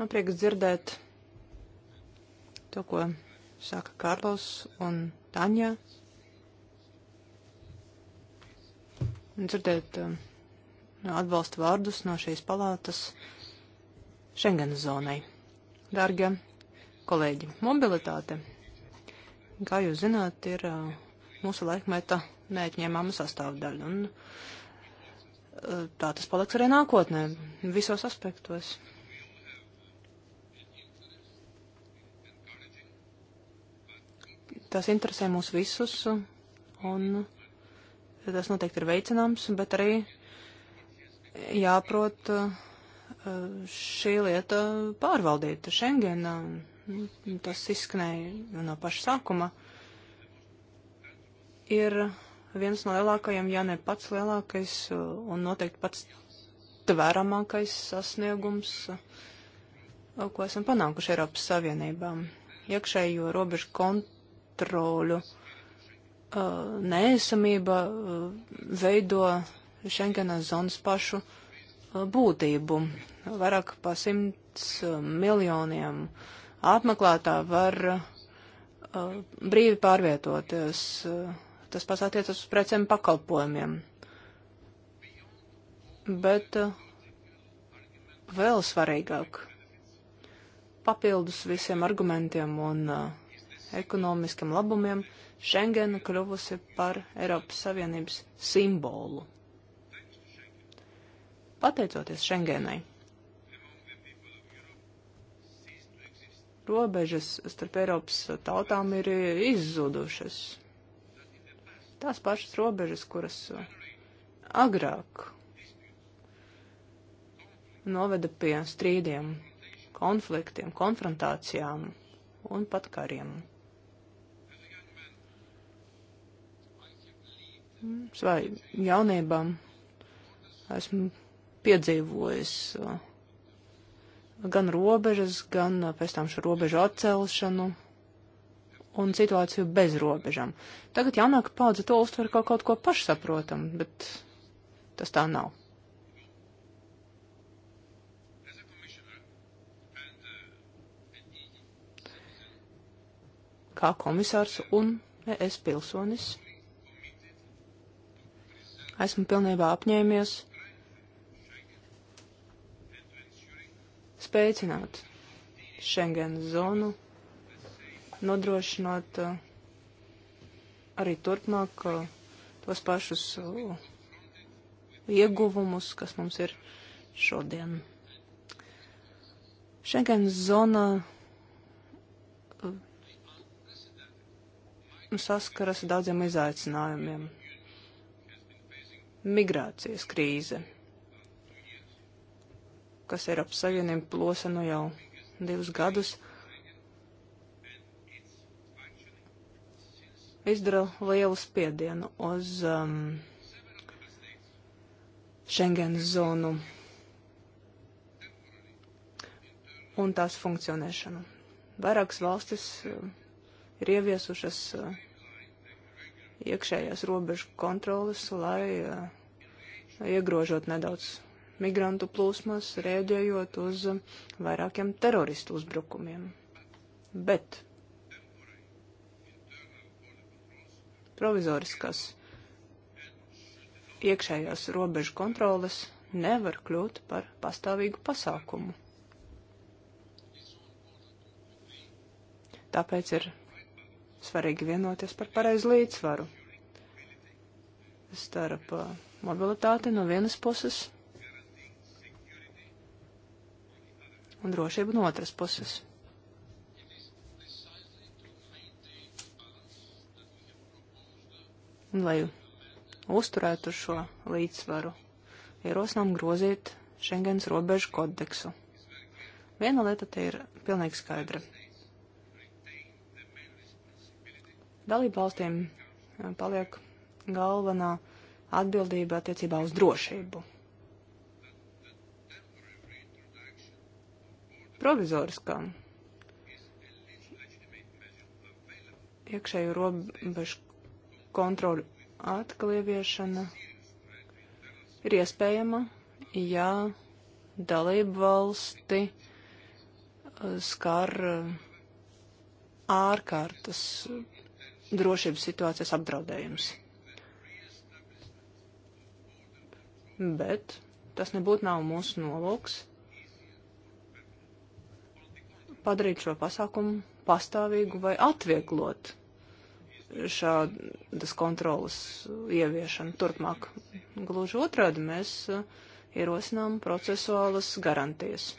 Man prieks dzirdēt to, ko saka Karlos un Taņa. Un dzirdēt um, atbalsta vārdus no šīs palātas Schengenas zonai. Darga kolēģi, mobilitāte, kā jūs zināt, ir uh, mūsu laikmeta neatņēmama sastāvdaļa. Un uh, tā tas paliks arī nākotnē, visos aspektos. Tas interesē mūs visus, un tas noteikti ir veicināms, bet arī jāprot eh, šī lieta pārvaldīt Schengenā. Tas izskanēja no paša sākuma. Ir viens no lielākajiem, ja ne pats lielākais un noteikti pats tveramākais sasniegums, ko esam panākuši Eiropas Savienībām. Iekšējo robežu kont kontrolu. Uh, neesamība uh, veido Schengena zonas pašu uh, būtību. Vairāk pa simts uh, miljoniem apmeklētā var uh, brīvi pārvietoties. Uh, tas pats attiecas uz precēm pakalpojumiem. Bet vēl svarīgāk, papildus visiem argumentiem un uh, ekonomiskiem labumiem, Schengena kļuvusi par Eiropas Savienības simbolu. Pateicoties Schengenai, robežas starp Eiropas tautām ir izzudušas. Tās pašas robežas, kuras agrāk noveda pie strīdiem, konfliktiem, konfrontācijām un pat kariem. savai jaunībām esmu piedzīvojis uh, gan robežas, gan uh, pēc tam šo robežu atcelšanu un situāciju bez robežām. Tagad jaunāka paudze to uztver kā kaut ko pašsaprotam, bet tas tā nav. Kā komisārs un es pilsonis Esmu pilnībā apņēmies spēcināt Schengen zonu, nodrošinot uh, arī turpmāk uh, tos pašus uh, ieguvumus, kas mums ir šodien. Schengen zona saskaras daudziem izaicinājumiem migrācijas krīze, kas Eiropas Savienība plosa nu jau divus gadus, izdara lielu spiedienu uz um, Schengen zonu un tās funkcionēšanu. Vairākas valstis uh, ir ieviesušas uh, iekšējās robežu kontrolas, lai uh, iegrožot nedaudz migrantu plūsmas, rēģējot uz uh, vairākiem teroristu uzbrukumiem. Bet provizoriskas iekšējās robežu kontrolas nevar kļūt par pastāvīgu pasākumu. Tāpēc ir svarīgi vienoties par pareizu līdzsvaru starp uh, mobilitāti no vienas puses un drošību no otras puses. Un, lai uzturētu šo līdzsvaru, ierosinām grozīt Schengens robežu kodeksu. Viena lieta te ir pilnīgi skaidra. Dalību valstīm eh, paliek galvenā atbildība attiecībā uz drošību. Provizoriskā iekšēju robežu kontroļu atklieviešana ir iespējama, ja dalību valsti eh, skar eh, ārkārtas drošības situācijas apdraudējums. Bet tas nebūtu nav mūsu nolūks padarīt šo pasākumu pastāvīgu vai atvieglot šādas kontrolas ieviešanu turpmāk. Gluži otrādi mēs uh, ierosinām procesuālas garantijas.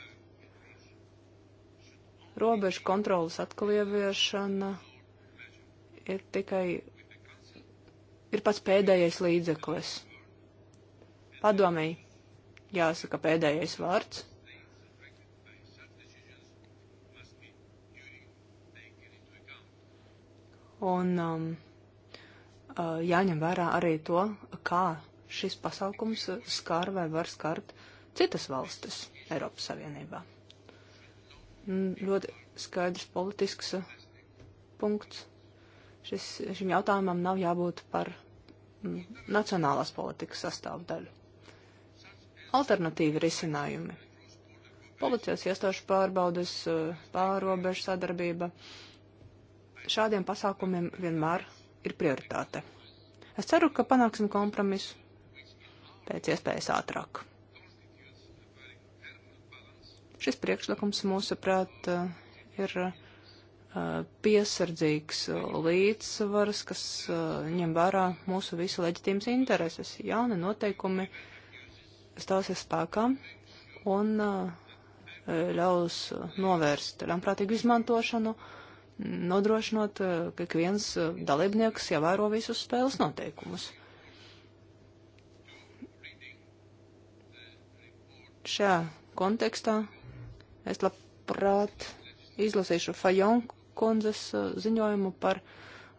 Robežu kontrolas atkal ieviešana ir tikai ir pats pēdējais līdzeklis. Padomēji, jāsaka pēdējais vārds. Un um, uh, jāņem vērā arī to, kā šis pasaukums skar vai var skart citas valstis Eiropas Savienībā. Ļoti skaidrs politisks punkts šis, šim jautājumam nav jābūt par mm, nacionālās politikas sastāvdaļu. Alternatīvi risinājumi. Policijas iestāžu pārbaudas, eh, pārobežu sadarbība. Šādiem pasākumiem vienmēr ir prioritāte. Es ceru, ka panāksim kompromisu pēc iespējas ātrāk. Šis priekšlikums, mūsuprāt, eh, ir uh, Eh, piesardzīgs līdzsvars, kas eh, ņem vērā mūsu visu leģitīmas intereses. Jauni noteikumi stāsies spēkā un eh, ļaus novērst ļaunprātīgu izmantošanu, nodrošinot, ka ik viens dalībnieks ievēro visus spēles noteikumus. Šajā kontekstā es labprāt izlasīšu Fajonku kundzes uh, ziņojumu par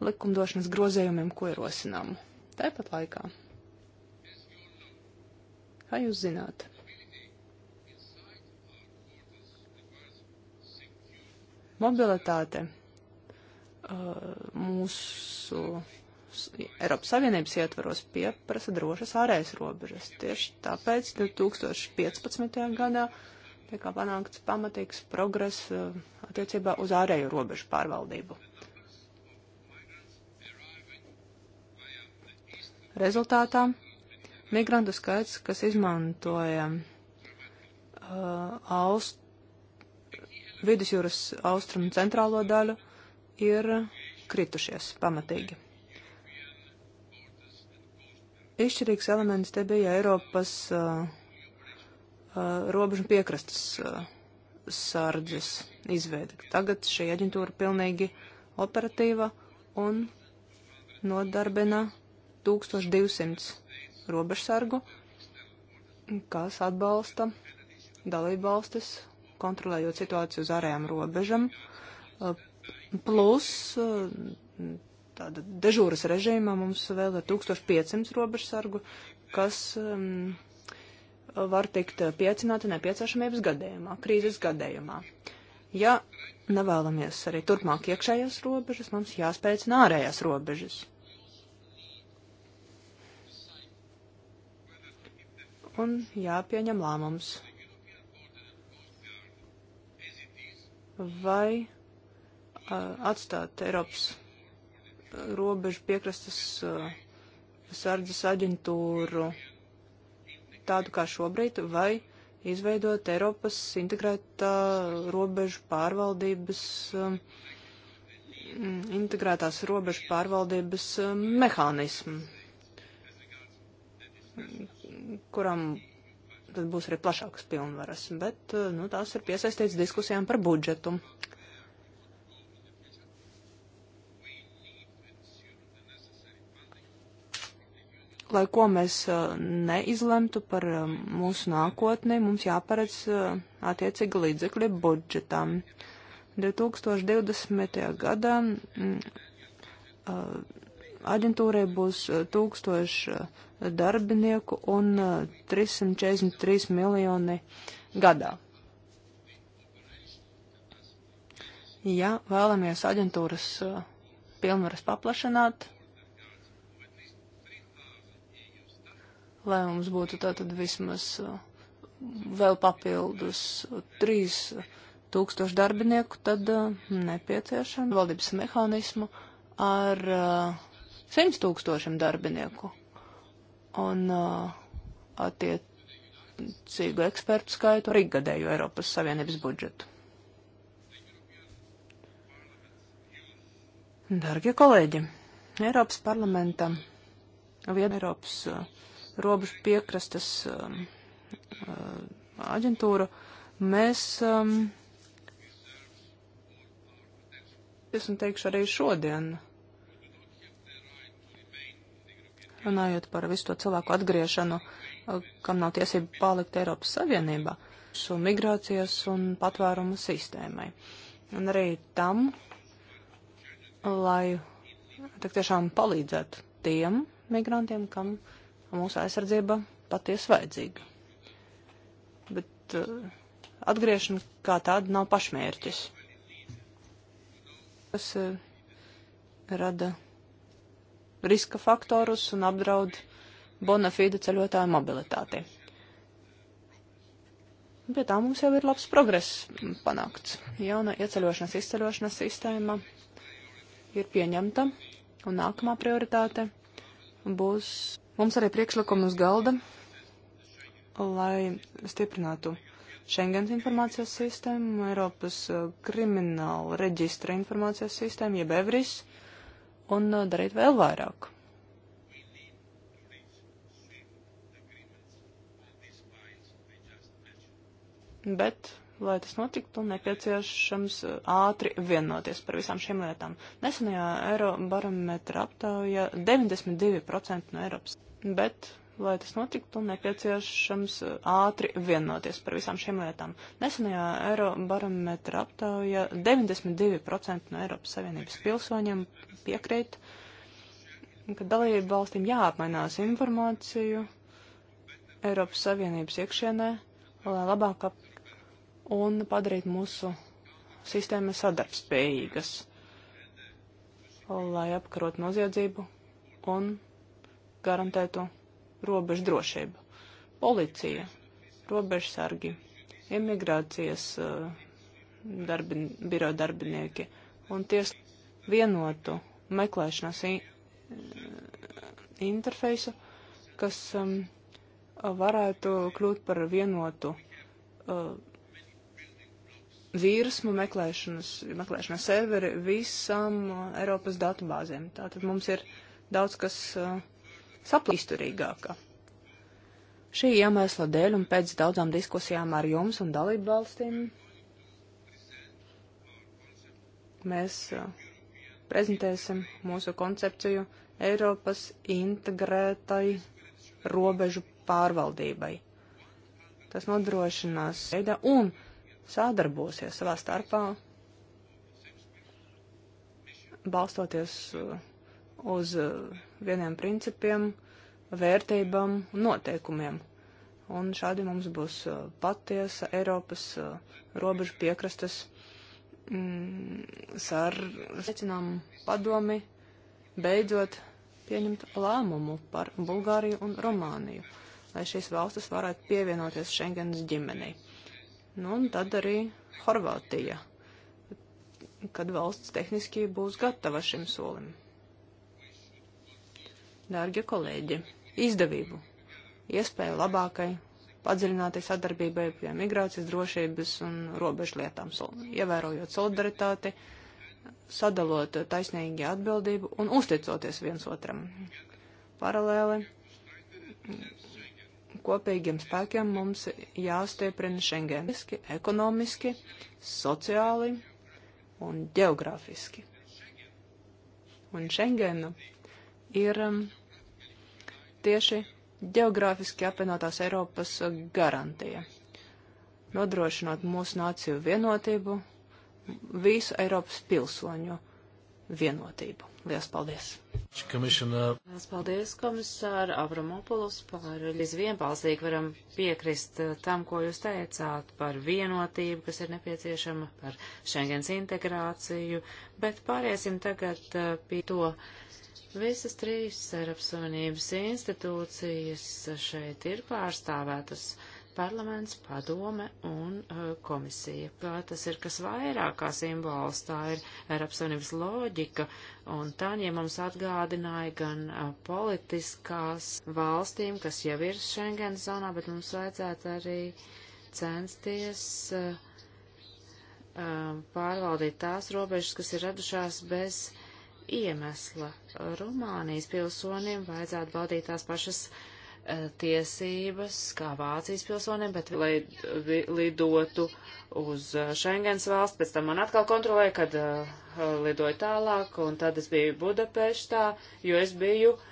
likumdošanas grozējumiem, ko ierosinām. Tāpat laikā. Kā jūs zināt? Mobilitāte uh, mūsu Eiropas Savienības ietvaros pieprasa drošas ārējas robežas. Tieši tāpēc 2015. gadā tika panākts pamatīgs progress eh, attiecībā uz ārēju robežu pārvaldību. Rezultātā migrantu skaits, kas izmantoja uh, aust, vidusjūras austrumu centrālo daļu, ir kritušies pamatīgi. Izšķirīgs elements te bija Eiropas uh, Uh, robežu piekrastas uh, sārģes izveidi. Tagad šī aģentūra pilnīgi operatīva un nodarbina 1200 robežsargu, kas atbalsta dalībvalstis, kontrolējot situāciju uz ārējām robežam, uh, plus tāda dežūras režīmā mums vēl ir 1500 robežsargu, kas um, var tikt piecināti nepieciešamības gadījumā, krīzes gadījumā. Ja nevēlamies arī turpmāk iekšējās robežas, mums jāspēcina ārējās robežas. Un jāpieņem lēmums. Vai uh, atstāt Eiropas robežu piekrastas uh, sardzes aģentūru uh, tādu kā šobrīd, vai izveidot Eiropas integrētā robežu pārvaldības, um, integrētās robežu pārvaldības um, mehānismu, kuram tad būs arī plašākas pilnvaras, bet uh, nu, tās ir piesaistīts diskusijām par budžetu. lai ko mēs uh, neizlemtu par um, mūsu nākotni, mums jāparedz uh, attiecīgi līdzekļi budžetam. 2020. gadā mm, uh, aģentūrai būs 1000 darbinieku un 343 miljoni gadā. Ja vēlamies aģentūras pilnvaras paplašināt, lai mums būtu tātad vismaz uh, vēl papildus trīs tūkstoši darbinieku, tad uh, nepieciešama valdības mehānismu ar uh, simts tūkstošiem darbinieku un attiecīgu ekspertu skaitu ar ikgadēju Eiropas Savienības budžetu. Dargie kolēģi, Eiropas parlamenta, viena Eiropas uh, robežu piekrastes um, uh, aģentūra, mēs, um, es un teikšu arī šodien, runājot par visu to cilvēku atgriešanu, uh, kam nav tiesība palikt Eiropas Savienībā, su migrācijas un patvērumu sistēmai. Un arī tam, lai tiešām palīdzētu tiem migrantiem, kam uh, Mūsu aizsardzība patiesi vajadzīga. Bet uh, eh, atgriešana kā tāda nav pašmērķis. Tas uh, rada riska faktorus un apdraud bona fide ceļotāju mobilitāti. Pie tā mums jau ir labs progress panākts. Jauna ieceļošanas izceļošanas sistēma ir pieņemta, un nākamā prioritāte būs Mums arī priekšlikumi uz galda, lai stiprinātu Schengens informācijas sistēmu, Eiropas uh, kriminālu reģistra informācijas sistēmu, jeb Evris, un uh, darīt vēl vairāk. Bet lai tas notiktu, nepieciešams uh, ātri vienoties par visām šīm lietām. Nesenajā Eirobarometra aptaujā 92% no Eiropas, bet, lai tas notiktu, nepieciešams uh, ātri vienoties par visām šīm lietām. Nesenajā Eirobarometra aptaujā 92% no Eiropas Savienības pilsoņiem piekrīt, ka dalību valstīm jāapmainās informāciju Eiropas Savienības iekšienē, lai labāk ap un padarīt mūsu sistēmas sadarbspējīgas, lai apkarot noziedzību un garantētu robežu drošību. Policija, robežsargi, imigrācijas eh, darbin, biroja darbinieki un tieši vienotu meklēšanas eh, interfeisu, kas um, varētu kļūt par vienotu uh, vīrusmu meklēšanas, meklēšanas serveri visam uh, Eiropas datubāzēm. Tātad mums ir daudz kas uh, saplīsturīgāka. Šī iemesla dēļ un pēc daudzām diskusijām ar jums un dalību valstīm mēs uh, prezentēsim mūsu koncepciju Eiropas integrētai robežu pārvaldībai. Tas nodrošinās veidā un sadarbosies savā starpā, balstoties uh, uz uh, vieniem principiem, vērtībām un noteikumiem. Un šādi mums būs uh, patiesa Eiropas robežu piekrastes mm, sar, secinām padomi, beidzot pieņemt lēmumu par Bulgāriju un Romāniju, lai šīs valstis varētu pievienoties Schengens ģimenei. Nu, un tad arī Horvātija, kad valsts tehniski būs gatava šim solim. Dārgie kolēģi, izdevību, iespēja labākai, padziļinātai sadarbībai pie migrācijas drošības un robežu lietām, ievērojot solidaritāti, sadalot taisnīgi atbildību un uzticoties viens otram. Paralēli kopīgiem spēkiem mums jāstieprina šengeniski, ekonomiski, sociāli un geogrāfiski. Un Schengena ir um, tieši geogrāfiski apvienotās Eiropas garantija. Nodrošinot mūsu nāciju vienotību visu Eiropas pilsoņu vienotību. Lielas paldies! Lielas paldies, komisāra Avramopulus, par izvienbalsīgi varam piekrist eh, tam, ko jūs teicāt par vienotību, kas ir nepieciešama, par Schengens integrāciju, bet pāriesim tagad eh, pie to. Visas trīs Eiropas Savienības institūcijas šeit ir pārstāvētas. Uh, parlaments, padome un uh, komisija. Tā tas ir kas vairāk kā simbols, tā ir Eiropas Savienības loģika, un Tāņie mums atgādināja gan uh, politiskās valstīm, kas jau ir Schengen zonā, bet mums vajadzētu arī censties uh, um, pārvaldīt tās robežas, kas ir radušās bez iemesla. Rumānijas pilsonim vajadzētu baudīt tās pašas uh, Eh, tiesības kā Vācijas pilsoniem, bet lai vi, lidotu uz eh, Schengens valsts, pēc tam man atkal kontrolēja, kad uh, eh, lidoju tālāk, un tad es biju Budapeštā, jo es biju uh,